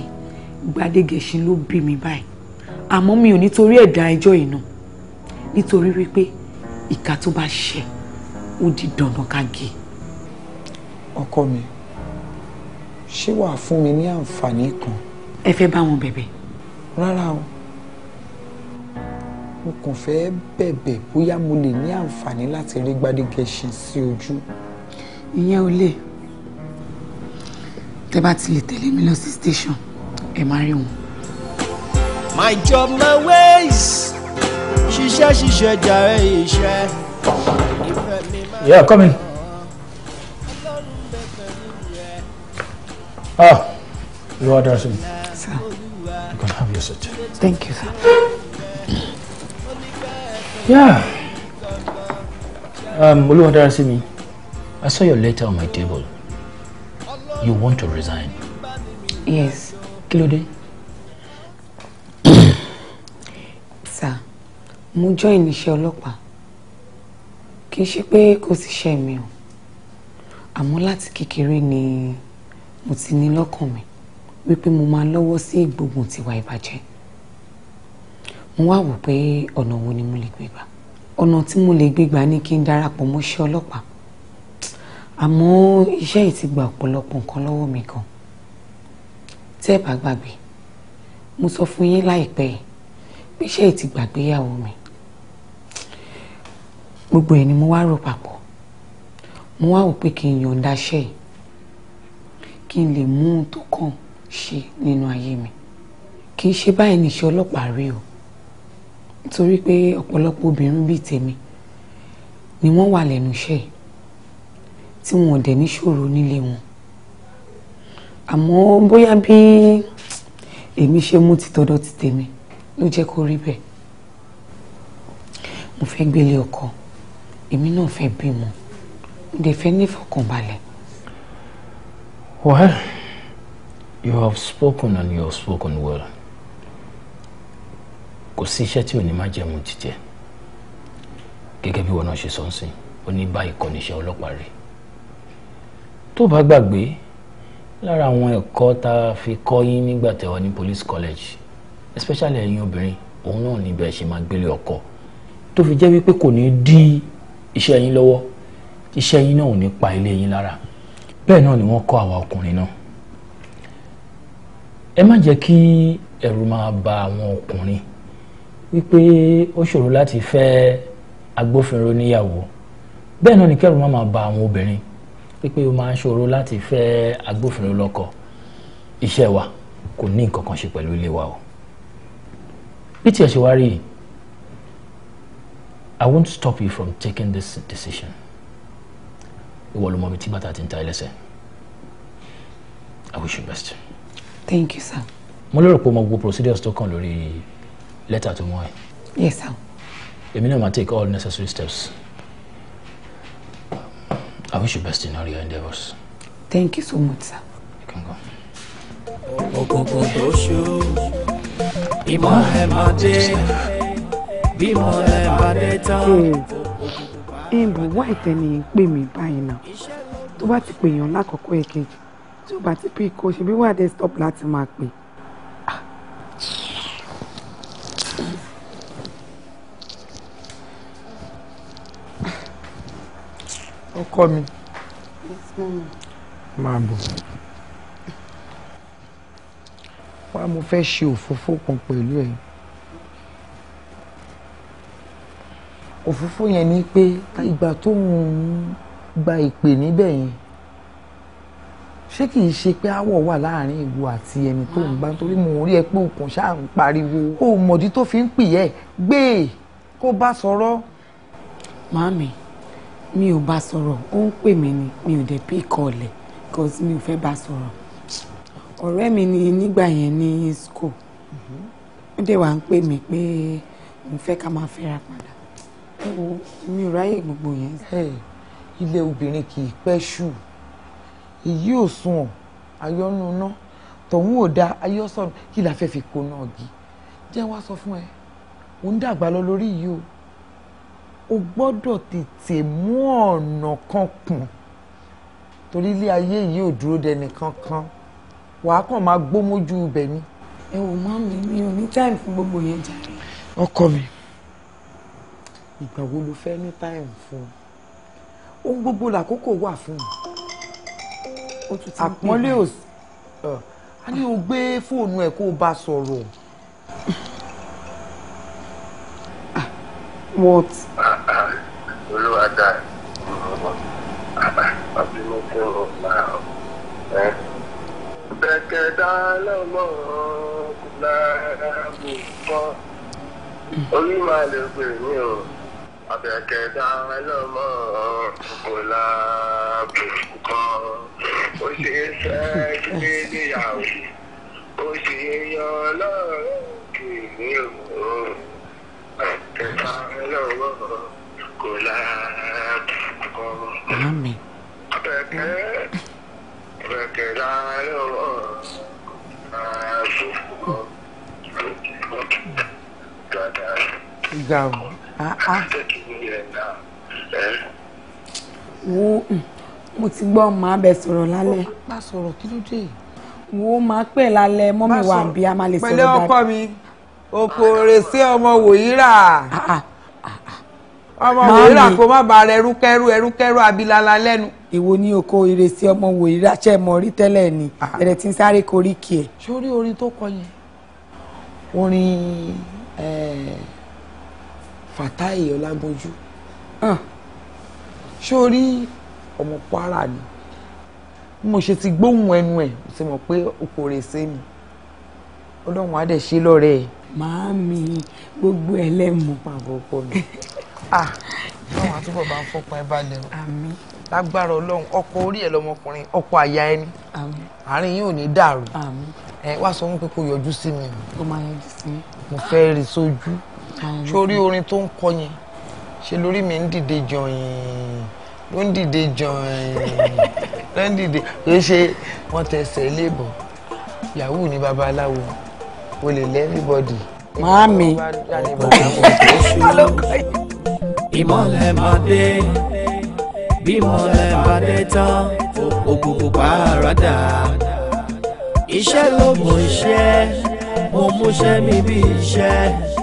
gbadégẹṣin ló bí mi báyìí àmọ́ mi ò nítorí ẹ̀dá ẹjọ́ yìí náà nítorí wípé ìka tó bá ṣẹ ó di dandan ká gé. ọkọ mi ṣé wàá fún mi ní àǹfààní kan. ẹ fẹ́ bá wọn bẹ̀bẹ̀. rárá o mo kàn fẹ́ bẹ̀bẹ̀ bóyá mo lè ní àǹfààní láti rí Gbádégẹṣin sí ojú. ìyẹn ò lè tẹ bá ti lè tẹ̀lé mi lọ sí station ẹ máa rí wọn. my job my ways ṣiṣẹ́ ṣiṣẹ́ jàre iṣẹ́. Yeah, come in. Ah, you are dressing. Sir. You can have your seat. Thank you, sir. Yeah. Um, me? I saw your letter on my table. You want to resign? Yes. Kí mo join iṣẹ́ ọlọ́pàá kì í ṣe pé kò sí iṣẹ́ mi o àmọ́ láti kékeré ni mo ti ní lọ́kàn mi wípé mo máa lọ́wọ́ sí ìgbógun tiwa ìbàjẹ́ mo wá wò pé ọ̀nà wo ni mo lè gbé gbà ọ̀nà tí mo lè gbé gbà ni kí n darapọ̀ mọ́ṣẹ́ ọlọ́pàá àmọ́ iṣẹ́ yìí ti gba ọ̀pọ̀lọpọ̀ nǹkan lọ́wọ́ mi gan tẹ́ ẹ bá gbàgbé mo sọ fún yín láìpẹ́ pé iṣẹ́ yìí ti gbàgbéyàwó mi gbogbo ẹ̀ ni mo wá rò papọ̀ mo wá wò pé kí n yọ̀ǹda ṣe yìí kí n lè mú ohun tó kàn ṣe nínú ayé mi kì í ṣe báyìí níṣẹ́ ọlọ́pàá rí o nítorí pé ọ̀pọ̀lọpọ̀ obìnrin bíi tèmi ni wọ́n wà lẹ́nu iṣẹ́ yìí tí wọn ò dẹ̀ níṣòro nílé wọn àmọ́ bóyá bí èmi ṣe mú ti tọ̀dọ̀ ti tèmi ló jẹ́ kó rí bẹ́ẹ̀ mo fẹ́ gbélé ọkọ èmi náà fẹ́ bímọ dẹ̀ fẹ́ nífọ̀kànbalẹ̀. well you have spoken and you have spoken well kò sí iṣẹ́ tí ò ní má jẹun jíjẹ gẹ́gẹ́ bí wọn náà ṣe sọ ń sìn ó ní báyìí kọ́ níṣẹ́ ọlọ́pàá rẹ̀ tó bá gbàgbé lára àwọn ẹ̀kọ́ tá a fi kọ́ yín nígbà tẹ́ ní police college especially ẹ̀yin obìnrin òun náà níbẹ̀ ṣe máa gbélé ọkọ tó fi jẹ́ wípé kò ní dí iṣẹ́ yín lọ́wọ́ iṣẹ́ yín náà ò ní pa ilé yín lára bẹ́ẹ̀ náà ni wọ́n kọ́ àwa ọkùnrin náà ẹ má jẹ́ kí ẹ̀rù máa ba àwọn ọkùnrin wípé ó ṣòro láti fẹ́ agbófinró níyàwó bẹ́ẹ̀ náà ni kẹ́rù máa ba àwọn obìnrin wípé ó máa ń ṣòro láti fẹ́ agbófinró lọ́kọ iṣẹ́ wa kò ní nǹkan kan ṣe pẹ̀lú ilé wa o bí tiẹ̀ ṣe wá rí yìí I won't stop you from taking this decision. Ìwọ ló mọ ibi tí bàtà I wish you best. Thank you, sir. Mo lérò pé mo gbogbo procedures tó kàn lórí lẹ́tà tó mọ́ ẹ. Yes, sir. Èmi náà máa take all necessary steps. I wish you best in all your endeavors. Thank you so much, sir. You can go. Òkùnkùn tó ṣú, ìmọ̀ ẹ̀ máa dé bí mo rẹ̀ bá dé tán. ẹ ǹbọ̀ wá ìtẹ́ni ń pè mí báyìí náà tó bá ti pè yàn lákòókò ẹ̀kejì tí ó bá ti pè kó ṣe bí wà á desktop láti máa pè. ọkọ mi máa bọ̀ wá mo fẹ́ ṣe òfófó kan pẹ̀lú ẹ̀. òfófó yẹn ni pé ìgbà tó ń gba ìpè níbẹ̀ yẹn ṣé kì í ṣe pé áwọ̀ wà láàrin ìwọ àti ẹni tó ń gbá torí mo rí ẹ pé òkun ṣáà ń pariwo o mọ̀dí tó fi ń pìyẹ́ gbé e kó bá sọ̀rọ̀. màámi mi ò bá sọ̀rọ̀ ó ń pè mí ni mi ò dẹ̀ pé ìkọlẹ̀ because mi ò fẹ́ bá sọ̀rọ̀ ọ̀rẹ́ mi ni nígbà yẹn ní school ó dẹ̀ wá ń pè mí pé mo fẹ́ ká máa fẹ́ra padà mi ò ráyè gbogbo yẹn ṣe ilé obìnrin kì í pẹ́ ṣù èyí ò sùn ayọ́nu náà tọ̀hún ò da ayọ́sọ̀nù kí la fẹ́ fi kó náà gi jẹ́ wá sọ fún ẹ ò ń dàgbà lọ lórí yìí o o gbọ́dọ̀ tètè mú ọ̀nà kan kùn torí ilé ayé yìí ò dúró dẹni kankan wàá kàn máa gbó mójú ibẹ̀ ni. ẹ wò mọ́ mi mi ò ní táìmù fún gbogbo yẹn jàre. ọkọ mi ìgbà wo ló fẹ́ ní táìmù fún un ohun gbogbo làkókò wà fún un àpọ́nlé ò sí ní o gbé fóònù ẹ̀ kó o bá sọ̀rọ̀. what. olúwa àbínú kò rọ máa bẹ̀kẹ̀ dá lọ́mọ́ kúlára mú kọ́ olúwa lè pè mí o abẹ́kẹ̀dá ẹlọ́mọ kò láàbò kan ó ṣe é fẹ́ gbé níyàwó ó ṣe é yan ọlọ́run kì í o abẹ́kẹ̀dá ẹlọ́mọ kò Ah, ah. wo mm, mo ti gbọ́ ma sọ̀rọ̀ lálẹ́. má sọ̀rọ̀ wo ma pẹ́ lálẹ́ mọ́mi wà bí a máa lè sọ̀rọ̀ dáadáa. pẹ̀lẹ́ ọkọ mi ọmọ wòyíra ah, ọmọ ọmọ wòyíra ṣe mọ orí tẹ́lẹ̀ ni ẹ̀rẹ̀ tí Fatai Ọlábọ̀njú sórí ọmọ Kwara ni mo ṣe ti gbóhùn ẹnu ẹ̀ mo ti mọ̀ pé okòrè ṣe mi ọlọ́run á dẹ̀ ṣe lọ́rẹ́ ẹ̀. màámi gbogbo ẹlẹ́mu. pàbó ọkọ mi ah ọlọ́run àtúbọ̀ bá ń fọkàn ẹ balẹ̀ o. àmín. lágbára ọlọ́run ọkọ orí ẹ̀ lọmọkùnrin ọkọ àyà ẹni. àmín. àárín yín ò ní dàrú. àmín. ẹ wá sọ wọn pé kó yọjú sí mi. ó máa yọjú sí mi. mo fẹ́ rí sójú. Ah. sórí orin tó ń kọ yẹn ṣe lórí mi ń dìde jọyìn ló ń dìde jọyìn ló ń dìde ṣe wọn tẹsẹ̀ lébọ̀ yahoo ní babaláwo o lè lẹ́ everybody. Màámi. Ìmọ̀lẹ̀ máa dé, bímọ̀lẹ̀ bá dé tán, òkùnkùn pàràdà. Iṣẹ́ ló mọ̀ iṣẹ́, mo múṣẹ́ mi bí iṣẹ́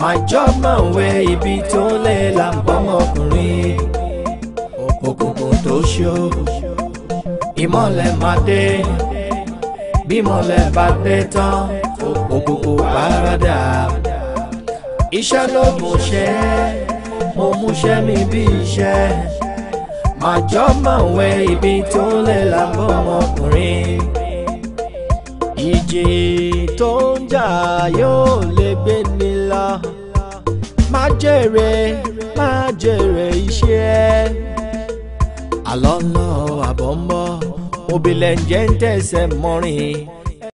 my job máa ń wẹ ibi tó ń lẹ̀ là ń bọ́mọkùnrin òkùnkùn tó ṣó ìmọ̀lẹ̀ máa dé bímọ̀lẹ̀ bá dé tán òkùnkùn paradà iṣẹ́ ló mú mo múṣẹ́ mi bí iṣẹ́ my job máa ń wẹ ibi tó ń lẹ̀ là ń bọ́mọkùnrin ìjì tó ń jà yóò lè gbé má jèrè má jèrè iṣẹ́ àlọ́ lọ àbọ̀ ń bọ̀ òbílẹ̀ jẹ́ ń tẹ̀sẹ̀ mọ́rin.